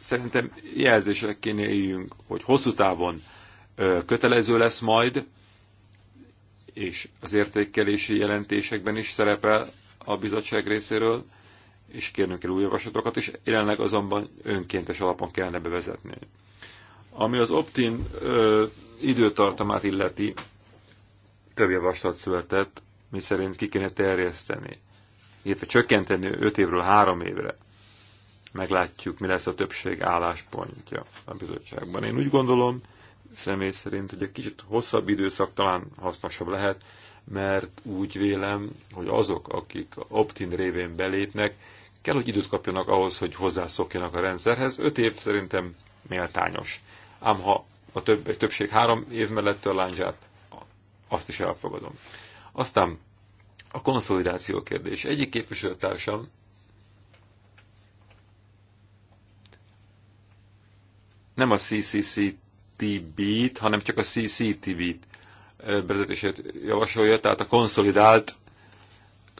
szerintem jelzések kéne éljünk, hogy hosszú távon kötelező lesz majd, és az értékelési jelentésekben is szerepel a bizottság részéről, és kérnünk kell új javaslatokat, és jelenleg azonban önkéntes alapon kellene bevezetni. Ami az optin időtartamát illeti, több javaslat született, mi szerint ki kéne terjeszteni, illetve csökkenteni 5 évről 3 évre meglátjuk, mi lesz a többség álláspontja a bizottságban. Én úgy gondolom, személy szerint, hogy egy kicsit hosszabb időszak talán hasznosabb lehet, mert úgy vélem, hogy azok, akik opt-in révén belépnek, kell, hogy időt kapjanak ahhoz, hogy hozzászokjanak a rendszerhez. Öt év szerintem méltányos. Ám ha a több, egy többség három év mellett a lányzsát, azt is elfogadom. Aztán a konszolidáció kérdés. Egyik képviselőtársam nem a CCCTB-t, hanem csak a CCTV-t bevezetését javasolja, tehát a konszolidált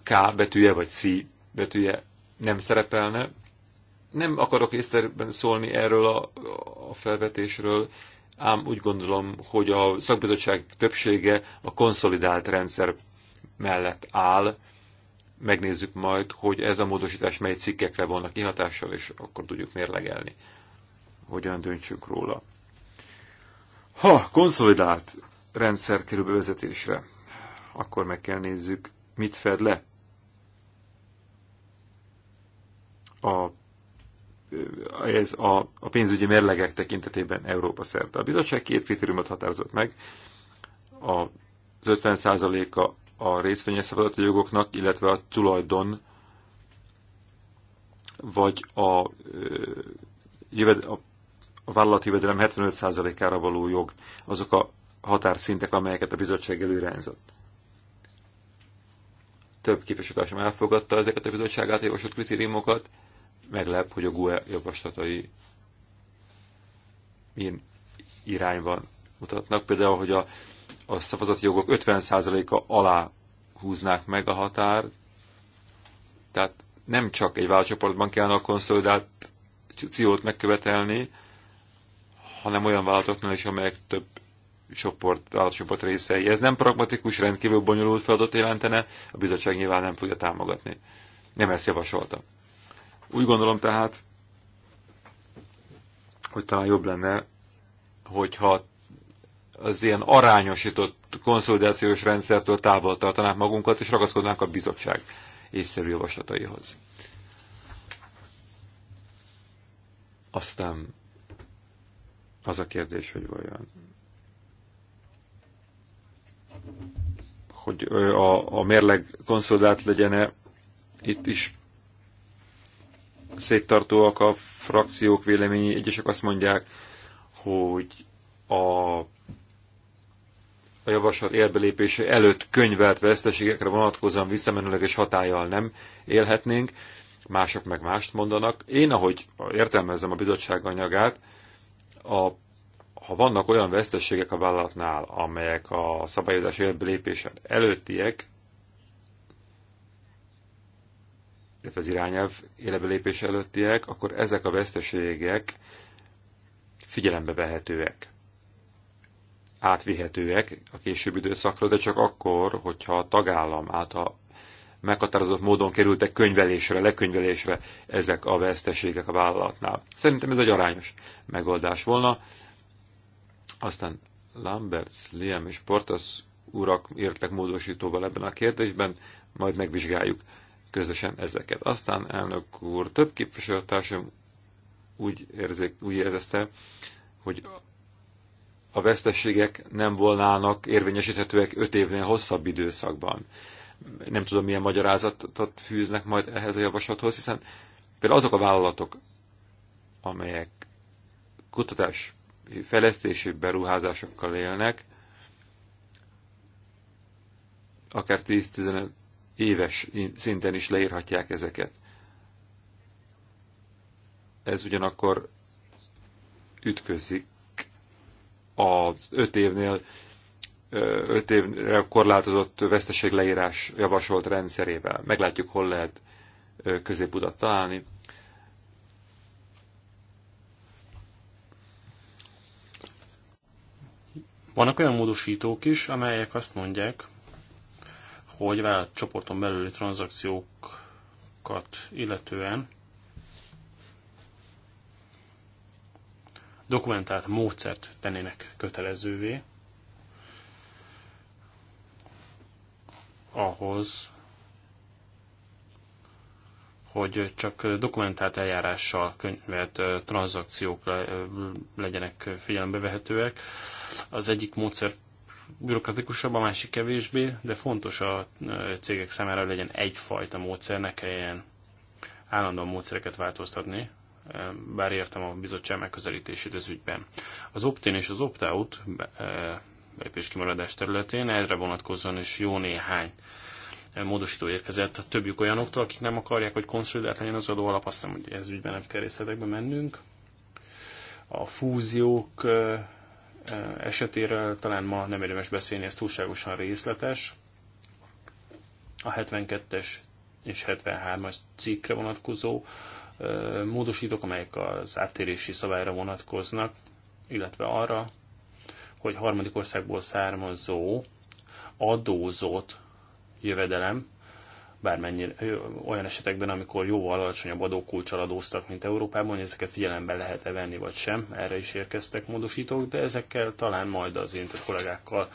K betűje vagy C betűje nem szerepelne. Nem akarok észterben szólni erről a, a felvetésről, ám úgy gondolom, hogy a szakbizottság többsége a konszolidált rendszer mellett áll. Megnézzük majd, hogy ez a módosítás mely cikkekre volna kihatással, és akkor tudjuk mérlegelni hogyan döntsünk róla. Ha konszolidált rendszer kerül bevezetésre, akkor meg kell nézzük, mit fed le a, ez a, a pénzügyi mérlegek tekintetében Európa szerte. A bizottság két kritériumot határozott meg, a, az 50%-a a részvényes szabadatú jogoknak, illetve a tulajdon vagy a, a a vállalati jövedelem 75%-ára való jog azok a határszintek, amelyeket a bizottság előirányzott. Több képviselőtársam elfogadta ezeket a bizottság által javasolt kritériumokat. Meglep, hogy a GUE javaslatai milyen irányban mutatnak. Például, hogy a, a szavazati jogok 50%-a alá húznák meg a határ, tehát nem csak egy vállalcsoportban kellene a konszolidációt megkövetelni, hanem olyan vállalatoknál is, amelyek több csoport, vállalatcsoport részei. Ez nem pragmatikus, rendkívül bonyolult feladat jelentene, a bizottság nyilván nem fogja támogatni. Nem ezt javasolta. Úgy gondolom tehát, hogy talán jobb lenne, hogyha az ilyen arányosított konszolidációs rendszertől távol tartanák magunkat, és ragaszkodnánk a bizottság észszerű javaslataihoz. Aztán az a kérdés, hogy olyan hogy a, a mérleg konszolidált legyen-e, itt is széttartóak a frakciók véleményi. Egyesek azt mondják, hogy a, a javaslat érbelépése előtt könyvelt veszteségekre vonatkozóan visszamenőleges hatállyal nem élhetnénk, mások meg mást mondanak. Én, ahogy értelmezem a bizottság anyagát, a, ha vannak olyan veszteségek a vállalatnál, amelyek a szabályozás életbe lépése előttiek, illetve az irányelv életbe lépése előttiek, akkor ezek a veszteségek figyelembe vehetőek, átvihetőek a később időszakra, de csak akkor, hogyha a tagállam által meghatározott módon kerültek könyvelésre, lekönyvelésre ezek a veszteségek a vállalatnál. Szerintem ez egy arányos megoldás volna. Aztán Lamberts, Liam és Portas urak értek módosítóval ebben a kérdésben, majd megvizsgáljuk közösen ezeket. Aztán elnök úr, több képviselőtársam úgy, érzék, úgy érezte, hogy a veszteségek nem volnának érvényesíthetőek öt évnél hosszabb időszakban nem tudom milyen magyarázatot fűznek majd ehhez a javaslathoz, hiszen például azok a vállalatok, amelyek kutatás fejlesztési beruházásokkal élnek, akár 10-15 éves szinten is leírhatják ezeket. Ez ugyanakkor ütközik az öt évnél öt évre korlátozott veszteségleírás javasolt rendszerével. Meglátjuk, hol lehet középudat találni. Vannak olyan módosítók is, amelyek azt mondják, hogy vált csoporton belüli tranzakciókat illetően dokumentált módszert tennének kötelezővé, ahhoz, hogy csak dokumentált eljárással könyvelt tranzakciók legyenek figyelembe vehetőek. Az egyik módszer bürokratikusabb, a másik kevésbé, de fontos a cégek számára, hogy legyen egyfajta módszer, ne kelljen állandóan módszereket változtatni, bár értem a bizottság megközelítését az ügyben. Az opt-in és az opt-out belépés kimaradás területén. Erre vonatkozóan is jó néhány eh, módosító érkezett a többjük olyanoktól, akik nem akarják, hogy konszolidált legyen az adóalap, azt hiszem, hogy ez ügyben nem kell részletekbe mennünk. A fúziók eh, eh, esetére talán ma nem érdemes beszélni, ez túlságosan részletes. A 72-es és 73-as cikkre vonatkozó módosítók, amelyek az áttérési szabályra vonatkoznak, illetve arra, hogy harmadik országból származó adózott jövedelem, bármennyire olyan esetekben, amikor jóval alacsonyabb adókulcsal adóztak, mint Európában, hogy ezeket figyelembe lehet-e venni vagy sem, erre is érkeztek módosítók, de ezekkel talán majd az én kollégákkal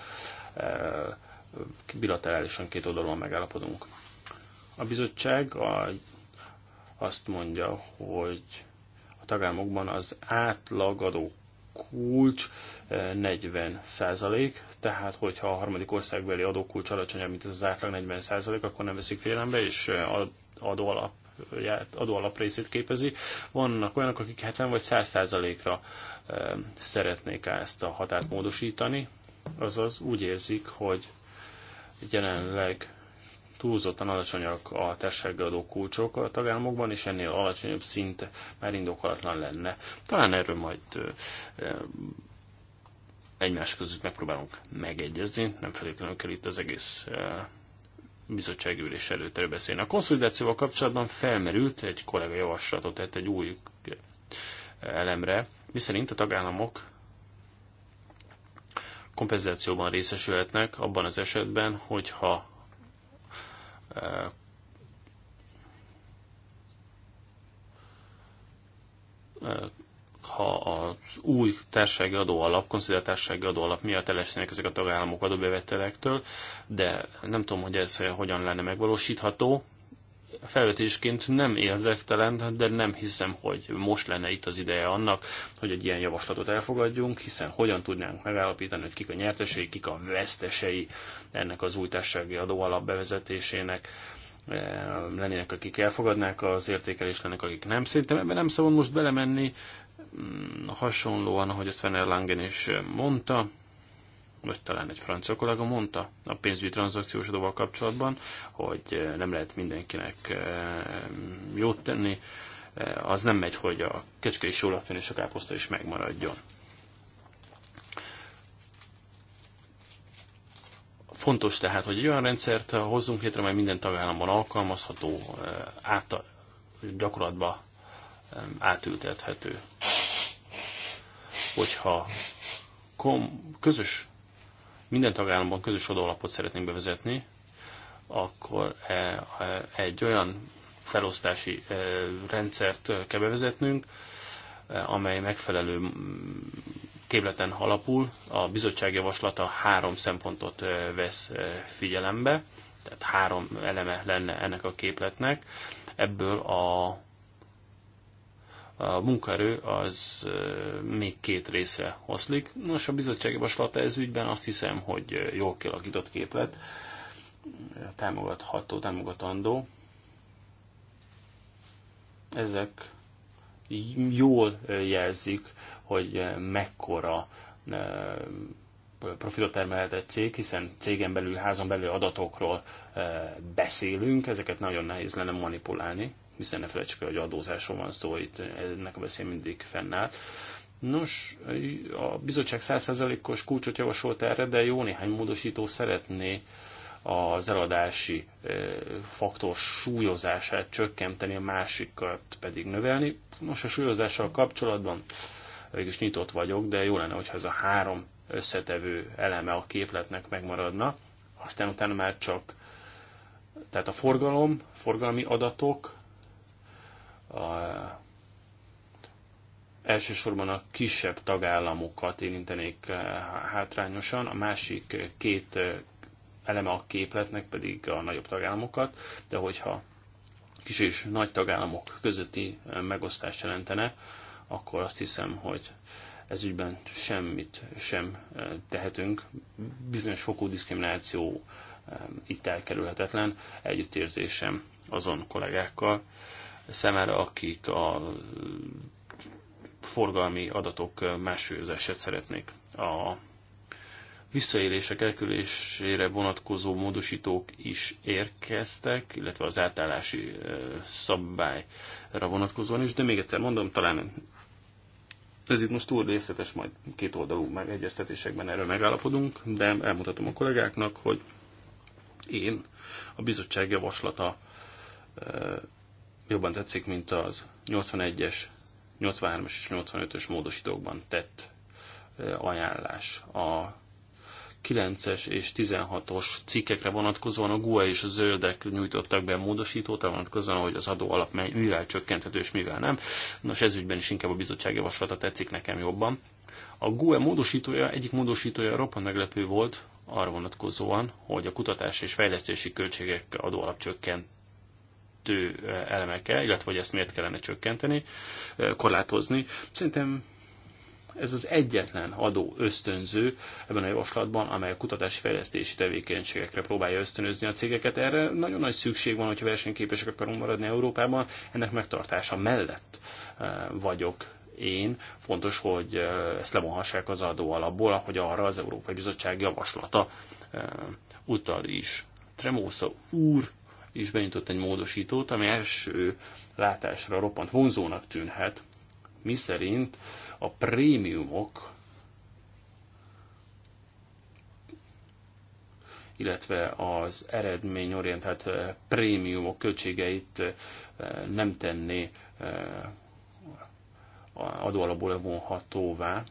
bilaterálisan két oldalon megállapodunk. A bizottság a, azt mondja, hogy a tagállamokban az átlag adókulcs 40 eh, százalék, tehát hogyha a harmadik országbeli adókulcs alacsonyabb, mint ez az átlag 40 százalék, akkor nem veszik figyelembe, és eh, adóalap adóalap részét képezi. Vannak olyanok, akik 70 vagy 100 százalékra eh, szeretnék ezt a határt módosítani, azaz úgy érzik, hogy jelenleg túlzottan alacsonyak a adó kulcsok a tagállamokban, és ennél alacsonyabb szint már indokolatlan lenne. Talán erről majd egymás között megpróbálunk megegyezni, nem feltétlenül kell itt az egész bizottsági ülés előtt beszélni. A konszolidációval kapcsolatban felmerült, egy kollega javaslatot tett egy új elemre, miszerint a tagállamok kompenzációban részesülhetnek abban az esetben, hogyha ha az új társasági adóalap, konszolidált társasági adóalap miatt elesnének ezek a tagállamok adóbevetelektől, de nem tudom, hogy ez hogyan lenne megvalósítható felvetésként nem érdektelen, de nem hiszem, hogy most lenne itt az ideje annak, hogy egy ilyen javaslatot elfogadjunk, hiszen hogyan tudnánk megállapítani, hogy kik a nyertesei, kik a vesztesei ennek az új társasági adóalap bevezetésének e, lennének, akik elfogadnák az értékelést, lennének, akik nem. Szerintem ebben nem szabad most belemenni, mm, hasonlóan, ahogy ezt Fener Langen is mondta, vagy talán egy francia kollega mondta a pénzügyi tranzakciós adóval kapcsolatban, hogy eh, nem lehet mindenkinek eh, jót tenni, eh, az nem megy, hogy a kecske is jól lakjon, és a káposzta is megmaradjon. Fontos tehát, hogy egy olyan rendszert hozzunk létre, amely minden tagállamban alkalmazható, át, gyakorlatba átültethető. Hogyha kom, közös minden tagállamban közös adólapot szeretnénk bevezetni, akkor eh, eh, egy olyan felosztási eh, rendszert kell bevezetnünk, amely megfelelő mm, képleten alapul. A bizottság javaslata három szempontot vesz figyelembe, tehát három eleme lenne ennek a képletnek. Ebből a a munkaerő az még két részre oszlik. Nos, a bizottsági javaslata ez ügyben azt hiszem, hogy jól kialakított képlet, támogatható, támogatandó. Ezek jól jelzik, hogy mekkora profitot termelhet egy cég, hiszen cégen belül, házon belül adatokról beszélünk, ezeket nagyon nehéz lenne manipulálni hiszen ne felejtsük el, hogy adózásról van szó, itt ennek a veszély mindig fennáll. Nos, a bizottság 100%-os kulcsot javasolt erre, de jó néhány módosító szeretné az eladási eh, faktor súlyozását csökkenteni, a másikat pedig növelni. Nos, a súlyozással kapcsolatban is nyitott vagyok, de jó lenne, hogyha ez a három összetevő eleme a képletnek megmaradna. Aztán utána már csak tehát a forgalom, forgalmi adatok, a, elsősorban a kisebb tagállamokat érintenék eh, hátrányosan, a másik két eh, eleme a képletnek pedig a nagyobb tagállamokat, de hogyha kis és nagy tagállamok közötti eh, megosztást jelentene, akkor azt hiszem, hogy ez ügyben semmit sem tehetünk. Bizonyos fokú diszkrimináció itt elkerülhetetlen, együttérzésem azon kollégákkal, szemére, akik a forgalmi adatok másfőzását szeretnék. A visszaélések elkülésére vonatkozó módosítók is érkeztek, illetve az átállási szabályra vonatkozóan is, de még egyszer mondom, talán ez itt most túl részletes, majd két oldalú megegyeztetésekben erről megállapodunk, de elmutatom a kollégáknak, hogy én a bizottság javaslata jobban tetszik, mint az 81-es, 83-as és 85-ös módosítókban tett ajánlás. A 9-es és 16-os cikkekre vonatkozóan a GUA és a zöldek nyújtottak be módosítót, vonatkozóan, hogy az adó alap mivel csökkenthető és mivel nem. Nos, ez ügyben is inkább a bizottság javaslata tetszik nekem jobban. A GUE módosítója, egyik módosítója roppant meglepő volt, arra vonatkozóan, hogy a kutatás és fejlesztési költségek adóalap csökkent alapvető elemeke, illetve hogy ezt miért kellene csökkenteni, korlátozni. Szerintem ez az egyetlen adó ösztönző ebben a javaslatban, amely a kutatási fejlesztési tevékenységekre próbálja ösztönözni a cégeket. Erre nagyon nagy szükség van, hogyha versenyképesek akarunk maradni Európában, ennek megtartása mellett vagyok én, fontos, hogy ezt levonhassák az adó alapból, ahogy arra az Európai Bizottság javaslata utal is. Tremósza úr is benyújtott egy módosítót, ami első látásra roppant vonzónak tűnhet, miszerint a prémiumok, illetve az eredményorientált eh, prémiumok költségeit eh, nem tenné eh, adóalapból vonhatóvá,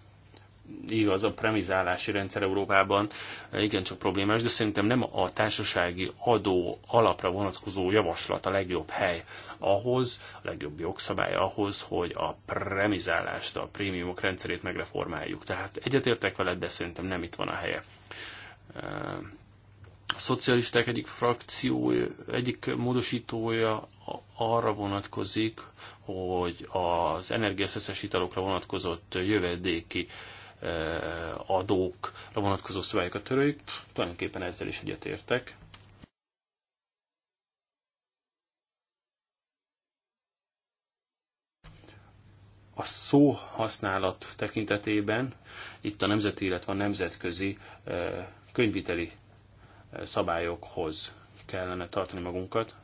igaz, a premizálási rendszer Európában eh, igencsak problémás, de szerintem nem a társasági adó alapra vonatkozó javaslat a legjobb hely ahhoz, a legjobb jogszabály ahhoz, hogy a premizálást, a prémiumok rendszerét megreformáljuk. Tehát egyetértek veled, de szerintem nem itt van a helye. Eh, a szocialisták egyik frakció, egyik módosítója arra vonatkozik, hogy az energiaszeszes italokra vonatkozott jövedéki uh, Eh, adókra vonatkozó szabályokat töröljük. Tulajdonképpen ezzel is egyetértek. a szó használat tekintetében itt a nemzeti, illetve a nemzetközi eh, könyviteli eh, szabályokhoz kellene tartani magunkat.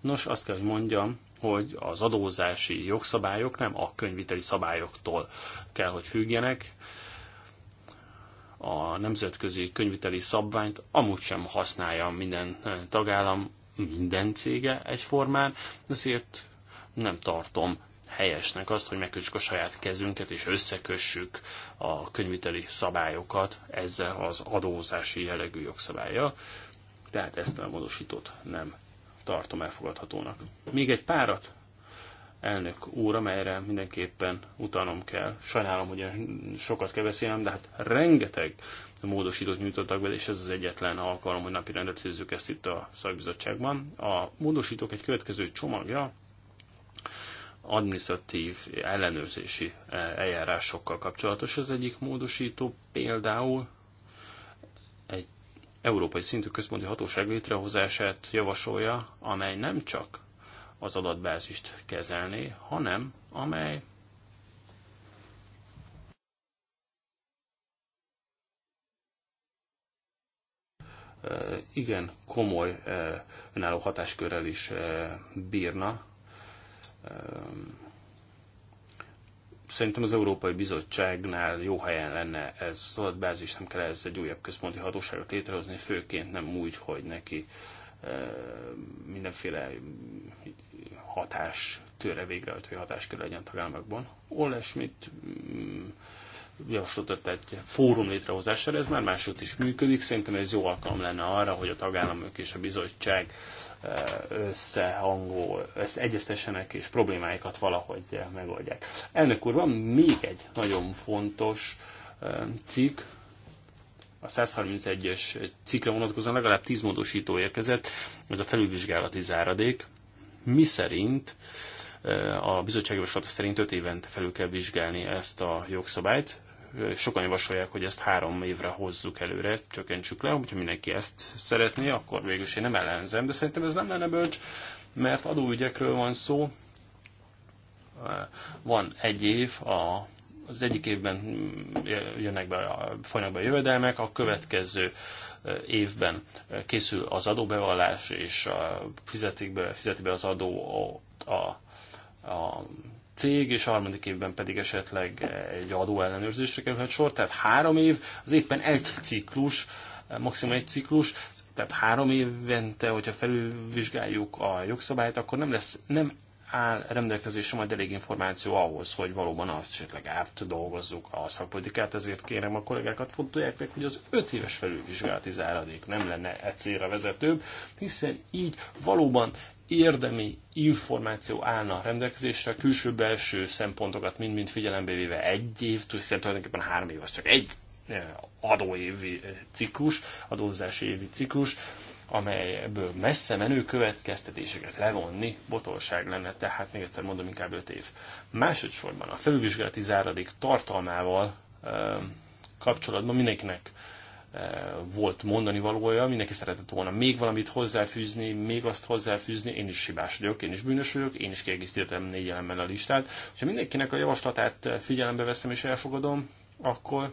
Nos, azt kell, hogy mondjam, hogy az adózási jogszabályok nem a könyviteli szabályoktól kell, hogy függjenek. A nemzetközi könyviteli szabványt amúgy sem használja minden eh, tagállam, minden cége egyformán, ezért nem tartom helyesnek azt, hogy megkössük a saját kezünket, és összekössük a könyviteli szabályokat ezzel az adózási jellegű jogszabályjal. Tehát ezt a módosítót nem tartom elfogadhatónak. Még egy párat, elnök úr, amelyre mindenképpen utalnom kell. Sajnálom, hogy sokat kell beszélnem, de hát rengeteg módosítót nyújtottak be, és ez az egyetlen alkalom, hogy napi rendet ezt itt a szakbizottságban. A módosítók egy következő csomagja, administratív ellenőrzési eh, eljárásokkal kapcsolatos. Az egyik módosító például európai szintű központi hatóság létrehozását javasolja, amely nem csak az adatbázist kezelné, hanem amely igen komoly önálló hatáskörrel is bírna, Szerintem az Európai Bizottságnál jó helyen lenne ez az adatbázis, nem kell ez egy újabb központi hatóságot létrehozni, főként nem úgy, hogy neki eh, mindenféle hatáskörre, végrehajtói hatáskörre legyen tagállamokban. Olesmit Schmidt mm, javaslatot egy fórum létrehozására, ez már máshogy is működik. Szerintem ez jó alkalom lenne arra, hogy a tagállamok és a bizottság összehangol, ezt egyeztessenek és problémáikat valahogy megoldják. Elnök úr, van még egy nagyon fontos cikk, a 131-es cikkre vonatkozóan legalább 10 módosító érkezett, ez a felülvizsgálati záradék, mi szerint a bizottság szerint 5 évente felül kell vizsgálni ezt a jogszabályt, sokan javasolják, hogy ezt három évre hozzuk előre, csökkentsük le, hogyha mindenki ezt szeretné, akkor végül is én nem ellenzem, de szerintem ez nem lenne bölcs, mert adóügyekről van szó, van egy év, a, az egyik évben jönnek be, folynak be a jövedelmek, a következő eh, évben eh, készül az adóbevallás, és eh, fizetik be, fizeti be az adó a, a, a cég, és harmadik évben pedig esetleg egy adóellenőrzésre kerülhet sor. Tehát három év, az éppen egy ciklus, maximum egy ciklus, tehát három évente, hogyha felülvizsgáljuk a jogszabályt, akkor nem lesz, nem áll rendelkezésre majd elég információ ahhoz, hogy valóban azt esetleg árt dolgozzuk a szakpolitikát, ezért kérem a kollégákat fontolják meg, hogy az öt éves felülvizsgálati záradék nem lenne egy célra vezetőbb, hiszen így valóban érdemi információ állna rendelkezésre, külső-belső szempontokat mind-mind figyelembe véve egy év, hiszen tulajdonképpen három év az csak egy eh, adóévi eh, ciklus, adózási évi ciklus, amelyből messze menő következtetéseket levonni botorság lenne, tehát még egyszer mondom, inkább öt év. Másodszorban a felülvizsgálati záradék tartalmával eh, kapcsolatban mindenkinek Eh, volt mondani valója, mindenki szeretett volna még valamit hozzáfűzni, még azt hozzáfűzni, én is hibás vagyok, én is bűnös vagyok, én is kiegészítettem négy elemmel a listát. Ha mindenkinek a javaslatát figyelembe veszem és elfogadom, akkor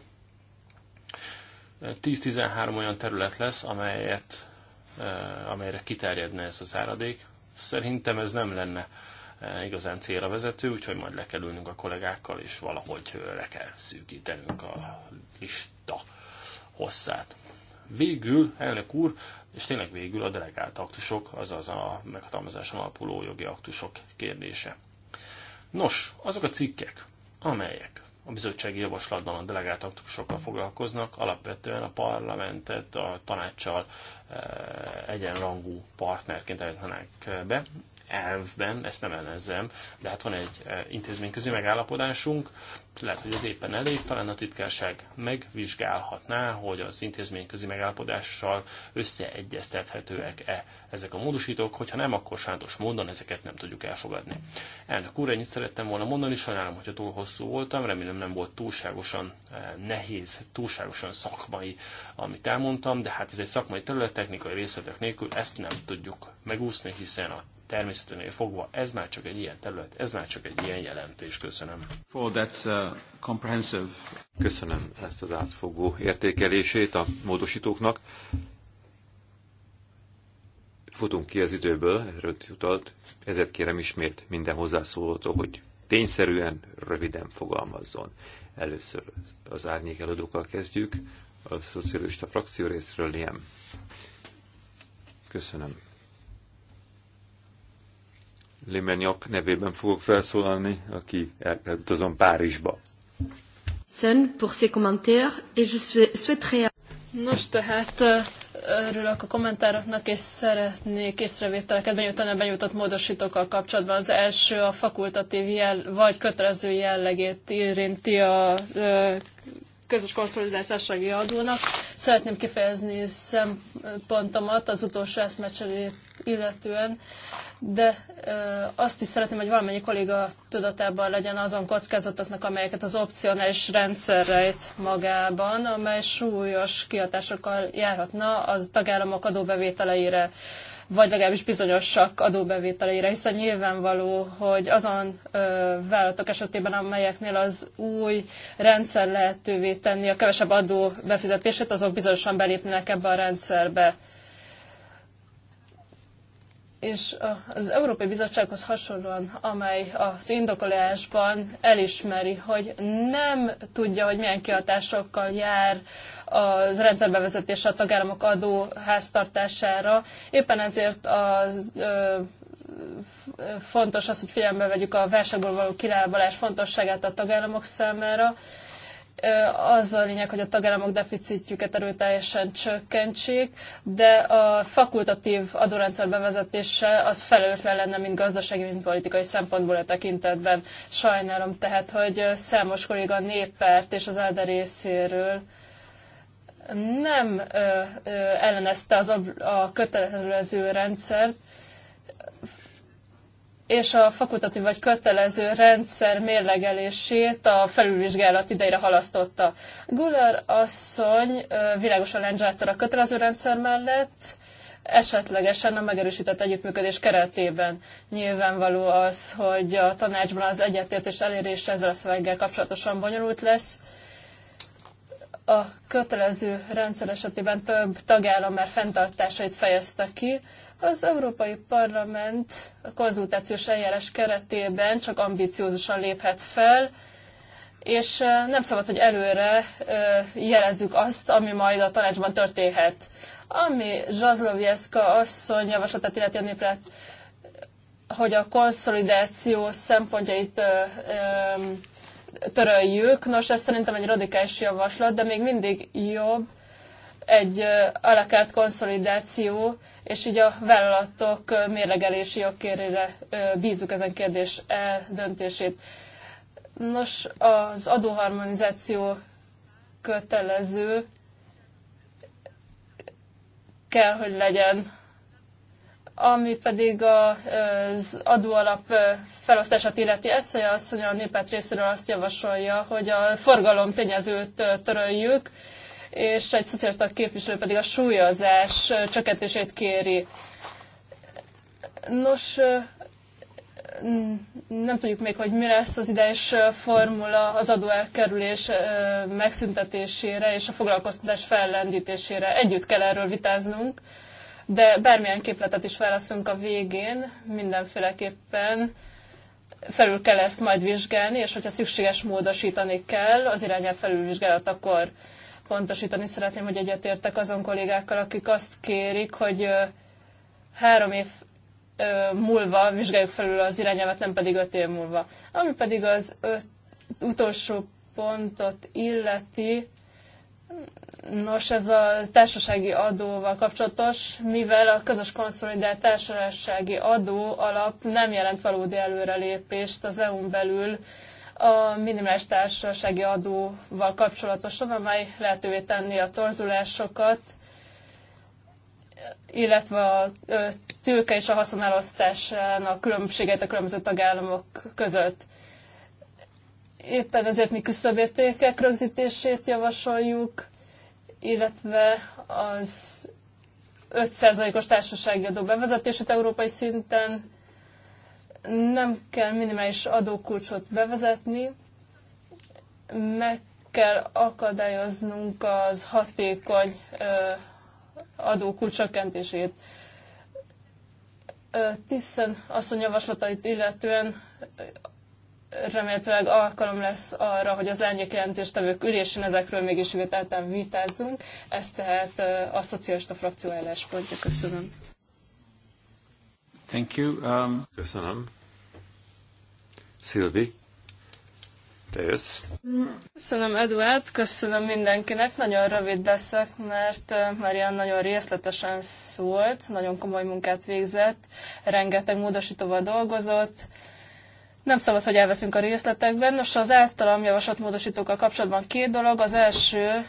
10-13 olyan terület lesz, amelyet, eh, amelyre kiterjedne ez az záradék. Szerintem ez nem lenne eh, igazán célra vezető, úgyhogy majd le kell ülnünk a kollégákkal, és valahogy le kell szűkítenünk a lista hosszát. Végül, elnök úr, és tényleg végül a delegált aktusok, azaz a meghatalmazáson alapuló jogi aktusok kérdése. Nos, azok a cikkek, amelyek a bizottsági javaslatban a delegált aktusokkal foglalkoznak, alapvetően a parlamentet a tanácssal eh, egyenrangú partnerként állítanák be elvben, ezt nem ellenzem, de hát van egy eh, intézményközi megállapodásunk, lehet, hogy az éppen elég, talán a titkárság megvizsgálhatná, hogy az intézményközi megállapodással összeegyeztethetőek-e ezek a módosítók, hogyha nem, akkor sántos módon ezeket nem tudjuk elfogadni. Elnök úr, ennyit szerettem volna mondani, sajnálom, hogyha túl hosszú voltam, remélem nem volt túlságosan eh, nehéz, túlságosan szakmai, amit elmondtam, de hát ez egy szakmai terület, technikai részletek nélkül ezt nem tudjuk megúszni, hiszen a természeténél fogva ez már csak egy ilyen terület, ez már csak egy ilyen jelentés. Köszönöm. For that, uh, comprehensive. Köszönöm ezt az átfogó értékelését a módosítóknak. Futunk ki az időből, erről jutott. ezért kérem ismét minden hozzászólótól, hogy tényszerűen röviden fogalmazzon. Először az árnyék eladókkal kezdjük, a szocialista frakció részről ilyen. Köszönöm Limenyak nevében fogok felszólalni, aki elutazom Párizsba. Sen pour ses commentaires, et je souhaiterais... Nos, tehát örülök a kommentároknak, és szeretnék észrevételeket benyújtani a benyújtott módosítókkal kapcsolatban. Az első a fakultatív jel, vagy kötelező jellegét érinti a közös konszolidációs adónak. Szeretném kifejezni szempontomat az utolsó eszmecserét illetően, de ö, azt is szeretném, hogy valamennyi kolléga tudatában legyen azon kockázatoknak, amelyeket az opcionális rendszer rejt magában, amely súlyos kiadásokkal járhatna az tagállamok adóbevételeire. Ö, vagy legalábbis bizonyosak adóbevételeire, hiszen nyilvánvaló, hogy azon ö, vállalatok esetében, amelyeknél az új rendszer lehetővé tenni a kevesebb adó befizetését, azok bizonyosan belépnek ebbe a rendszerbe és az Európai Bizottsághoz hasonlóan, amely az indokolásban elismeri, hogy nem tudja, hogy milyen kihatásokkal jár az rendszerbevezetése a tagállamok adó háztartására. Éppen ezért az ö, fontos az, hogy figyelembe vegyük a válságból való kilábalás fontosságát a tagállamok számára, az a lényeg, hogy a tagállamok deficitjüket erőteljesen csökkentsék, de a fakultatív adórendszer bevezetése az felelőtlen lenne, mint gazdasági, mint politikai szempontból a tekintetben. Sajnálom tehát, hogy számos kolléga néppárt és az ALDE részéről nem ö, ö, ellenezte az a, a kötelező rendszert, és a fakultatív vagy kötelező rendszer mérlegelését a felülvizsgálat idejére halasztotta. Guller asszony világosan lendzsálta a kötelező rendszer mellett, esetlegesen a megerősített együttműködés keretében. Nyilvánvaló az, hogy a tanácsban az egyetértés elérése ezzel a szöveggel kapcsolatosan bonyolult lesz, a kötelező rendszer esetében több tagállam már fenntartásait fejezte ki. Az Európai Parlament a konzultációs eljárás keretében csak ambiciózusan léphet fel, és nem szabad, hogy előre jelezzük azt, ami majd a tanácsban történhet. Ami Zsazlovjeszka asszony javaslatát illeti a népre, hogy a konszolidáció szempontjait töröljük. Nos, ez szerintem egy radikális javaslat, de még mindig jobb egy alakárt konszolidáció, és így a vállalatok mérlegelési jogkérére bízunk ezen kérdés döntését. Nos, az adóharmonizáció kötelező kell, hogy legyen ami pedig az adóalap felosztását illeti eszeje, az, hogy a népet részéről azt javasolja, hogy a forgalom tényezőt töröljük, és egy szocialista képviselő pedig a súlyozás csökkentését kéri. Nos, nem tudjuk még, hogy mi lesz az idejes formula az adóelkerülés megszüntetésére és a foglalkoztatás fellendítésére. Együtt kell erről vitáznunk de bármilyen képletet is válaszunk a végén, mindenféleképpen felül kell ezt majd vizsgálni, és hogyha szükséges módosítani kell az irányel felülvizsgálat, akkor pontosítani szeretném, hogy egyetértek azon kollégákkal, akik azt kérik, hogy három év múlva vizsgáljuk felül az irányelvet, nem pedig öt év múlva. Ami pedig az öt, utolsó pontot illeti, Nos, ez a társasági adóval kapcsolatos, mivel a közös konszolidált társasági adó alap nem jelent valódi előrelépést az EU-n belül a minimális társasági adóval kapcsolatosan, amely lehetővé tenni a torzulásokat, illetve a tőke és a haszonelosztásának különbséget a különböző tagállamok között. Éppen ezért mi küszöbértékek rögzítését javasoljuk, illetve az 5%-os társasági adó bevezetését európai szinten nem kell minimális adókulcsot bevezetni, meg kell akadályoznunk az hatékony adókulcsakentését, tiszen azt a javaslatait illetően remélhetőleg alkalom lesz arra, hogy az elnyék jelentéstevők ülésén ezekről mégis vételten vitázzunk. Ezt tehát a szocialista frakció álláspontja. Köszönöm. Thank you. Um... Köszönöm. Szilvi, te jössz. Köszönöm, Eduard, köszönöm mindenkinek. Nagyon rövid leszek, mert Marian nagyon részletesen szólt, nagyon komoly munkát végzett, rengeteg módosítóval dolgozott, nem szabad, hogy elveszünk a részletekben. Nos, az általam javasolt módosítókkal kapcsolatban két dolog. Az első,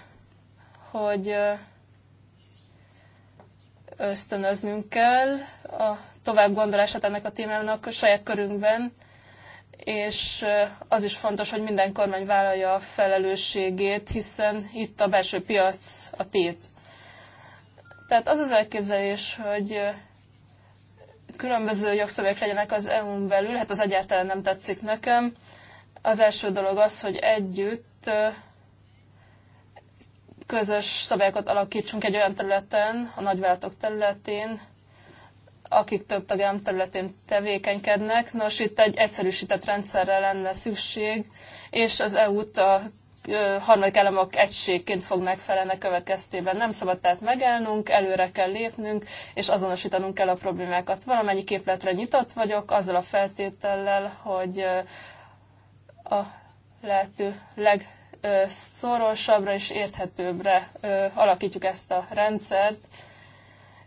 hogy ösztönöznünk kell a tovább gondolását ennek a témának a saját körünkben, és az is fontos, hogy minden kormány vállalja a felelősségét, hiszen itt a belső piac a tét. Tehát az az elképzelés, hogy különböző jogszabályok legyenek az EU-n belül, hát az egyáltalán nem tetszik nekem. Az első dolog az, hogy együtt közös szabályokat alakítsunk egy olyan területen, a nagyvállalatok területén, akik több tagállam területén tevékenykednek. Nos, itt egy egyszerűsített rendszerre lenne szükség, és az EU-t a harmadik államok egységként fognak megfelelni következtében. Nem szabad tehát megállnunk, előre kell lépnünk, és azonosítanunk kell a problémákat. Valamennyi képletre nyitott vagyok, azzal a feltétellel, hogy a lehető legszorosabbra és érthetőbbre alakítjuk ezt a rendszert.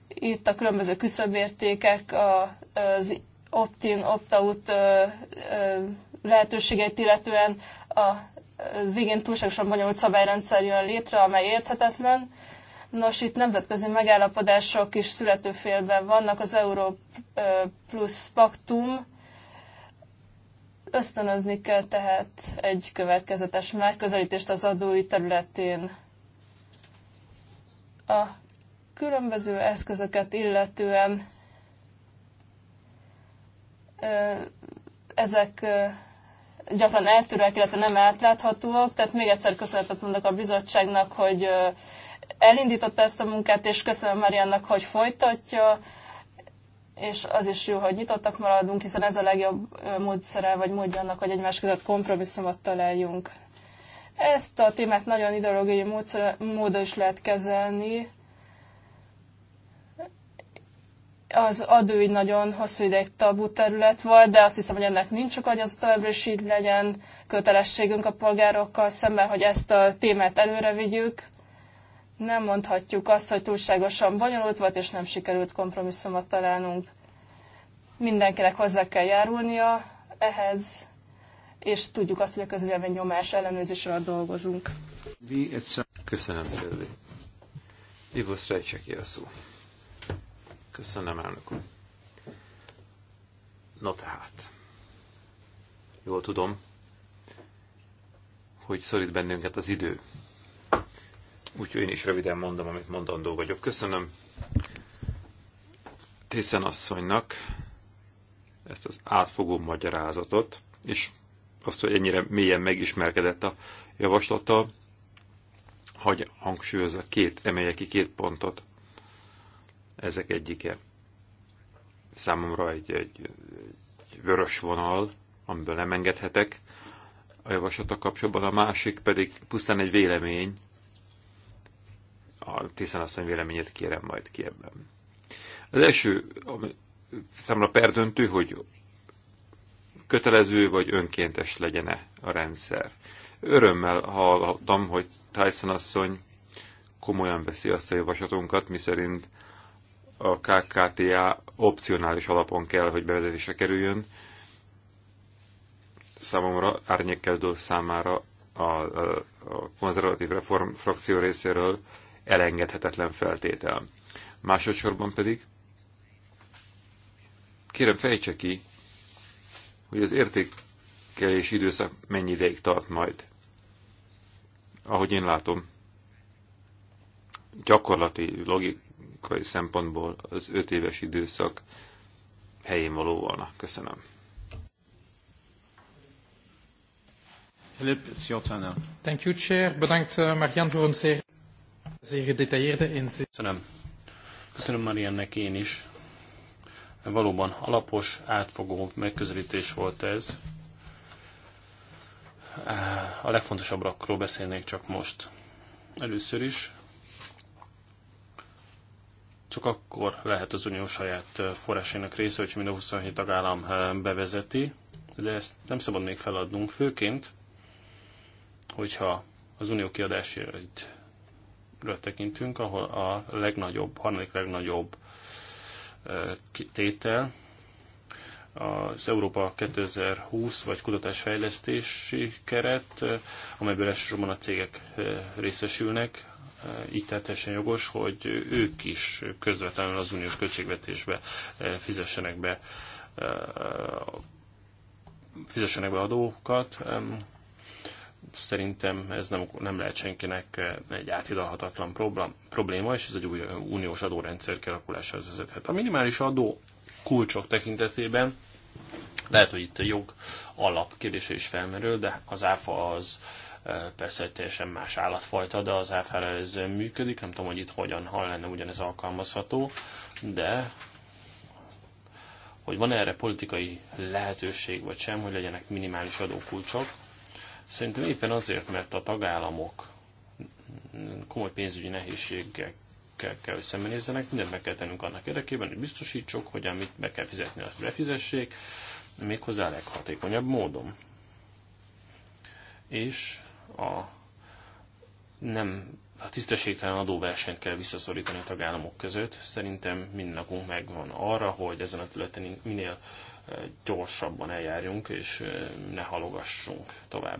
Itt a különböző küszöbértékek, az opt-in, opt-out lehetőségeit illetően a végén túlságosan bonyolult szabályrendszer jön létre, amely érthetetlen. Nos, itt nemzetközi megállapodások is születőfélben vannak, az Euró plusz paktum, ösztönözni kell tehát egy következetes megközelítést az adói területén. A különböző eszközöket illetően ezek gyakran eltűrőek, illetve nem átláthatóak. Tehát még egyszer köszönetet mondok a bizottságnak, hogy elindította ezt a munkát, és köszönöm Mariannak, hogy folytatja, és az is jó, hogy nyitottak maradunk, hiszen ez a legjobb módszere, vagy módja annak, hogy egymás között kompromisszumot találjunk. Ezt a témát nagyon ideológiai módon is lehet kezelni, az egy nagyon hosszú ideig tabu terület volt, de azt hiszem, hogy ennek nincs oka, hogy az továbbra is így legyen kötelességünk a polgárokkal szemben, hogy ezt a témát előre vigyük. Nem mondhatjuk azt, hogy túlságosan bonyolult volt, és nem sikerült kompromisszumot találnunk. Mindenkinek hozzá kell járulnia ehhez, és tudjuk azt, hogy a közvélemény nyomás ellenőrzésre dolgozunk. Köszönöm, Szilvi. Ivo Strejcseki a szó. Köszönöm, elnök úr. No tehát. Jól tudom, hogy szorít bennünket az idő. Úgyhogy én is röviden mondom, amit mondandó vagyok. Köszönöm Tészen asszonynak ezt az átfogó magyarázatot, és azt, hogy ennyire mélyen megismerkedett a javaslata, hogy hangsúlyozza két, emelje ki két pontot ezek egyike. Számomra egy, egy, egy vörös vonal, amiből nem engedhetek a javaslata kapcsolatban, a másik pedig pusztán egy vélemény, a tisztánasszony véleményét kérem majd ki ebben. Az első, ami számomra perdöntő, hogy kötelező vagy önkéntes legyen a rendszer. Örömmel hallottam, hogy Tyson asszony komolyan veszi azt a javaslatunkat, miszerint a KKTA opcionális alapon kell, hogy bevezetésre kerüljön. Számomra, árnyékkeldő számára a, a, a konzervatív reform frakció részéről elengedhetetlen feltétel. Másodszorban pedig kérem fejtse ki, hogy az értékelés időszak mennyi ideig tart majd. Ahogy én látom, gyakorlati, logik, politikai szempontból az öt éves időszak helyén való volna. Köszönöm. Philip, Thank you, Chair. Bedankt, eh, Marian, voor een zeer, zeer gedetailleerde inzicht. Köszönöm. Köszönöm Mariannek én is. Valóban alapos, átfogó megközelítés volt ez. Eh, a legfontosabbakról beszélnék csak most. Először is csak akkor lehet az unió saját forrásainak része, hogyha mind a 27 tagállam bevezeti, de ezt nem szabad még feladnunk, főként, hogyha az unió kiadásait tekintünk, ahol a legnagyobb, harmadik legnagyobb tétel az Európa 2020 vagy kutatásfejlesztési keret, amelyből elsősorban a cégek részesülnek, így teljesen jogos, hogy ők is közvetlenül az uniós költségvetésbe fizessenek be fizessenek be adókat. Szerintem ez nem, nem lehet senkinek egy áthidalhatatlan probléma, és ez egy új uniós adórendszer kialakulásához vezethet. A minimális adó kulcsok tekintetében lehet, hogy itt a jog alapkérdése is felmerül, de az áfa az persze egy teljesen más állatfajta, de az áfára ez működik, nem tudom, hogy itt hogyan, ha lenne ugyanez alkalmazható, de hogy van -e erre politikai lehetőség vagy sem, hogy legyenek minimális adókulcsok. Szerintem éppen azért, mert a tagállamok komoly pénzügyi nehézségek kell, kell, hogy szembenézzenek, mindent meg kell tennünk annak érdekében, hogy biztosítsuk, hogy amit be kell fizetni, azt befizessék, méghozzá a leghatékonyabb módon. És a nem a tisztességtelen adóversenyt kell visszaszorítani a tagállamok között. Szerintem mindenkunk megvan arra, hogy ezen a területen minél e, gyorsabban eljárjunk, és e, ne halogassunk tovább.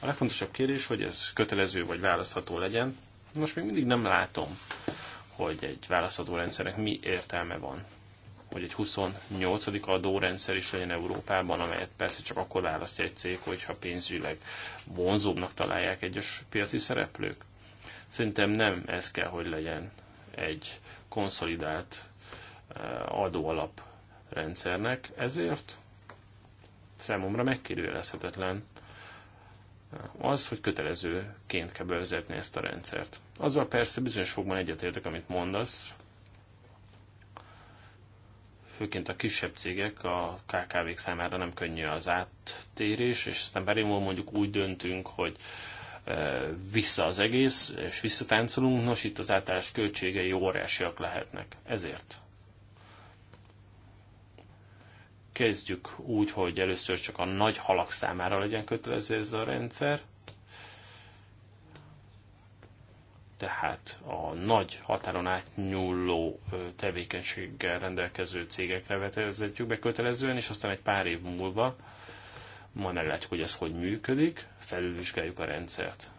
A legfontosabb kérdés, hogy ez kötelező vagy választható legyen. Most még mindig nem látom, hogy egy választható rendszernek mi értelme van hogy egy 28. adórendszer is legyen Európában, amelyet persze csak akkor választja egy cég, hogyha pénzügyileg vonzóbbnak találják egyes piaci szereplők. Szerintem nem ez kell, hogy legyen egy konszolidált eh, adóalap rendszernek, ezért számomra megkérdőjelezhetetlen eh, az, hogy kötelezőként kell bevezetni ezt a rendszert. Azzal persze bizonyos fogban egyetértek, amit mondasz, főként a kisebb cégek, a KKV-k számára nem könnyű az áttérés, és aztán Berimó mondjuk úgy döntünk, hogy e, vissza az egész, és visszatáncolunk, nos itt az átállás költségei óriásiak lehetnek. Ezért kezdjük úgy, hogy először csak a nagy halak számára legyen kötelező ez a rendszer, tehát a nagy határon átnyúló tevékenységgel rendelkező cégekre vetezetjük be kötelezően, és aztán egy pár év múlva majd meglátjuk, hogy ez hogy működik, felülvizsgáljuk a rendszert.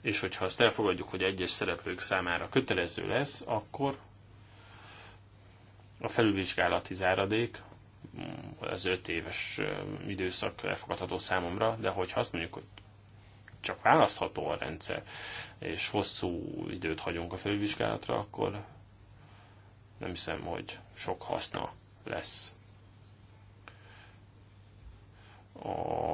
És hogyha azt elfogadjuk, hogy egyes szereplők számára kötelező lesz, akkor a felülvizsgálati záradék mm, az öt éves időszak elfogadható számomra, de hogyha azt mondjuk, hogy csak választható a rendszer, és hosszú időt hagyunk a felülvizsgálatra, akkor nem hiszem, hogy sok haszna lesz.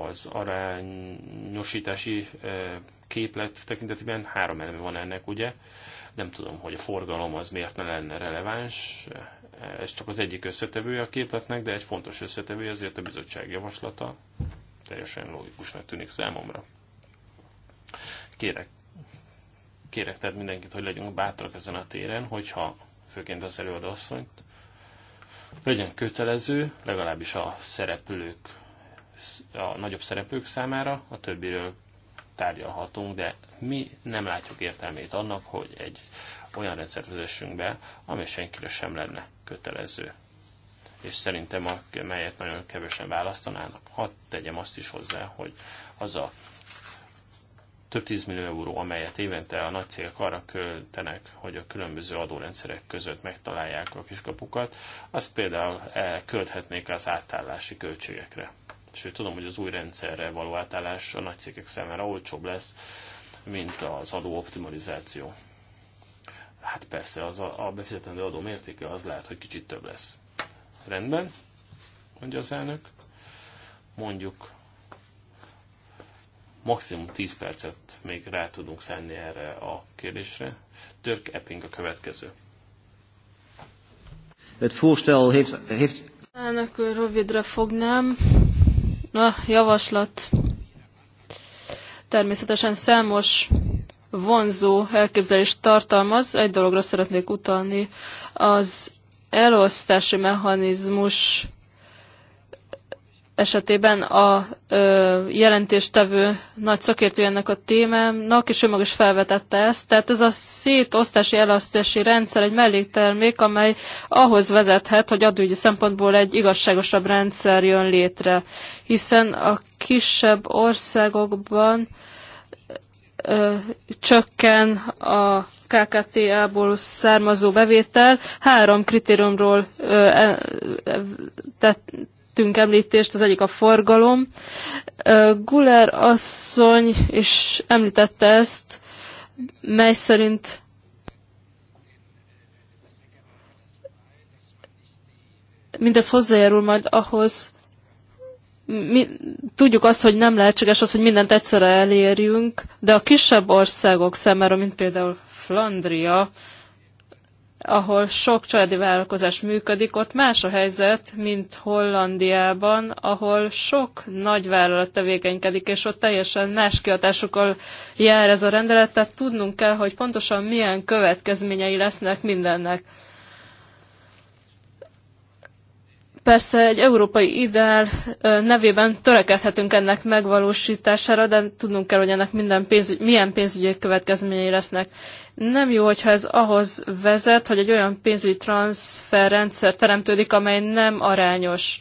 Az arányosítási eh, képlet tekintetében három eleme van ennek, ugye? Nem tudom, hogy a forgalom az miért ne lenne releváns, ez csak az egyik összetevője a képletnek, de egy fontos összetevője azért a bizottság javaslata teljesen logikusnak tűnik számomra kérek, kérek tehát mindenkit, hogy legyünk bátrak ezen a téren, hogyha főként az előadó asszonyt, legyen kötelező, legalábbis a szereplők, a nagyobb szereplők számára, a többiről tárgyalhatunk, de mi nem látjuk értelmét annak, hogy egy olyan rendszert vezessünk be, ami senkire sem lenne kötelező. És szerintem, melyet nagyon kevesen választanának, hadd tegyem azt is hozzá, hogy az a több tízmillió euró, amelyet évente a nagy cégek arra költenek, hogy a különböző adórendszerek között megtalálják a kiskapukat, azt például eh, költhetnék az átállási költségekre. Sőt, tudom, hogy az új rendszerre való átállás a nagy cégek számára olcsóbb lesz, mint az adóoptimalizáció. Hát persze, az a, a befizetendő adó mértéke az lehet, hogy kicsit több lesz. Rendben, mondja az elnök. Mondjuk maximum 10 percet még rá tudunk szenni erre a kérdésre. Dirk Epping a következő. Het voorstel heeft... heeft... Elnök úr, rövidre fognám. Na, javaslat természetesen számos vonzó elképzelést tartalmaz. Egy dologra szeretnék utalni, az elosztási mechanizmus esetében a ö, jelentéstevő nagy szakértő ennek a témának, és ő maga is felvetette ezt. Tehát ez a szétosztási elasztási rendszer egy melléktermék, amely ahhoz vezethet, hogy adóügyi szempontból egy igazságosabb rendszer jön létre, hiszen a kisebb országokban ö, csökken a KKTA-ból származó bevétel. Három kritériumról ö, e, e, tett, tettünk említést, az egyik a forgalom. Guler asszony is említette ezt, mely szerint mindez hozzájárul majd ahhoz, mi, tudjuk azt, hogy nem lehetséges az, hogy mindent egyszerre elérjünk, de a kisebb országok számára, mint például Flandria, ahol sok családi vállalkozás működik, ott más a helyzet, mint Hollandiában, ahol sok vállalat tevékenykedik, és ott teljesen más kiadásokkal jár ez a rendelet, tehát tudnunk kell, hogy pontosan milyen következményei lesznek mindennek. Persze egy európai ideál nevében törekedhetünk ennek megvalósítására, de tudnunk kell, hogy ennek minden pénzügy, milyen pénzügyi következményei lesznek nem jó, hogyha ez ahhoz vezet, hogy egy olyan pénzügyi transferrendszer teremtődik, amely nem arányos.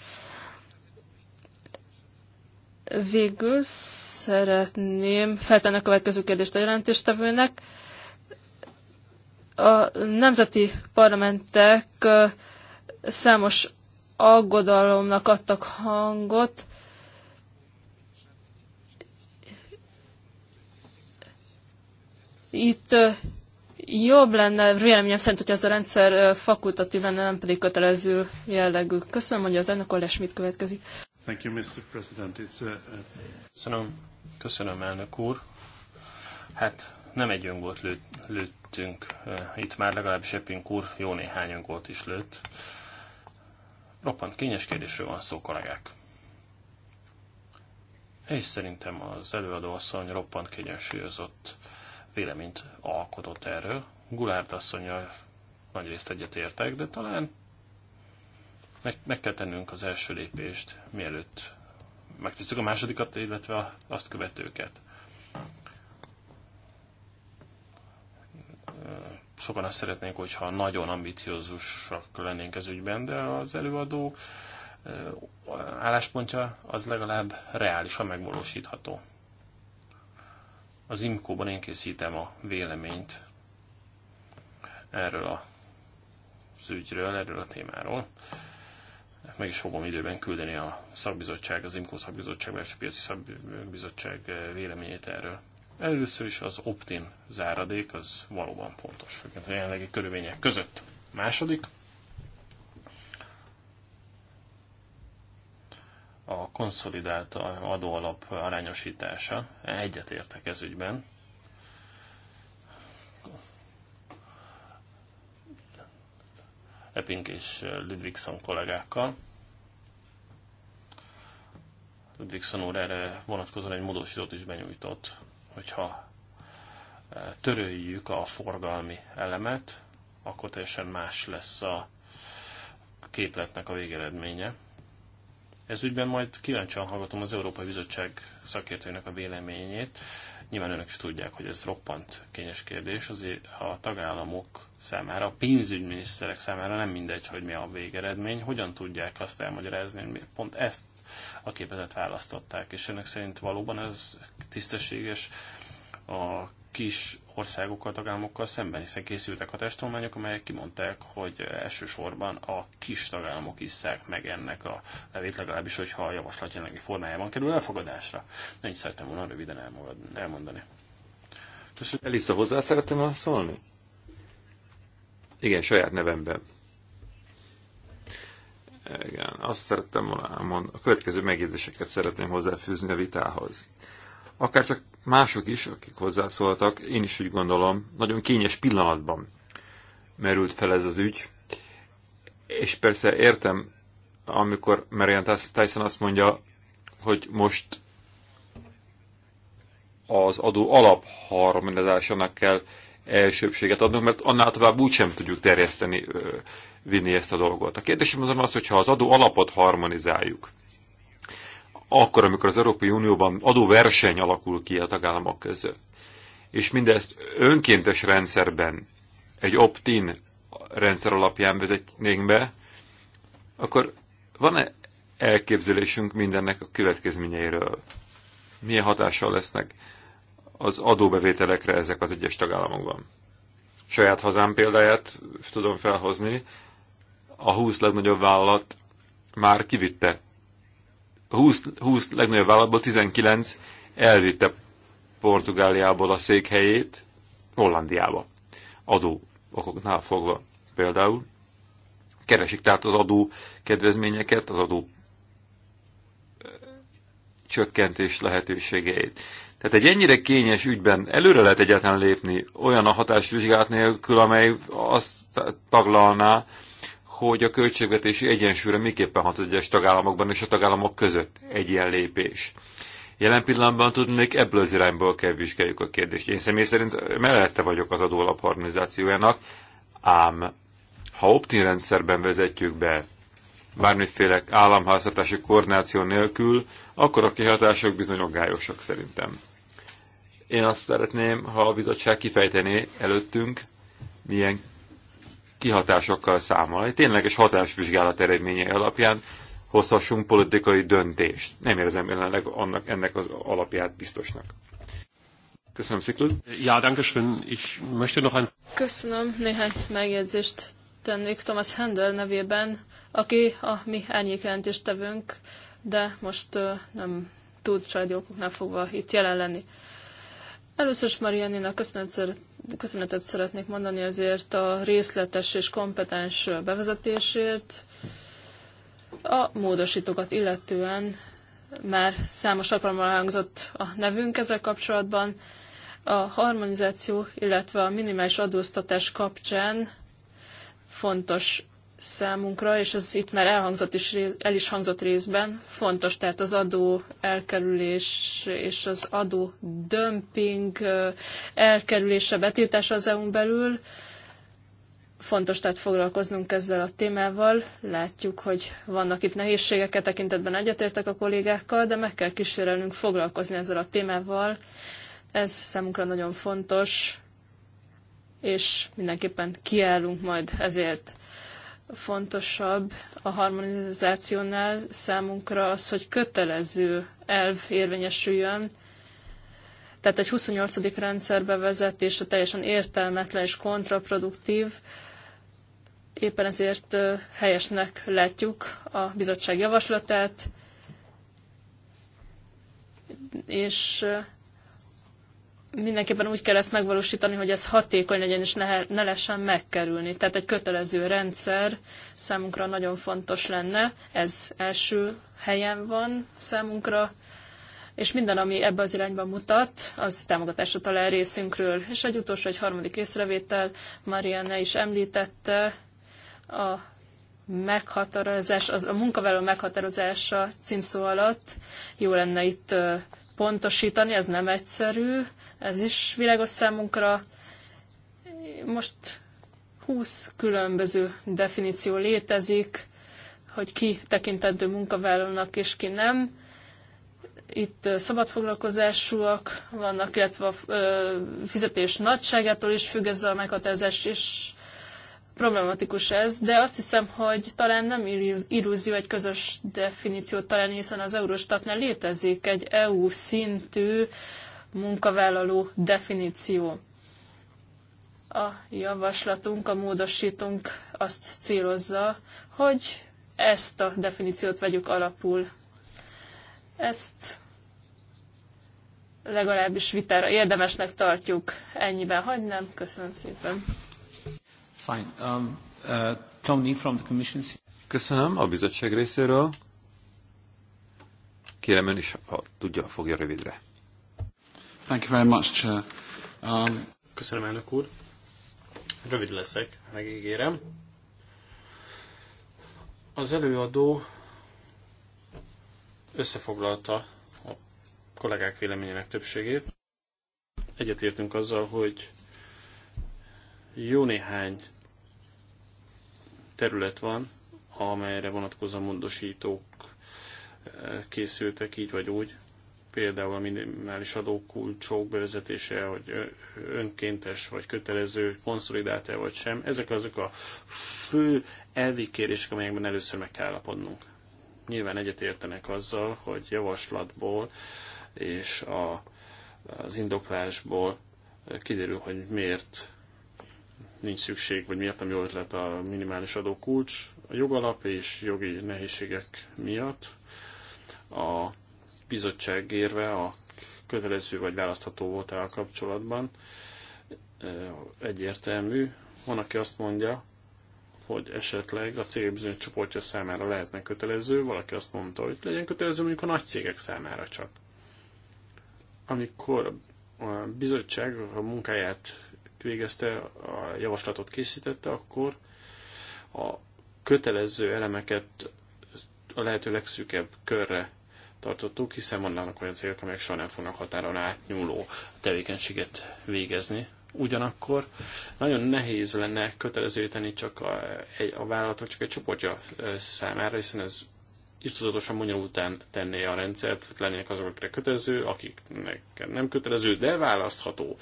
Végül szeretném feltenni a következő kérdést a jelentéstevőnek. A nemzeti parlamentek számos aggodalomnak adtak hangot, itt jobb lenne, véleményem szerint, hogy ez a rendszer fakultatív lenne, nem pedig kötelező jellegű. Köszönöm, hogy az ennek Oles mit következik. Thank you, Mr. President. It's a, uh, a... Uh, köszönöm, köszönöm, elnök úr. Hát nem egy öngolt lőtt, lőttünk. Itt már legalábbis Epping úr jó néhány öngolt is lőtt. Roppant kényes kérdésről van szó, kollégák. És szerintem az előadó asszony roppant kiegyensúlyozott véleményt alkotott erről. Gulárd asszonyjal egyet egyetértek, de talán meg, meg kell tennünk az első lépést, mielőtt megtisztük a másodikat, illetve azt követőket. Sokan azt szeretnénk, hogyha nagyon ambiciózusak lennénk ez ügyben, de az előadó álláspontja az legalább reálisan megvalósítható. Az Imkóban én készítem a véleményt erről a ügyről, erről a témáról. Meg is fogom időben küldeni a szakbizottság, az Imkó szakbizottság, belső piaci szakbizottság véleményét erről. Először is az optin záradék, az valóban fontos, főként a jelenlegi körülmények között. Második, a konszolidált adóalap arányosítása. értek ez ügyben. Epping és Ludvigson kollégákkal. Ludvigson úr erre vonatkozóan egy módosítót is benyújtott, hogyha e, töröljük a forgalmi elemet, akkor teljesen más lesz a képletnek a végeredménye. Ez ügyben majd kíváncsian hallgatom az Európai Bizottság szakértőinek a véleményét. Nyilván önök is tudják, hogy ez roppant kényes kérdés, azért a tagállamok számára, a pénzügyminiszterek számára nem mindegy, hogy mi a végeredmény, hogyan tudják azt elmagyarázni, hogy pont ezt a képezet választották, és önök szerint valóban ez tisztességes a kis országokkal, tagállamokkal szemben, hiszen készültek testolmányok, amelyek kimondták, hogy elsősorban a kis tagállamok isszák meg ennek a levét, legalábbis, hogyha a javaslat jelenlegi formájában kerül elfogadásra. Ennyit szerettem volna röviden elmondani. Köszönöm. elisza hozzá szerettem volna szólni? Igen, saját nevemben. Igen, azt szerettem volna elmondani. A következő megjegyzéseket szeretném hozzáfűzni a vitához akár csak mások is, akik hozzászóltak, én is úgy gondolom, nagyon kényes pillanatban merült fel ez az ügy, és persze értem, amikor Marian Tyson azt mondja, hogy most az adó alap harmonizásának kell elsőbséget adnunk, mert annál tovább sem tudjuk terjeszteni, vinni ezt a dolgot. A kérdésem azonban az, hogy ha az adó alapot harmonizáljuk, akkor, amikor az Európai Unióban adóverseny alakul ki a tagállamok között, és mindezt önkéntes rendszerben, egy opt-in rendszer alapján vezetnénk be, akkor van-e elképzelésünk mindennek a következményeiről? Milyen hatással lesznek az adóbevételekre ezek az egyes tagállamokban? Saját hazám példáját tudom felhozni. A 20 legnagyobb vállalat már kivitte 20, 20 legnagyobb vállalatból 19 elvitte Portugáliából a székhelyét Hollandiába. Adó okoknál fogva például. Keresik tehát az adó kedvezményeket, az adó csökkentés lehetőségeit. Tehát egy ennyire kényes ügyben előre lehet egyáltalán lépni olyan a hatásvizsgálat nélkül, amely azt taglalná, hogy a költségvetési egyensúlyra miképpen hat az egyes tagállamokban és a tagállamok között egy ilyen lépés. Jelen pillanatban tudnék, ebből az irányból kell vizsgáljuk a kérdést. Én személy szerint mellette vagyok az adólap harmonizációjának, ám ha optin rendszerben vezetjük be bármiféle államháztatási koordináció nélkül, akkor a kihatások bizony aggályosak szerintem. Én azt szeretném, ha a bizottság kifejtené előttünk, milyen kihatásokkal számol. Egy tényleges hatásvizsgálat eredményei alapján hozhassunk politikai döntést. Nem érzem jelenleg annak, ennek az alapját biztosnak. Köszönöm, Sziklő. Ja, danke schön. Ich möchte noch ein... Köszönöm, néhány megjegyzést tennék Thomas Handel nevében, aki a mi tevünk, de most uh, nem tud családi okoknál fogva itt jelen lenni. Először is Marianina köszönet köszönetet szeretnék mondani azért a részletes és kompetens bevezetésért. A módosítókat illetően már számos alkalommal hangzott a nevünk ezzel kapcsolatban. A harmonizáció, illetve a minimális adóztatás kapcsán fontos számunkra, és ez itt már elhangzott is, el is hangzott részben, fontos, tehát az adó elkerülés és az adó dömping elkerülése, betiltása az EU-n belül. Fontos tehát foglalkoznunk ezzel a témával. Látjuk, hogy vannak itt nehézségek, e tekintetben egyetértek a kollégákkal, de meg kell kísérelnünk foglalkozni ezzel a témával. Ez számunkra nagyon fontos, és mindenképpen kiállunk majd ezért fontosabb a harmonizációnál számunkra az, hogy kötelező elv érvényesüljön, tehát egy 28. rendszerbe vezetése teljesen értelmetlen és kontraproduktív, éppen ezért helyesnek látjuk a bizottság javaslatát, és mindenképpen úgy kell ezt megvalósítani, hogy ez hatékony legyen, és ne, ne lehessen megkerülni. Tehát egy kötelező rendszer számunkra nagyon fontos lenne, ez első helyen van számunkra, és minden, ami ebbe az irányba mutat, az támogatásra talál részünkről. És egy utolsó, egy harmadik észrevétel, Marianne is említette, a meghatározás, az a munkavállaló meghatározása címszó alatt jó lenne itt pontosítani, ez nem egyszerű, ez is világos számunkra. Most 20 különböző definíció létezik, hogy ki tekintendő munkavállalónak és ki nem. Itt szabadfoglalkozásúak vannak, illetve a fizetés nagyságától is függ ez a meghatározás, és problematikus ez, de azt hiszem, hogy talán nem illúzió egy közös definíciót találni, hiszen az Eurostatnál létezik egy EU szintű munkavállaló definíció. A javaslatunk, a módosítunk azt célozza, hogy ezt a definíciót vegyük alapul. Ezt legalábbis vitára érdemesnek tartjuk. Ennyiben hagynám. Köszönöm szépen. Fine. Um, uh, Tony from the Commission. Köszönöm a bizottság részéről. Kérem ön is, ha tudja, fogja rövidre. Thank you very much, Chair. Um... Köszönöm, elnök úr. Rövid leszek, megígérem. Az előadó összefoglalta a kollégák véleményének többségét. Egyetértünk azzal, hogy jó néhány terület van, amelyre vonatkozó módosítók eh, készültek így vagy úgy. Például a minimális adókulcsok bevezetése, hogy önkéntes vagy kötelező, konszolidált -e vagy sem. Ezek azok a fő elvi kérések, amelyekben először meg kell állapodnunk. Nyilván egyetértenek azzal, hogy javaslatból és a, az indoklásból kiderül, hogy miért nincs szükség, vagy miért nem jó ötlet a minimális adókulcs, a jogalap és jogi nehézségek miatt. A bizottság érve a kötelező vagy választható voltál kapcsolatban egyértelmű. Van, aki azt mondja, hogy esetleg a cég bizonyos csoportja számára lehetne kötelező, valaki azt mondta, hogy legyen kötelező mondjuk a nagy cégek számára csak. Amikor a bizottság a munkáját végezte, a javaslatot készítette, akkor a kötelező elemeket a lehető legszűkebb körre tartottuk, hiszen vannak olyan célok, amelyek soha nem fognak határon átnyúló tevékenységet végezni. Ugyanakkor nagyon nehéz lenne kötelezőíteni csak a, egy, a vállalatok csak egy csoportja számára, hiszen ez tudatosan bonyolultán tenné a rendszert, lennének azok, akikre kötelező, akiknek nem kötelező, de választható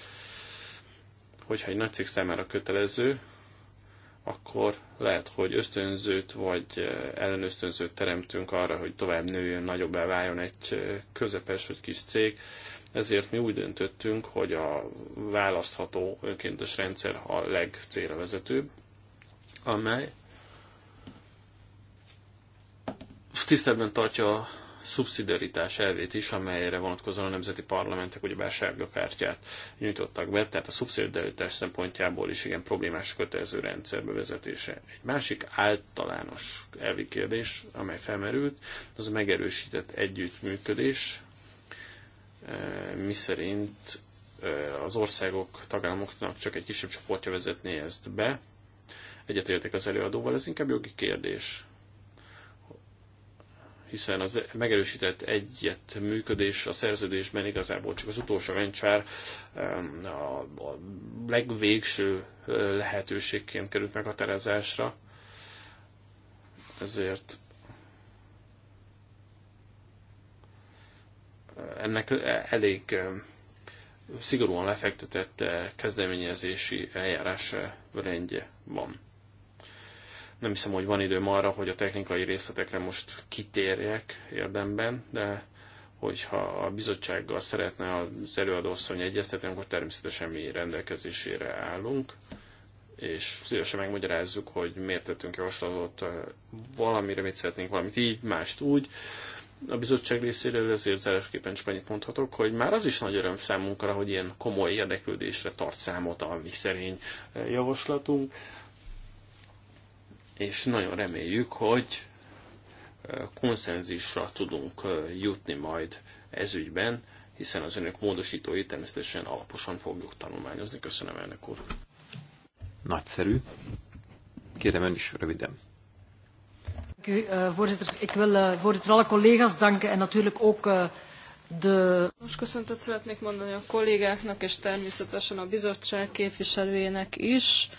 hogyha egy nagy cég számára kötelező, akkor lehet, hogy ösztönzőt vagy eh, ellenösztönzőt teremtünk arra, hogy tovább nőjön, nagyobbá váljon egy eh, közepes vagy kis cég. Ezért mi úgy döntöttünk, hogy a választható önkéntes rendszer a legcélra vezetőbb, amely tisztelben tartja szubszidiaritás elvét is, amelyre vonatkozóan a nemzeti parlamentek bár sárga kártyát nyújtottak be, tehát a szubszidiaritás szempontjából is igen problémás kötelező rendszer bevezetése. Egy másik általános elvi kérdés, amely felmerült, az a megerősített együttműködés, eh, miszerint eh, az országok, tagállamoknak csak egy kisebb csoportja vezetné ezt be. Egyetértek az előadóval, ez inkább jogi kérdés hiszen az megerősített egyet működés a szerződésben igazából csak az utolsó vencsár a legvégső lehetőségként került meghatározásra. Ezért ennek elég szigorúan lefektetett eh, kezdeményezési eljárás eh, rendje van. Nem hiszem, hogy van időm arra, hogy a technikai részletekre most kitérjek érdemben, de hogyha a bizottsággal szeretne az előadóasszony egyeztetni, akkor természetesen mi rendelkezésére állunk, és szívesen megmagyarázzuk, hogy miért tettünk javaslatot valamire, mit szeretnénk, valamit így, mást úgy. A bizottság részéről ezért zárásképpen csak annyit mondhatok, hogy már az is nagy öröm számunkra, hogy ilyen komoly érdeklődésre tart számot a mi szerény javaslatunk és nagyon reméljük, hogy konszenzisra tudunk jutni majd ezügyben, hiszen az önök módosítói természetesen alaposan fogjuk tanulmányozni. Köszönöm, elnök úr. Nagyszerű. Kérem ön is röviden. Eh, voorzitter, ik wil eh, voorzitter alle collega's danken en natuurlijk ook eh, de... Most köszöntet szeretnék mondani a kollégáknak és természetesen a bizottság képviselőjének is.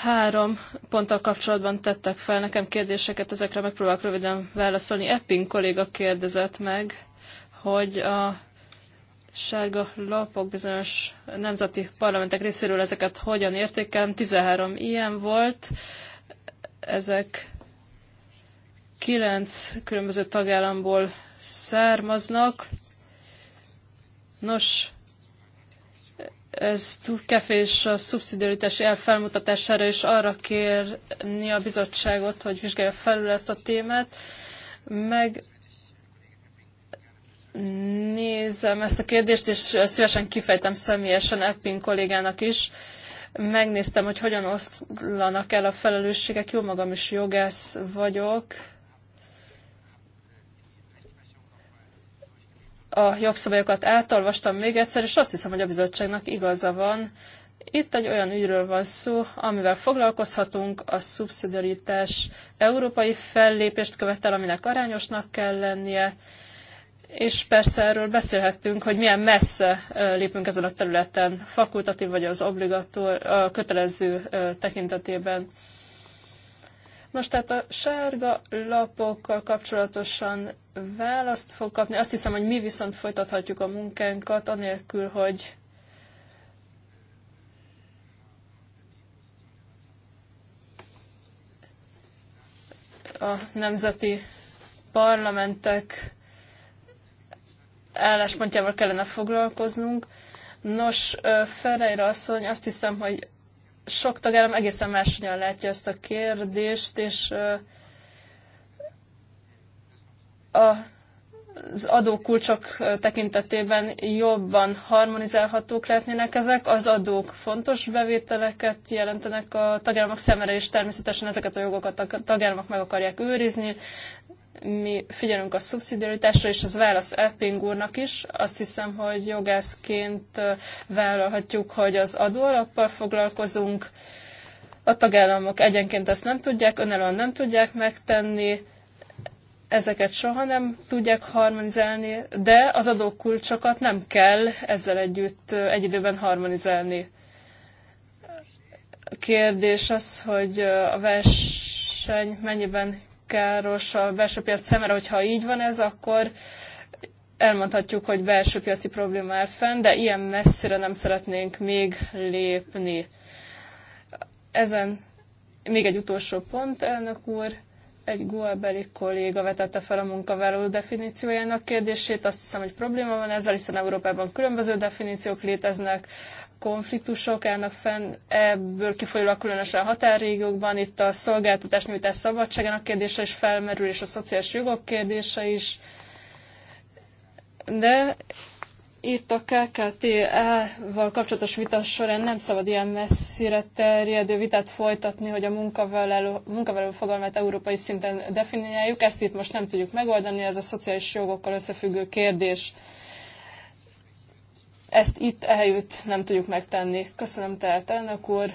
Három ponttal kapcsolatban tettek fel nekem kérdéseket, ezekre megpróbálok röviden válaszolni. Epping kolléga kérdezett meg, hogy a sárga lapok bizonyos nemzeti parlamentek részéről ezeket hogyan értékelem. 13 ilyen volt, ezek kilenc különböző tagállamból származnak. Nos, ez túl kevés a szubszidiaritási elv felmutatására, és arra kérni a bizottságot, hogy vizsgálja felül ezt a témát, meg nézem ezt a kérdést, és szívesen kifejtem személyesen Eppin kollégának is. Megnéztem, hogy hogyan oszlanak el a felelősségek. Jó magam is jogász vagyok, a jogszabályokat átolvastam még egyszer, és azt hiszem, hogy a bizottságnak igaza van. Itt egy olyan ügyről van szó, amivel foglalkozhatunk, a szubszidiaritás európai fellépést követel, aminek arányosnak kell lennie, és persze erről beszélhettünk, hogy milyen messze lépünk ezen a területen, fakultatív vagy az obligató, a kötelező tekintetében. Nos, tehát a sárga lapokkal kapcsolatosan választ fog kapni. Azt hiszem, hogy mi viszont folytathatjuk a munkánkat, anélkül, hogy a nemzeti parlamentek álláspontjával kellene foglalkoznunk. Nos, Ferreira asszony, azt hiszem, hogy sok tagállam egészen máshogyan látja ezt a kérdést, és a az adókulcsok tekintetében jobban harmonizálhatók lehetnének ezek. Az adók fontos bevételeket jelentenek a tagállamok szemére, és természetesen ezeket a jogokat a tagállamok meg akarják őrizni mi figyelünk a szubszidiaritásra, és az válasz Epping úrnak is. Azt hiszem, hogy jogászként vállalhatjuk, hogy az adóalappal foglalkozunk. A tagállamok egyenként ezt nem tudják, önállóan nem tudják megtenni, ezeket soha nem tudják harmonizálni, de az adókulcsokat nem kell ezzel együtt egy időben harmonizálni. A kérdés az, hogy a vers verseny mennyiben káros a belső piac szemére, hogyha így van ez, akkor elmondhatjuk, hogy belső piaci probléma áll fenn, de ilyen messzire nem szeretnénk még lépni. Ezen még egy utolsó pont, elnök úr, egy Guabeli kolléga vetette fel a munkavállaló definíciójának kérdését. Azt hiszem, hogy probléma van ezzel, hiszen Európában különböző definíciók léteznek konfliktusok állnak fenn, ebből kifolyólag különösen a határrégiókban, itt a szolgáltatás nyújtás szabadságának kérdése is felmerül, és a szociális jogok kérdése is. De itt a kkt val kapcsolatos vita során nem szabad ilyen messzire terjedő vitát folytatni, hogy a munkavállaló, munkavállaló fogalmát európai szinten definiáljuk. Ezt itt most nem tudjuk megoldani, ez a szociális jogokkal összefüggő kérdés. Ezt itt eljött nem tudjuk megtenni. Köszönöm tehát, elnök úr.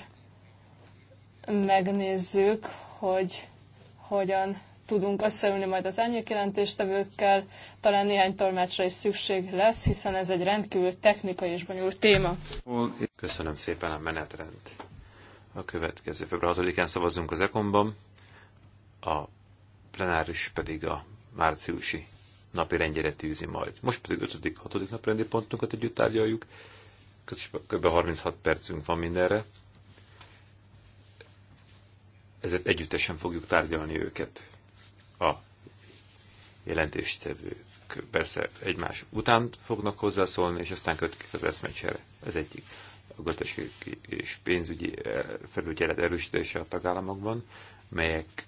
Megnézzük, hogy hogyan tudunk összeülni majd az jelentéstevőkkel. Talán néhány tolmácsra is szükség lesz, hiszen ez egy rendkívül technikai és bonyolult téma. Köszönöm szépen a menetrend. A következő február 6-án szavazunk az ecom a plenáris pedig a márciusi napi rendjére tűzi majd. Most pedig 5. 6. napi pontunkat együtt tárgyaljuk. Kb. 36 percünk van mindenre. Ezért együttesen fogjuk tárgyalni őket. A jelentéstevők persze egymás után fognak hozzászólni, és aztán kötik az eszmecsere. Ez egyik a gazdasági és pénzügyi eh, felügyelet erősítése a tagállamokban, melyek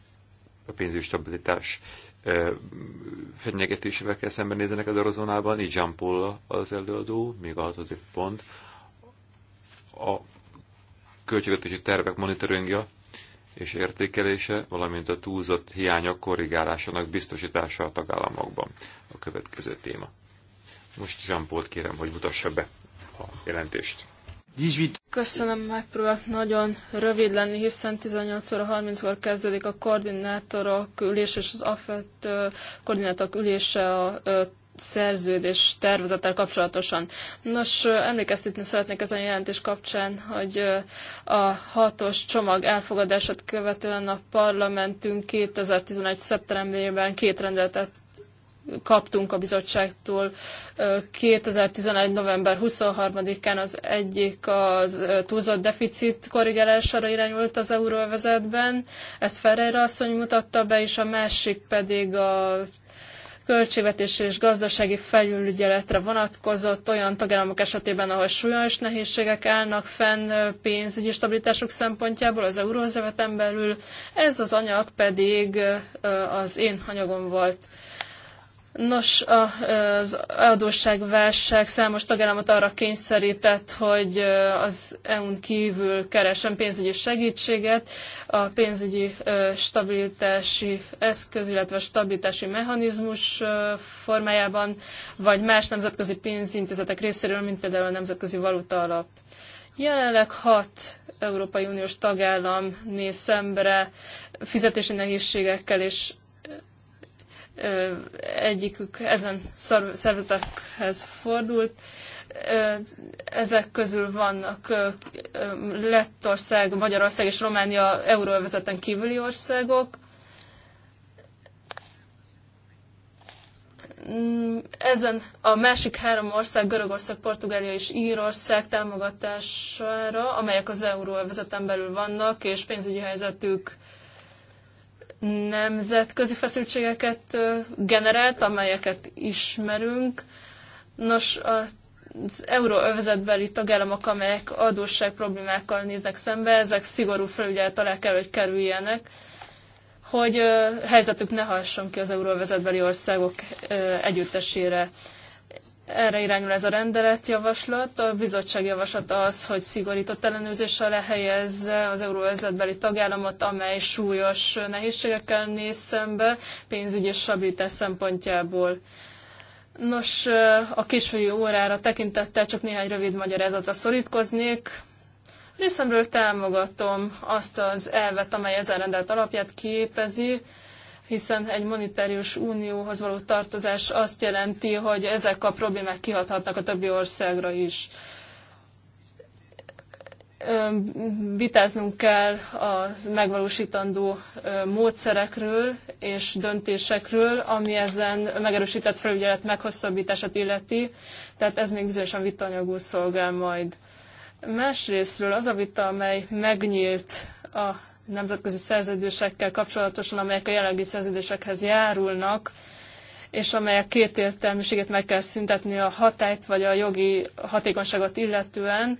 a pénzügyi stabilitás fenyegetésével kell szembenézenek az eurozónában, így Jean Paul az előadó, még a hatodik pont, a költségvetési tervek monitoringja és értékelése, valamint a túlzott hiányok korrigálásának biztosítása a tagállamokban a következő téma. Most Jean Paul-t kérem, hogy mutassa be a jelentést. Köszönöm, megpróbálok nagyon rövid lenni, hiszen 18 óra 30-kor kezdődik a koordinátorok ülés és az affett koordinátorok ülése a szerződés tervezettel kapcsolatosan. Nos, emlékeztetni szeretnék ezen jelentés kapcsán, hogy a hatos csomag elfogadását követően a parlamentünk 2011. szeptemberében két rendeletet kaptunk a bizottságtól 2011. november 23-án az egyik az túlzott deficit korrigálására irányult az euróvezetben. Ezt Ferreira asszony mutatta be, és a másik pedig a költségvetési és gazdasági felülügyeletre vonatkozott olyan tagállamok esetében, ahol súlyos nehézségek állnak fenn pénzügyi stabilitásuk szempontjából az eurózöveten belül. Ez az anyag pedig az én anyagom volt. Nos, az adósságválság számos tagállamot arra kényszerített, hogy az EU-n kívül keresen pénzügyi segítséget. A pénzügyi stabilitási eszköz, illetve stabilitási mechanizmus formájában, vagy más nemzetközi pénzintézetek részéről, mint például a Nemzetközi Valuta Alap. Jelenleg hat Európai Uniós tagállam néz szembre fizetési nehézségekkel és egyikük ezen szervezetekhez fordult. Ezek közül vannak Lettország, Magyarország és Románia euróvezeten kívüli országok. Mm, ezen a másik három ország, Görögország, Portugália és Írország támogatására, amelyek az euróvezeten belül vannak, és pénzügyi helyzetük nemzetközi feszültségeket generált, amelyeket ismerünk. Nos, az euróövezetbeli tagállamok, amelyek adósság problémákkal néznek szembe, ezek szigorú felügyelet alá kell, hogy kerüljenek, hogy helyzetük ne hasson ki az euróövezetbeli országok együttesére. Erre irányul ez a rendeletjavaslat. A bizottság javaslata az, hogy szigorított ellenőrzés alá helyezze az euróvezetbeli tagállamot, amely súlyos nehézségekkel néz szembe pénzügyi stabilitás szempontjából. Nos, a késői órára tekintettel csak néhány rövid magyarázatra szorítkoznék. Részemről támogatom azt az elvet, amely ezen rendelt alapját képezi, hiszen egy monetárius unióhoz való tartozás azt jelenti, hogy ezek a problémák kihathatnak a többi országra is. Vitáznunk kell a megvalósítandó módszerekről és döntésekről, ami ezen megerősített felügyelet meghosszabbítását illeti, tehát ez még bizonyosan vitanyagú szolgál majd. Másrésztről az a vita, amely megnyílt a nemzetközi szerződésekkel kapcsolatosan, amelyek a jelenlegi szerződésekhez járulnak, és amelyek kétértelműséget meg kell szüntetni a hatályt vagy a jogi hatékonyságot illetően.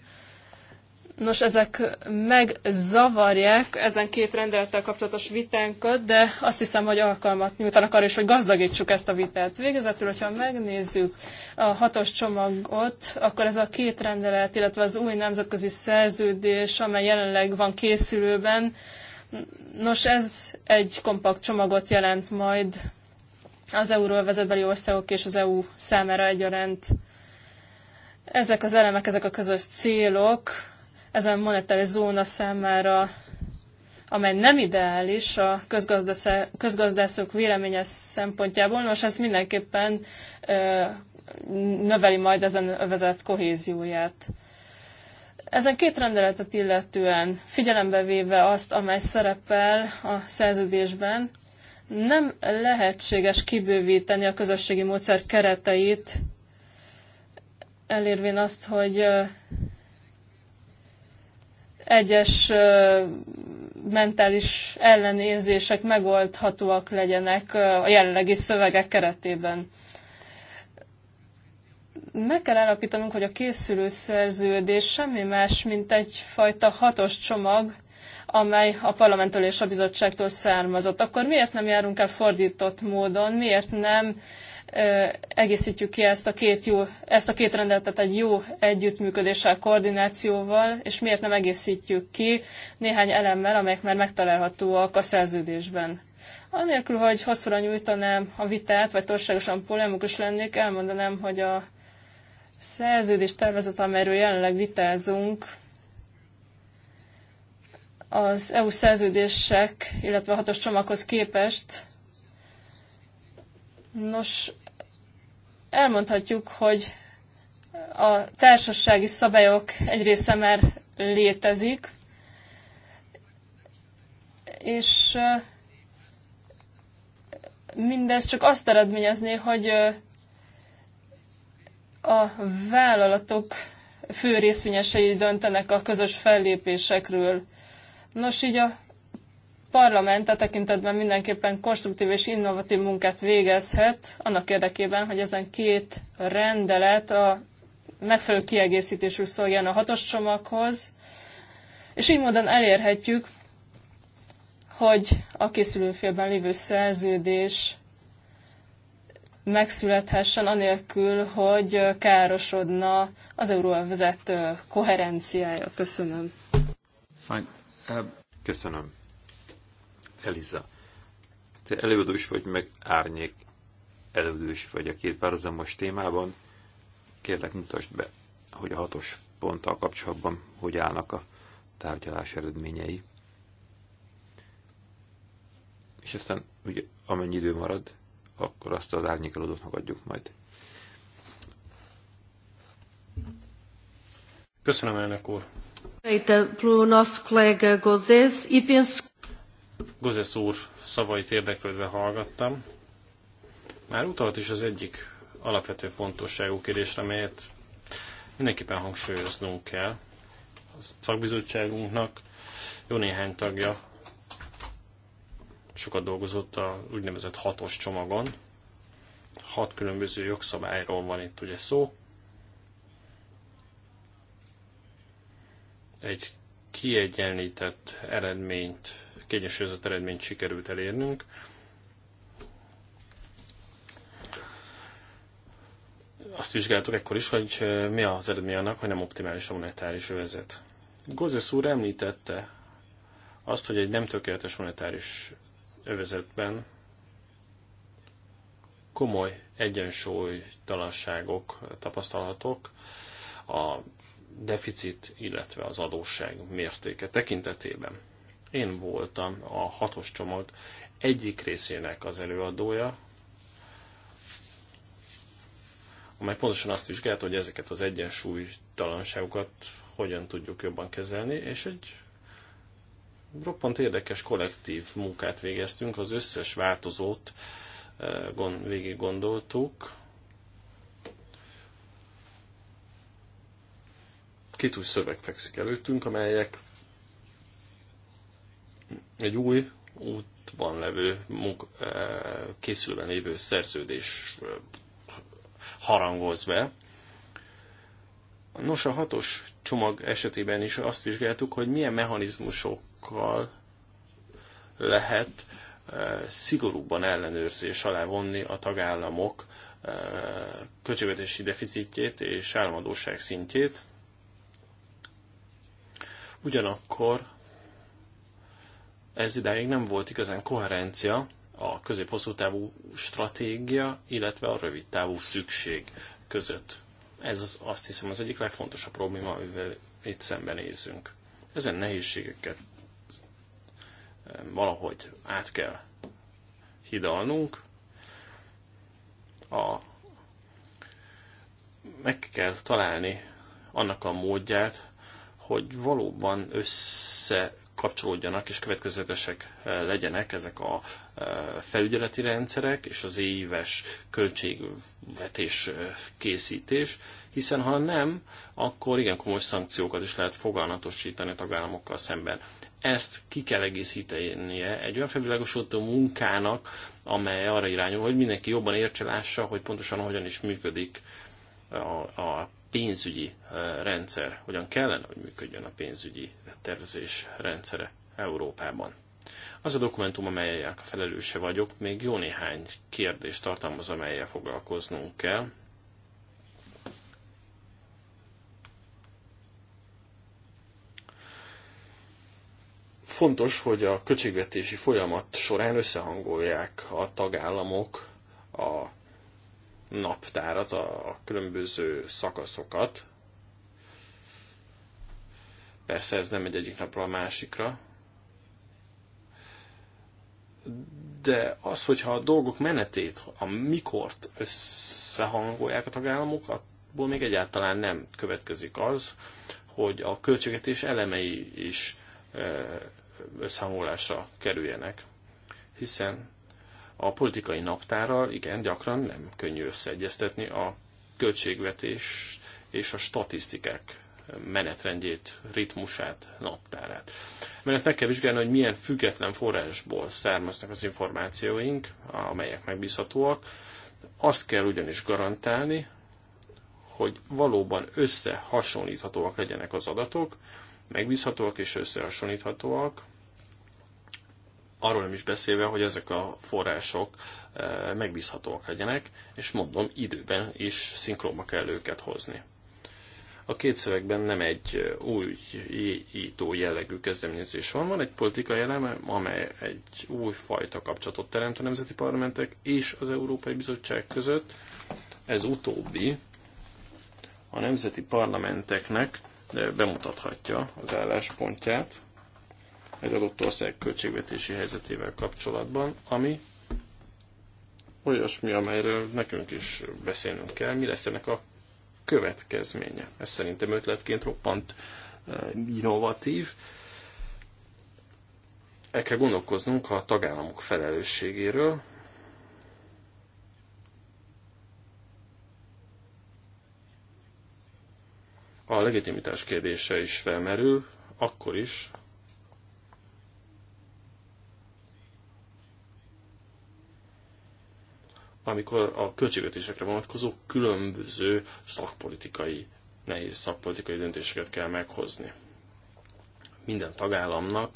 Nos, ezek megzavarják ezen két rendelettel kapcsolatos vitánkat, de azt hiszem, hogy alkalmat nyújtanak arra is, hogy gazdagítsuk ezt a vitát. Végezetül, hogyha megnézzük a hatos csomagot, akkor ez a két rendelet, illetve az új nemzetközi szerződés, amely jelenleg van készülőben, nos, ez egy kompakt csomagot jelent majd az vezetbeli országok és az EU számára egyaránt. Ezek az elemek, ezek a közös célok, ezen monetáris zóna számára, amely nem ideális a közgazdászok véleménye szempontjából. Nos, ez mindenképpen növeli majd ezen övezet kohézióját. Ezen két rendeletet illetően figyelembe véve azt, amely szerepel a szerződésben, nem lehetséges kibővíteni a közösségi módszer kereteit, elérvén azt, hogy egyes mentális ellenérzések megoldhatóak legyenek a jelenlegi szövegek keretében. Meg kell állapítanunk, hogy a készülő szerződés semmi más, mint egyfajta hatos csomag, amely a parlamenttől és a bizottságtól származott. Akkor miért nem járunk el fordított módon, miért nem egészítjük ki ezt a két, jó, ezt a két rendeletet egy jó együttműködéssel, koordinációval, és miért nem egészítjük ki néhány elemmel, amelyek már megtalálhatóak a szerződésben. Anélkül, hogy hosszúra nyújtanám a vitát, vagy torságosan polemikus lennék, elmondanám, hogy a szerződés tervezet, amelyről jelenleg vitázunk, az EU szerződések, illetve a hatos csomaghoz képest Nos, elmondhatjuk, hogy a társasági szabályok egy része már létezik, és mindez csak azt eredményezné, hogy a vállalatok fő részvényesei döntenek a közös fellépésekről. Nos, így a parlament a tekintetben mindenképpen konstruktív és innovatív munkát végezhet, annak érdekében, hogy ezen két rendelet a megfelelő kiegészítésű szolgáljon a hatos csomaghoz, és így módon elérhetjük, hogy a készülőfélben lévő szerződés megszülethessen anélkül, hogy károsodna az euróvezet koherenciája. Köszönöm. Fine. Uh... Köszönöm. Eliza, te is vagy, meg árnyék is vagy a két párhuzamos témában. Kérlek, mutasd be, hogy a hatos ponttal kapcsolatban hogy állnak a tárgyalás eredményei. És aztán, ugye, amennyi idő marad, akkor azt az előadót adjuk majd. Köszönöm, elnök úr. Itt a nosso kollega Gozés és Gozes úr szavait érdeklődve hallgattam. Már utalt is az egyik alapvető fontosságú kérdésre, melyet mindenképpen hangsúlyoznunk kell. A szakbizottságunknak jó néhány tagja sokat dolgozott a úgynevezett hatos csomagon. Hat különböző jogszabályról van itt ugye szó. Egy kiegyenlített eredményt kiegyensúlyozott eredményt sikerült elérnünk. Azt vizsgáltuk ekkor is, hogy mi az eredmény annak, hogy nem optimális a monetáris övezet. Gozes úr említette azt, hogy egy nem tökéletes monetáris övezetben komoly egyensúlytalanságok tapasztalhatók a deficit, illetve az adósság mértéke tekintetében. Én voltam a hatos csomag egyik részének az előadója, amely pontosan azt vizsgálta, hogy ezeket az egyensúlytalanságokat hogyan tudjuk jobban kezelni, és egy roppant érdekes kollektív munkát végeztünk, az összes változót eh, végig gondoltuk. Kitűs szöveg fekszik előttünk, amelyek egy új útban levő, munka, eh, készülben lévő szerződés eh, harangoz be. Nos, a hatos csomag esetében is azt vizsgáltuk, hogy milyen mechanizmusokkal lehet eh, szigorúbban ellenőrzés alá vonni a tagállamok költségvetési deficitjét és államadóság szintjét. Ugyanakkor ez idáig nem volt igazán koherencia a közép-hosszú távú stratégia, illetve a rövid távú szükség között. Ez az, azt hiszem az egyik legfontosabb probléma, amivel itt szembenézzünk. Ezen nehézségeket valahogy át kell hidalnunk. A, meg kell találni annak a módját, hogy valóban össze kapcsolódjanak és következetesek eh, legyenek ezek a eh, felügyeleti rendszerek és az éves költségvetés eh, készítés, hiszen ha nem, akkor igen komoly szankciókat is lehet fogalmatosítani a tagállamokkal szemben. Ezt ki kell egészítenie egy olyan felvilágosodó munkának, amely arra irányul, hogy mindenki jobban értse, lássa, hogy pontosan hogyan is működik a, a pénzügyi eh, rendszer, hogyan kellene, hogy működjön a pénzügyi tervezés rendszere Európában. Az a dokumentum, amelyek a felelőse vagyok, még jó néhány kérdést tartalmaz, amelyel foglalkoznunk kell. Fontos, hogy a költségvetési folyamat során összehangolják a tagállamok a naptárat, a különböző szakaszokat. Persze ez nem megy egyik napra a másikra, de az, hogyha a dolgok menetét, a mikort összehangolják a tagállamok, abból még egyáltalán nem következik az, hogy a költségetés elemei is eh, összehangolásra kerüljenek. Hiszen a politikai naptárral igen gyakran nem könnyű összeegyeztetni a költségvetés és a statisztikák menetrendjét, ritmusát, naptárát. Mert meg kell vizsgálni, hogy milyen független forrásból származnak az információink, amelyek megbízhatóak. Azt kell ugyanis garantálni, hogy valóban összehasonlíthatóak legyenek az adatok, megbízhatóak és összehasonlíthatóak, arról nem is beszélve, hogy ezek a források e, megbízhatóak legyenek, és mondom, időben is szinkróba kell őket hozni. A két szövegben nem egy e, új jellegű kezdeményezés van, van egy politikai eleme, amely egy új fajta kapcsolatot teremt a nemzeti parlamentek és az Európai Bizottság között. Ez utóbbi a nemzeti parlamenteknek e, bemutathatja az álláspontját, egy adott ország költségvetési helyzetével kapcsolatban, ami olyasmi, amelyről nekünk is beszélnünk kell, mi lesz ennek a következménye. Ez szerintem ötletként roppant eh, innovatív. El kell gondolkoznunk a tagállamok felelősségéről, a legitimitás kérdése is felmerül, akkor is, amikor a költségvetésekre vonatkozó különböző szakpolitikai, nehéz szakpolitikai döntéseket kell meghozni. Minden tagállamnak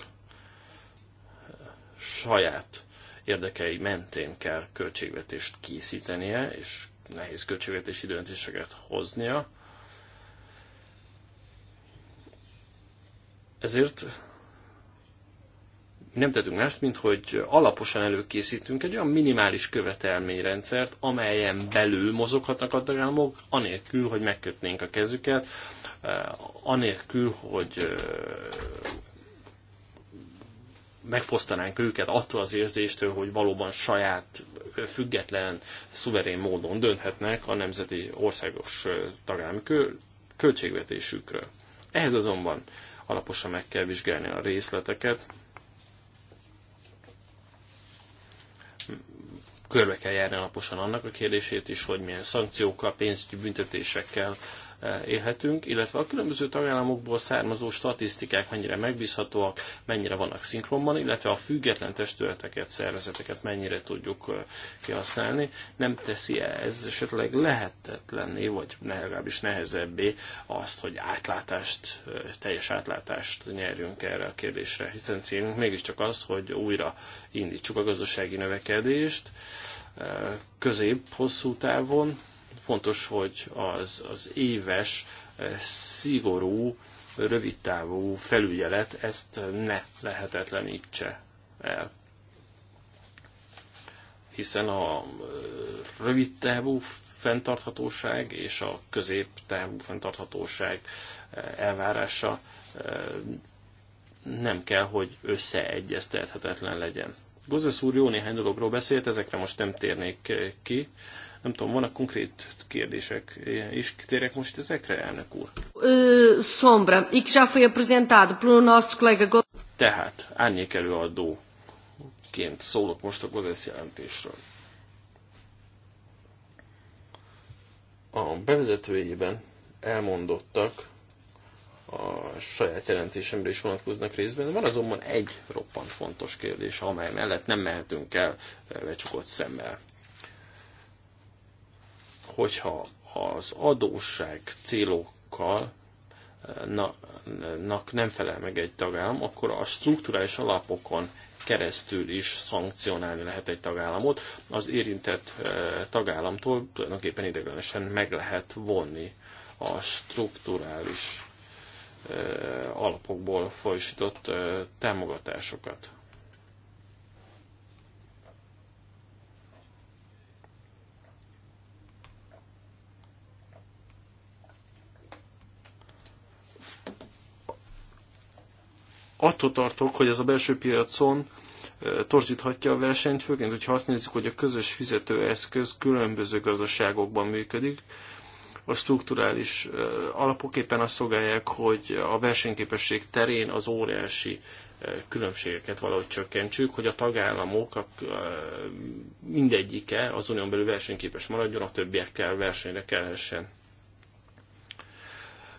eh, saját érdekei mentén kell költségvetést készítenie, és nehéz költségvetési döntéseket hoznia. Ezért nem tettünk más, mint hogy alaposan előkészítünk egy olyan minimális követelményrendszert, amelyen belül mozoghatnak a tagállamok, anélkül, hogy megkötnénk a kezüket, eh, anélkül, hogy eh, megfosztanánk őket attól az érzéstől, hogy valóban saját, eh, független, szuverén módon dönthetnek a nemzeti országos tagállami költségvetésükről. Ehhez azonban alaposan meg kell vizsgálni a részleteket, körbe kell járni alaposan annak a kérdését is, hogy milyen szankciókkal, pénzügyi büntetésekkel, Eh, élhetünk, illetve a különböző tagállamokból származó statisztikák mennyire megbízhatóak, mennyire vannak szinkronban, illetve a független testületeket, szervezeteket mennyire tudjuk eh, kihasználni. Nem teszi -e ez esetleg lehetetlenné, vagy legalábbis nehezebbé azt, hogy átlátást, eh, teljes átlátást nyerjünk erre a kérdésre, hiszen célunk mégiscsak az, hogy újra indítsuk a gazdasági növekedést, közép-hosszú távon, Fontos, hogy az, az éves, eh, szigorú, rövidtávú felügyelet ezt ne lehetetlenítse el. Hiszen a eh, rövidtávú fenntarthatóság és a középtávú fenntarthatóság eh, elvárása nem kell, hogy összeegyeztethetetlen legyen. Gozesz úr jó néhány dologról beszélt, ezekre most nem térnék ki. Nem tudom, vannak konkrét kérdések, és kitérek most ezekre, elnök úr? Ö, sombra, e que já foi apresentado pelo nosso colega... Tehát, árnyék előadóként szólok most a Gozesz jelentésről. A bevezetőjében elmondottak a saját jelentésemre is vonatkoznak részben. Van azonban egy roppant fontos kérdés, amely mellett nem mehetünk el becsukott szemmel hogyha az adósság célokkal eh, na, nak nem felel meg egy tagállam, akkor a strukturális alapokon keresztül is szankcionálni lehet egy tagállamot. Az érintett eh, tagállamtól tulajdonképpen ideglenesen meg lehet vonni a strukturális eh, alapokból folyosított támogatásokat. attól tartok, hogy ez a belső piacon torzíthatja a versenyt, főként, hogyha azt nézzük, hogy a közös fizetőeszköz különböző gazdaságokban működik, a strukturális alapok éppen azt szolgálják, hogy a versenyképesség terén az óriási különbségeket valahogy csökkentsük, hogy a tagállamok a, mindegyike az unión belül versenyképes maradjon, a többiekkel versenyre kellhessen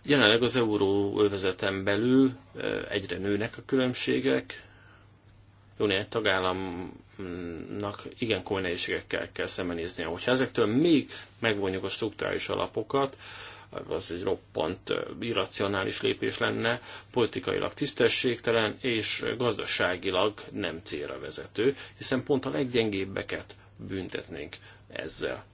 Jelenleg az euróövezeten belül egyre nőnek a különbségek, jó néhány tagállamnak igen komoly nehézségekkel kell szembenéznie. Hogyha ezektől még megvonjuk a strukturális alapokat, az egy roppant irracionális lépés lenne, politikailag tisztességtelen és gazdaságilag nem célra vezető, hiszen pont a leggyengébbeket büntetnénk ezzel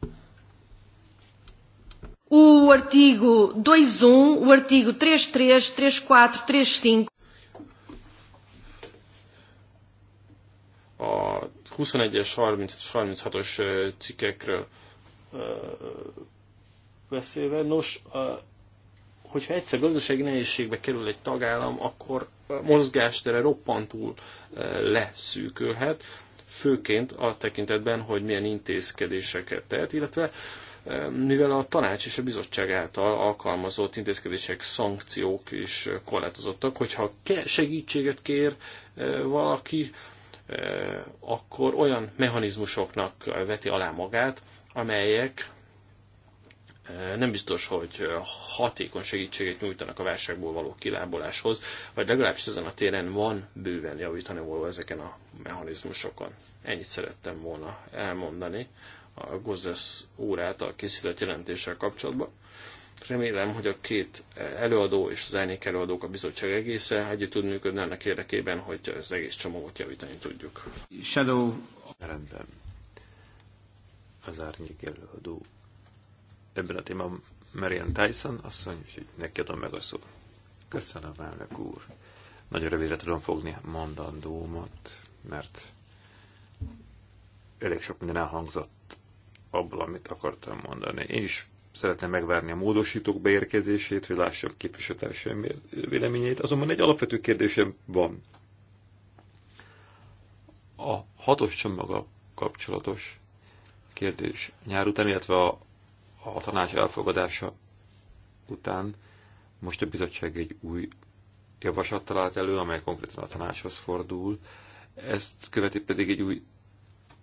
o artigo 21, um, o artigo 33, 34, 35. A 21-es, 35-es, 36-os cikkekről beszélve, nos, hogyha egyszer gazdasági nehézségbe kerül egy tagállam, akkor mozgástere roppantul leszűkülhet, főként a tekintetben, hogy milyen intézkedéseket tehet, illetve mivel a tanács és a bizottság által alkalmazott intézkedések, szankciók is korlátozottak, hogyha segítséget kér e, valaki, e, akkor olyan mechanizmusoknak veti alá magát, amelyek e, nem biztos, hogy hatékony segítséget nyújtanak a válságból való kilábaláshoz, vagy legalábbis ezen a téren van bőven javítani való ezeken a mechanizmusokon. Ennyit szerettem volna elmondani a Gozesz úr által készített jelentéssel kapcsolatban. Remélem, hogy a két előadó és az elnék előadók a bizottság egésze együtt tud működni ennek érdekében, hogy az egész csomagot javítani tudjuk. Shadow. Rendben. Az árnyék előadó. Ebben a témában Marian Tyson asszony, hogy neki adom meg a szó. Köszönöm, elnök úr. Nagyon rövidre tudom fogni mondandómat, mert elég sok minden elhangzott abból, amit akartam mondani. Én is szeretném megvárni a módosítók beérkezését, hogy lássam képviselőtársaim véleményét. Azonban egy alapvető kérdésem van. A hatos csomaga kapcsolatos kérdés nyár után, illetve a, a tanács elfogadása után most a bizottság egy új javaslat talált elő, amely konkrétan a tanácshoz fordul. Ezt követi pedig egy új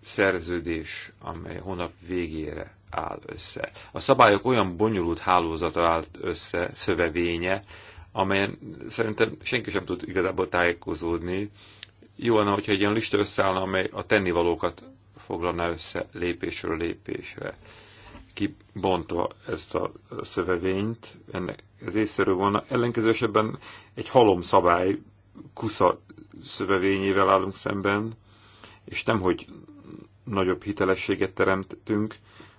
szerződés, amely hónap végére áll össze. A szabályok olyan bonyolult hálózata állt össze, szövevénye, amelyen szerintem senki sem tud igazából tájékozódni. Jó lenne, hogyha egy ilyen lista összeállna, amely a tennivalókat foglalna össze lépésről lépésre. Kibontva ezt a szövevényt, ennek ez észszerű volna. Ellenkező esetben egy halom szabály kusza szövevényével állunk szemben, és nem, hogy nagyobb hitelességet teremtünk,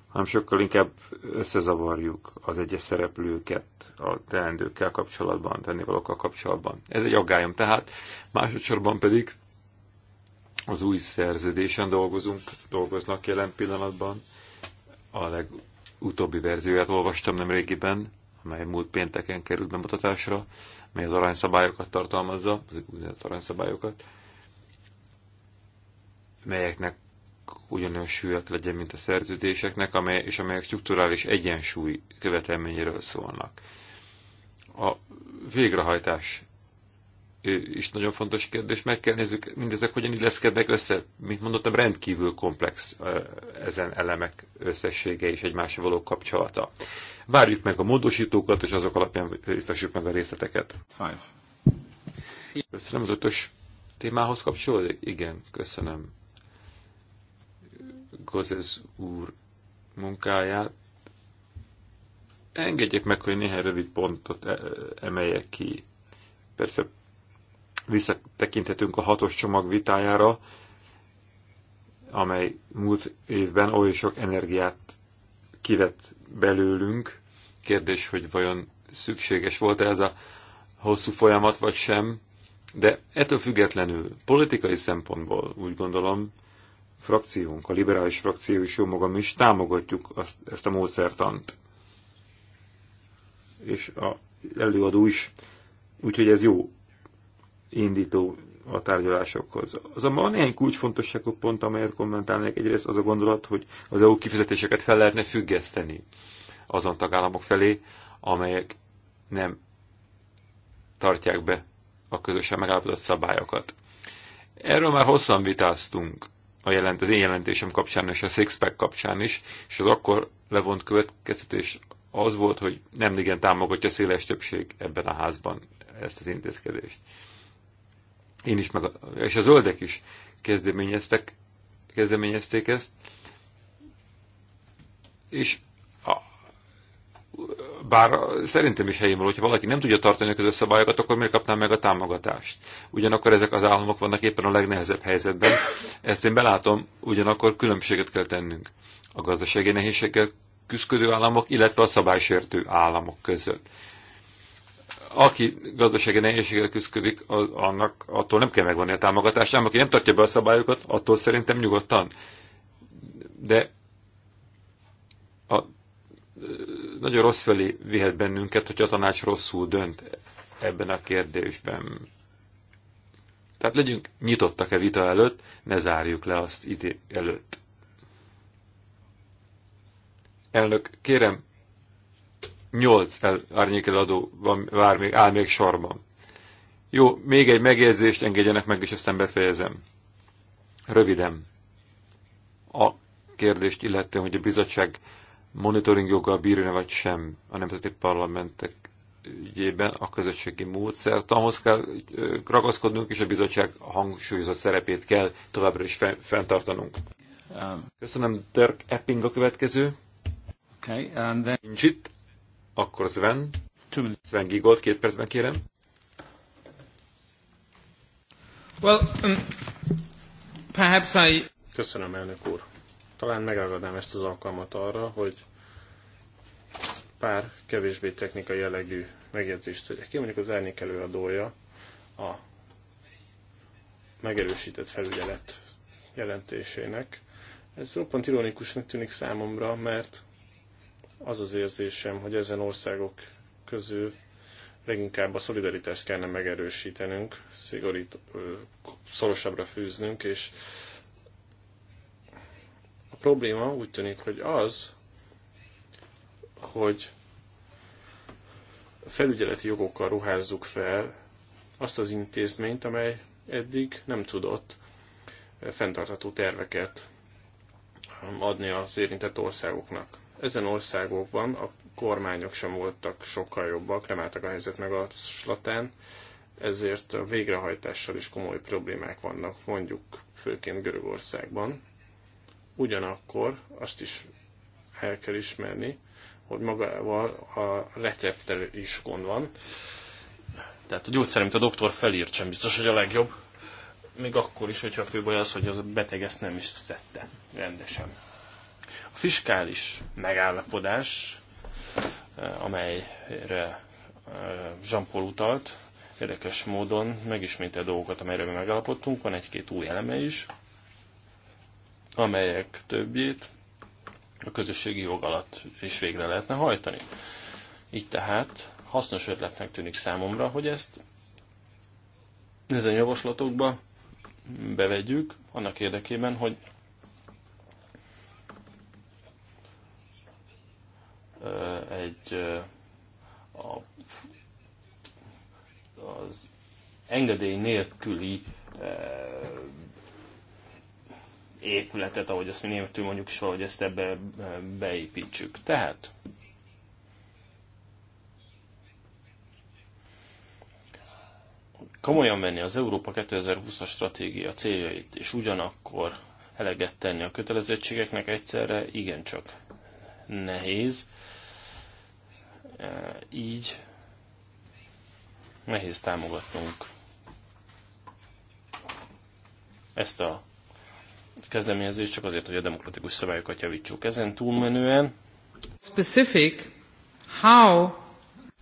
hanem sokkal inkább összezavarjuk az egyes szereplőket a teendőkkel kapcsolatban, tennivalókkal kapcsolatban. Ez egy aggályom. Tehát másodszorban pedig az új szerződésen dolgozunk, dolgoznak jelen pillanatban. A legutóbbi verzióját olvastam nem régiben, amely múlt pénteken került bemutatásra, mely az arányszabályokat tartalmazza, az úgynevezett arányszabályokat, melyeknek ugyanolyan súlyak legyen, mint a szerződéseknek, amely, és amelyek strukturális egyensúly követelményéről szólnak. A végrehajtás is nagyon fontos kérdés. Meg kell nézzük, mindezek hogyan illeszkednek össze. Mint mondottam, rendkívül komplex ezen elemek összessége és egymásra való kapcsolata. Várjuk meg a módosítókat, és azok alapján résztesük meg a részleteket. Five. Köszönöm az ötös témához kapcsolódik? Igen, köszönöm. Kozesz úr munkáját. Engedjék meg, hogy néhány rövid pontot e- emeljek ki. Persze visszatekinthetünk a hatos csomag vitájára, amely múlt évben oly sok energiát kivett belőlünk. Kérdés, hogy vajon szükséges volt -e ez a hosszú folyamat, vagy sem. De ettől függetlenül, politikai szempontból úgy gondolom, frakciónk, a liberális frakció és jó magam is támogatjuk azt, ezt a módszertant. És a előadó is. Úgyhogy ez jó indító a tárgyalásokhoz. Azonban van néhány kulcsfontosságú pont, amelyet kommentálnék. Egyrészt az a gondolat, hogy az EU kifizetéseket fel lehetne függeszteni azon tagállamok felé, amelyek nem tartják be a közösen megállapodott szabályokat. Erről már hosszan vitáztunk a jelent, az én jelentésem kapcsán és a Sixpack kapcsán is, és az akkor levont következtetés az volt, hogy nem igen támogatja széles többség ebben a házban ezt az intézkedést. Én is, meg, és a zöldek is kezdeményeztek, kezdeményezték ezt, és a, bár szerintem is helyén való, hogyha valaki nem tudja tartani a közös szabályokat, akkor miért kapná meg a támogatást? Ugyanakkor ezek az államok vannak éppen a legnehezebb helyzetben. Ezt én belátom, ugyanakkor különbséget kell tennünk a gazdasági nehézségek küzdködő államok, illetve a szabálysértő államok között. Aki gazdasági nehézséggel küzdik, annak attól nem kell megvonni a támogatást, aki nem tartja be a szabályokat, attól szerintem nyugodtan. De nagyon rossz felé vihet bennünket, hogy a tanács rosszul dönt ebben a kérdésben. Tehát legyünk nyitottak-e vita előtt, ne zárjuk le azt idő előtt. Elnök, kérem, nyolc árnyékeladó van, vár még, áll még sorban. Jó, még egy megjegyzést engedjenek meg, és aztán befejezem. Röviden. A kérdést illetően, hogy a bizottság monitoring joggal bírni vagy sem a nemzeti parlamentek ügyében a közösségi módszert. Ahhoz kell ragaszkodnunk, és a bizottság hangsúlyozott szerepét kell továbbra is fenntartanunk. Um, Köszönöm, Dirk Epping a következő. Okay, and then... Nincs itt. Akkor Sven. Sven Gigold, két percben kérem. Well, um, perhaps I... Köszönöm, elnök úr. Talán megragadnám ezt az alkalmat arra, hogy pár kevésbé technikai jellegű megjegyzést tegyek ki. Mondjuk az árnyék előadója a megerősített felügyelet jelentésének. Ez roppant ironikusnak tűnik számomra, mert az az érzésem, hogy ezen országok közül leginkább a szolidaritást kellene megerősítenünk, szigorít, szorosabbra fűznünk, és probléma úgy tűnik, hogy az, hogy felügyeleti jogokkal ruházzuk fel azt az intézményt, amely eddig nem tudott eh, fenntartható terveket adni az érintett országoknak. Ezen országokban a kormányok sem voltak sokkal jobbak, nem álltak a helyzet meg a slatán, ezért a végrehajtással is komoly problémák vannak, mondjuk főként Görögországban. Ugyanakkor azt is el kell ismerni, hogy magával a recepttel is gond van. Tehát a gyógyszer, amit a doktor felírt, sem biztos, hogy a legjobb. Még akkor is, hogyha a fő baj az, hogy az a beteg ezt nem is szedte rendesen. A fiskális megállapodás, eh, amelyre eh, Jean-Paul utalt, érdekes módon megismétel dolgokat, amelyről megállapodtunk, van egy-két új eleme is amelyek többjét a közösségi jog alatt is végre lehetne hajtani. Így tehát hasznos ötletnek tűnik számomra, hogy ezt ezen javaslatokba bevegyük, annak érdekében, hogy egy a, az engedély nélküli épületet, ahogy azt mi németül mondjuk, is hogy ezt ebbe eh, beépítsük. Tehát komolyan venni az Európa 2020-as stratégia céljait, és ugyanakkor eleget tenni a kötelezettségeknek egyszerre igencsak nehéz. Eh, így nehéz támogatnunk ezt a kezdeményezés csak azért, hogy a demokratikus szabályokat javítsuk. Ezen túlmenően specific, how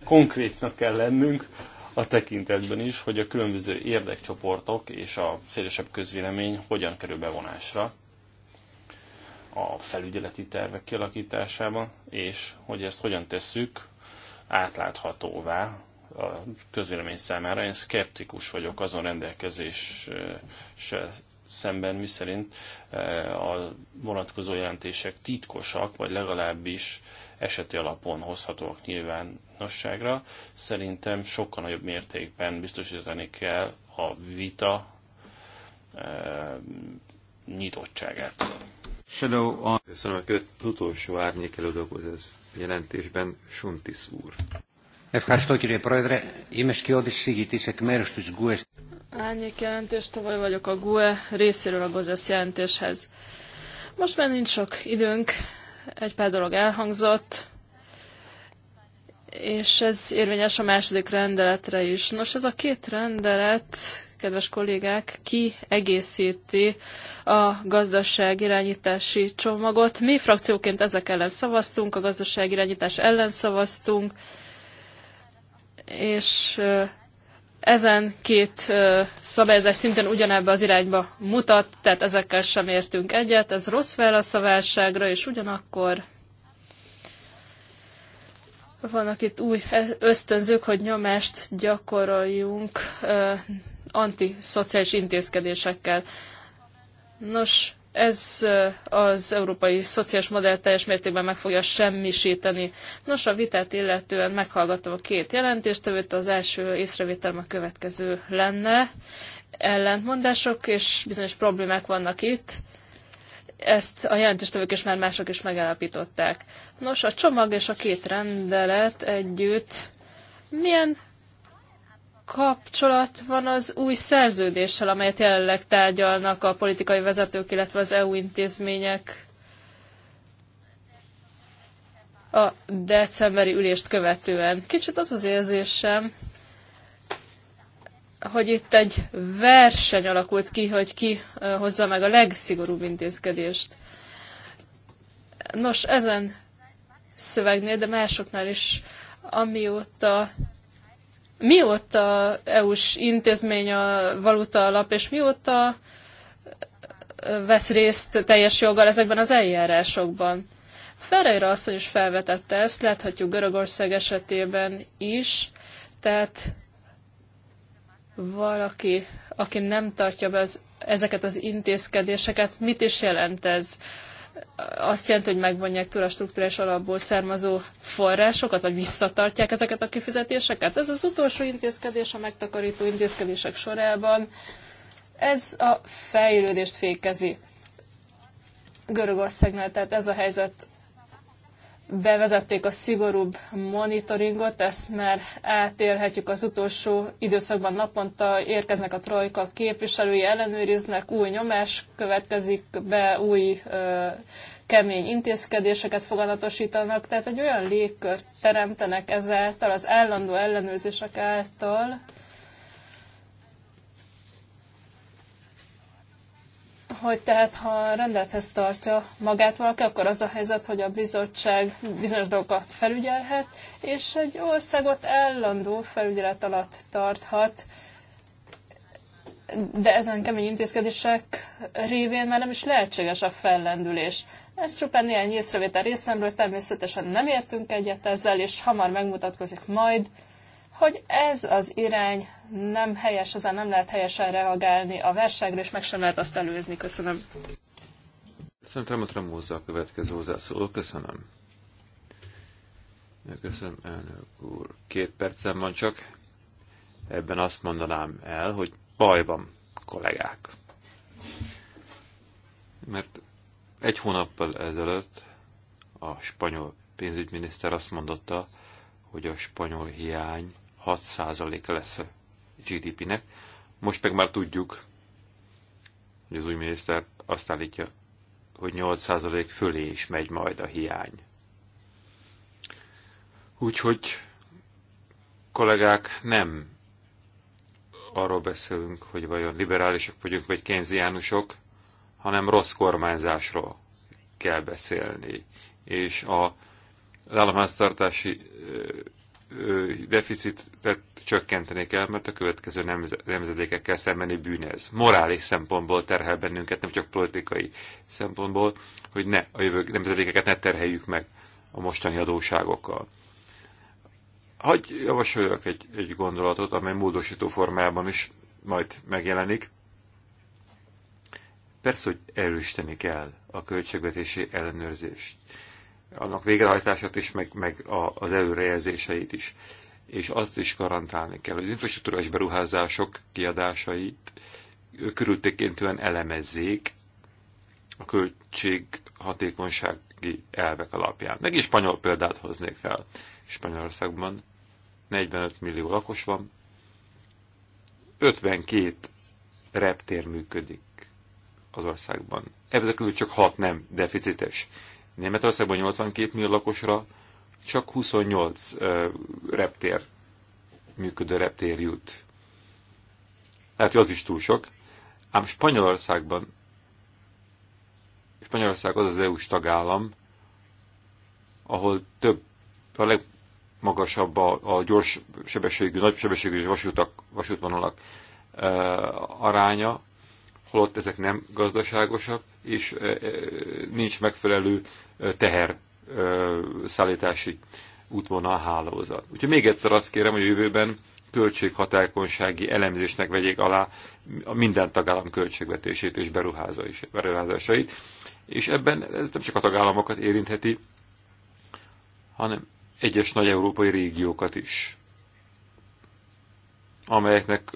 konkrétnak kell lennünk a tekintetben is, hogy a különböző érdekcsoportok és a szélesebb közvélemény hogyan kerül bevonásra a felügyeleti tervek kialakításába, és hogy ezt hogyan tesszük átláthatóvá a közvélemény számára. Én szkeptikus vagyok azon rendelkezés szemben, miszerint eh, a vonatkozó jelentések titkosak, vagy legalábbis eseti alapon hozhatóak nyilvánosságra. Szerintem sokkal nagyobb mértékben biztosítani kell a vita eh, nyitottságát. Köszönöm, az utolsó árnyék előadókhoz ez jelentésben Suntis úr. Ευχαριστώ κύριε Πρόεδρε. Είμαι σκιώδης συγητής εκ μέρους Árnyék jelentés, tavaly vagyok a GUE részéről a GOZESZ jelentéshez. Most már nincs sok időnk, egy pár dolog elhangzott, és ez érvényes a második rendeletre is. Nos, ez a két rendelet, kedves kollégák, egészíti a gazdaság irányítási csomagot. Mi frakcióként ezek ellen szavaztunk, a gazdaság irányítás ellen szavaztunk, és ezen két szabályozás szinten ugyanebbe az irányba mutat, tehát ezekkel sem értünk egyet. Ez rossz válasz a válságra, és ugyanakkor vannak itt új ösztönzők, hogy nyomást gyakoroljunk antiszociális intézkedésekkel. Nos, ez az európai szociális modell teljes mértékben meg fogja semmisíteni. Nos, a vitát illetően meghallgattam a két jelentéstevőt, az első észrevételem a következő lenne. Ellentmondások és bizonyos problémák vannak itt. Ezt a jelentéstevők is már mások is megállapították. Nos, a csomag és a két rendelet együtt milyen kapcsolat van az új szerződéssel, amelyet jelenleg tárgyalnak a politikai vezetők, illetve az EU intézmények a decemberi ülést követően. Kicsit az az érzésem, hogy itt egy verseny alakult ki, hogy ki hozza meg a legszigorúbb intézkedést. Nos, ezen szövegnél, de másoknál is, amióta mióta EU-s intézmény a valuta alap, és mióta vesz részt teljes joggal ezekben az eljárásokban. Ferreira asszony is felvetette ezt, láthatjuk Görögország esetében is, tehát valaki, aki nem tartja be az, ezeket az intézkedéseket, mit is jelent ez? Uh, azt jelenti, hogy megvonják túl a struktúrás alapból származó forrásokat, vagy visszatartják ezeket a kifizetéseket. Ez az utolsó intézkedés a megtakarító intézkedések sorában. Ez a fejlődést fékezi Görögországnál, tehát ez a helyzet bevezették a szigorúbb monitoringot, ezt már átélhetjük az utolsó időszakban naponta érkeznek a trojka képviselői, ellenőriznek, új nyomás következik be, új ö, kemény intézkedéseket foganatosítanak, tehát egy olyan légkört teremtenek ezáltal, az állandó ellenőrzések által, hogy tehát ha rendelethez tartja magát valaki, akkor az a helyzet, hogy a bizottság bizonyos dolgokat felügyelhet, és egy országot állandó felügyelet alatt tarthat, de ezen kemény intézkedések révén már nem is lehetséges a fellendülés. Ez csupán néhány észrevétel részemről, természetesen nem értünk egyet ezzel, és hamar megmutatkozik majd, hogy ez az irány nem helyes, azért nem lehet helyesen reagálni a versenyre, és meg sem lehet azt előzni. Köszönöm. Szerintem a Remóza a következő hozzászóló. Köszönöm. Köszönöm, elnök úr. Két percem van csak. Ebben azt mondanám el, hogy baj van, kollégák. Mert egy hónappal ezelőtt a spanyol pénzügyminiszter azt mondotta, hogy a spanyol hiány 6%-a lesz a GDP-nek. Most meg már tudjuk, hogy az új miniszter azt állítja, hogy 8% fölé is megy majd a hiány. Úgyhogy, kollégák, nem arról beszélünk, hogy vajon liberálisok vagyunk, vagy kenziánusok, hanem rossz kormányzásról kell beszélni. És a államháztartási deficitet csökkenteni kell, mert a következő nemzedékekkel szembeni bűn ez. Morális szempontból terhel bennünket, nem csak politikai szempontból, hogy ne a jövő nemzedékeket ne terheljük meg a mostani adóságokkal. Hagy javasoljak egy, egy gondolatot, amely módosító formájában is majd megjelenik. Persze, hogy erősíteni kell a költségvetési ellenőrzést annak végrehajtását is, meg, meg a, az előrejelzéseit is. És azt is garantálni kell, hogy az infrastruktúrás beruházások kiadásait körültékéntően elemezzék a költség hatékonysági elvek alapján. Meg is spanyol példát hoznék fel. Spanyolországban 45 millió lakos van, 52 reptér működik az országban. Ezek közül csak 6 nem deficites Németországban 82 millió lakosra csak 28 reptér, működő reptér jut. Lehet, hogy az is túl sok. Ám Spanyolországban, Spanyolország az az EU-s tagállam, ahol több, a legmagasabb a, a gyors sebességű, nagy sebességű vasútak, vasútvonalak e, aránya, holott ezek nem gazdaságosak, és nincs megfelelő teher szállítási útvonal hálózat. Úgyhogy még egyszer azt kérem, hogy a jövőben költséghatákonysági elemzésnek vegyék alá a minden tagállam költségvetését és beruházásait. És ebben ez nem csak a tagállamokat érintheti, hanem egyes nagy európai régiókat is, amelyeknek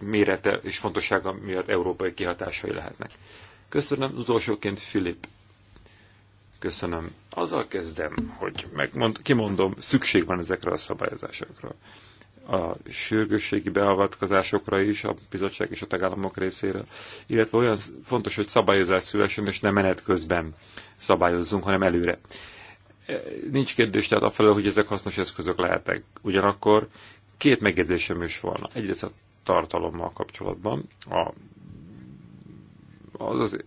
mérete és fontossága miatt európai kihatásai lehetnek. Köszönöm, utolsóként Filip. Köszönöm. Azzal kezdem, hogy megmond, kimondom, szükség van ezekre a szabályozásokra. A sürgősségi beavatkozásokra is, a bizottság és a tagállamok részére, illetve olyan fontos, hogy szabályozás szülesen, és nem menet közben szabályozzunk, hanem előre. E, nincs kérdés tehát afelől, hogy ezek hasznos eszközök lehetek. Ugyanakkor két megjegyzésem is volna. Egyrészt a tartalommal kapcsolatban, a az az eh,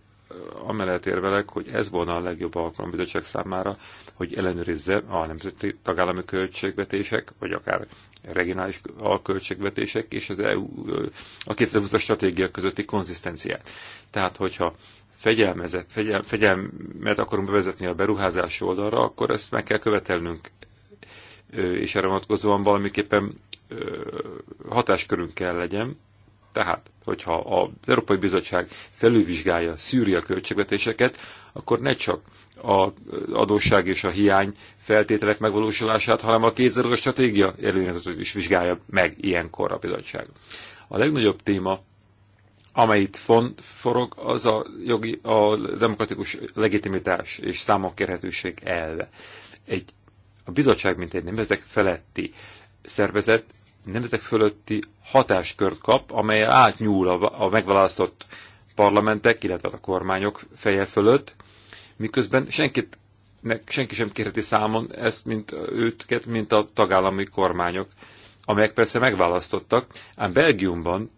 amellett érvelek, hogy ez volna a legjobb alkalom bizottság számára, hogy ellenőrizze a nemzeti tagállami költségvetések, vagy akár regionális alköltségvetések és az EU eh, a 2020-as stratégia közötti konzisztenciát. Tehát, hogyha fegyelmezett, fegyel, fegyelmet akarunk bevezetni a beruházás oldalra, akkor ezt meg kell követelnünk, eh, és erre vonatkozóan valamiképpen hatáskörünk kell legyen, tehát, hogyha az Európai Bizottság felülvizsgálja Szíria költségvetéseket, akkor ne csak a adósság és a hiány feltételek megvalósulását, hanem a kétszeres stratégia előnyezetet is vizsgálja meg ilyenkor a bizottság. A legnagyobb téma, amelyet font, forog, az a, jogi, a demokratikus legitimitás és számonkérhetőség elve. Egy, a bizottság, mint egy nemzetek feletti szervezet nemzetek fölötti hatáskört kap, amely átnyúl a megválasztott parlamentek, illetve a kormányok feje fölött, miközben senkit, senki sem kérheti számon ezt, mint őket, mint a tagállami kormányok, amelyek persze megválasztottak, ám Belgiumban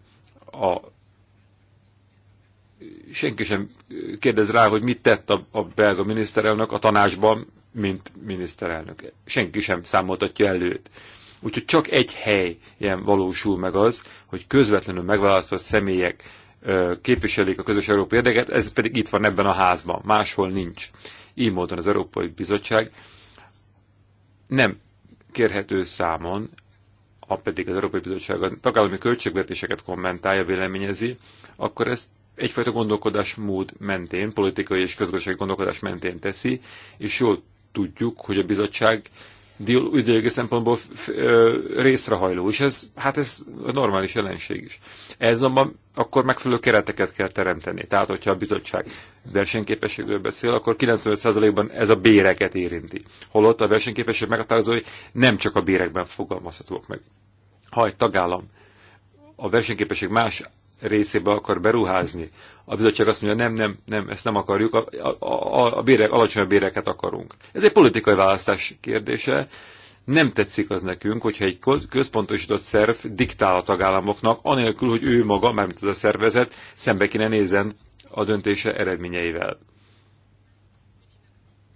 a senki sem kérdez rá, hogy mit tett a, a belga miniszterelnök a tanácsban, mint miniszterelnök. Senki sem számoltatja előt. Úgyhogy csak egy helyen valósul meg az, hogy közvetlenül megválasztott személyek képviselik a közös európai érdeket, ez pedig itt van ebben a házban, máshol nincs. Így módon az Európai Bizottság nem kérhető számon, ha pedig az Európai Bizottság a tagállami költségvetéseket kommentálja, véleményezi, akkor ezt egyfajta gondolkodásmód mentén, politikai és közgazdasági gondolkodás mentén teszi, és jól tudjuk, hogy a bizottság ideológiai szempontból részrehajló, és ez, hát ez a normális jelenség is. Ez azonban akkor megfelelő kereteket kell teremteni. Tehát, hogyha a bizottság versenyképességről beszél, akkor 95%-ban ez a béreket érinti. Holott a versenyképesség hogy nem csak a bérekben fogalmazhatók meg. Ha egy tagállam a versenyképesség más részébe akar beruházni. A bizottság azt mondja, nem, nem, nem, ezt nem akarjuk, a, a, a bérek, alacsonyabb béreket akarunk. Ez egy politikai választás kérdése. Nem tetszik az nekünk, hogyha egy központosított szerv diktál a tagállamoknak, anélkül, hogy ő maga, mármint ez a szervezet, szembe kéne nézzen a döntése eredményeivel.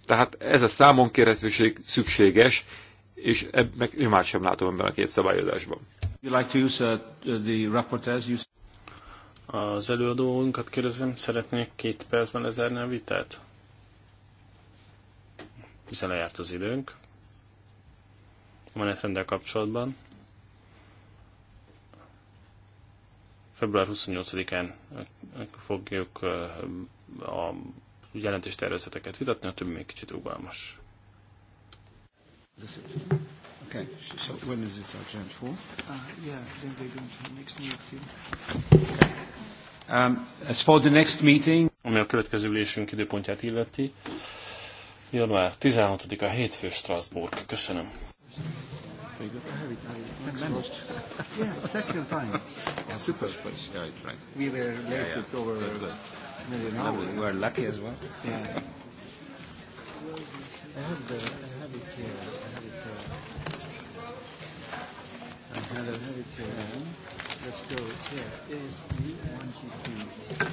Tehát ez a számon kérhetőség szükséges, és ebben már sem látom ebben a két szabályozásban. You like to use, uh, the az előadónkat kérdezem, szeretnék két percben lezárni a vitát? Hiszen lejárt az időnk. A menetrendel kapcsolatban. Február 28-án eh, fogjuk eh, a jelentéstervezeteket vitatni, a többi még kicsit rugalmas. Köszönöm. Okay. So when is it agenda for? Uh, yeah, then we're going to the next meeting. Okay. Um, as for the next meeting... Ami a következő ülésünk időpontját illeti, január 16-a hétfő Strasbourg. Köszönöm. Yeah, second time. We were lucky as well. Hello, Let's go. It's here. It is one g 2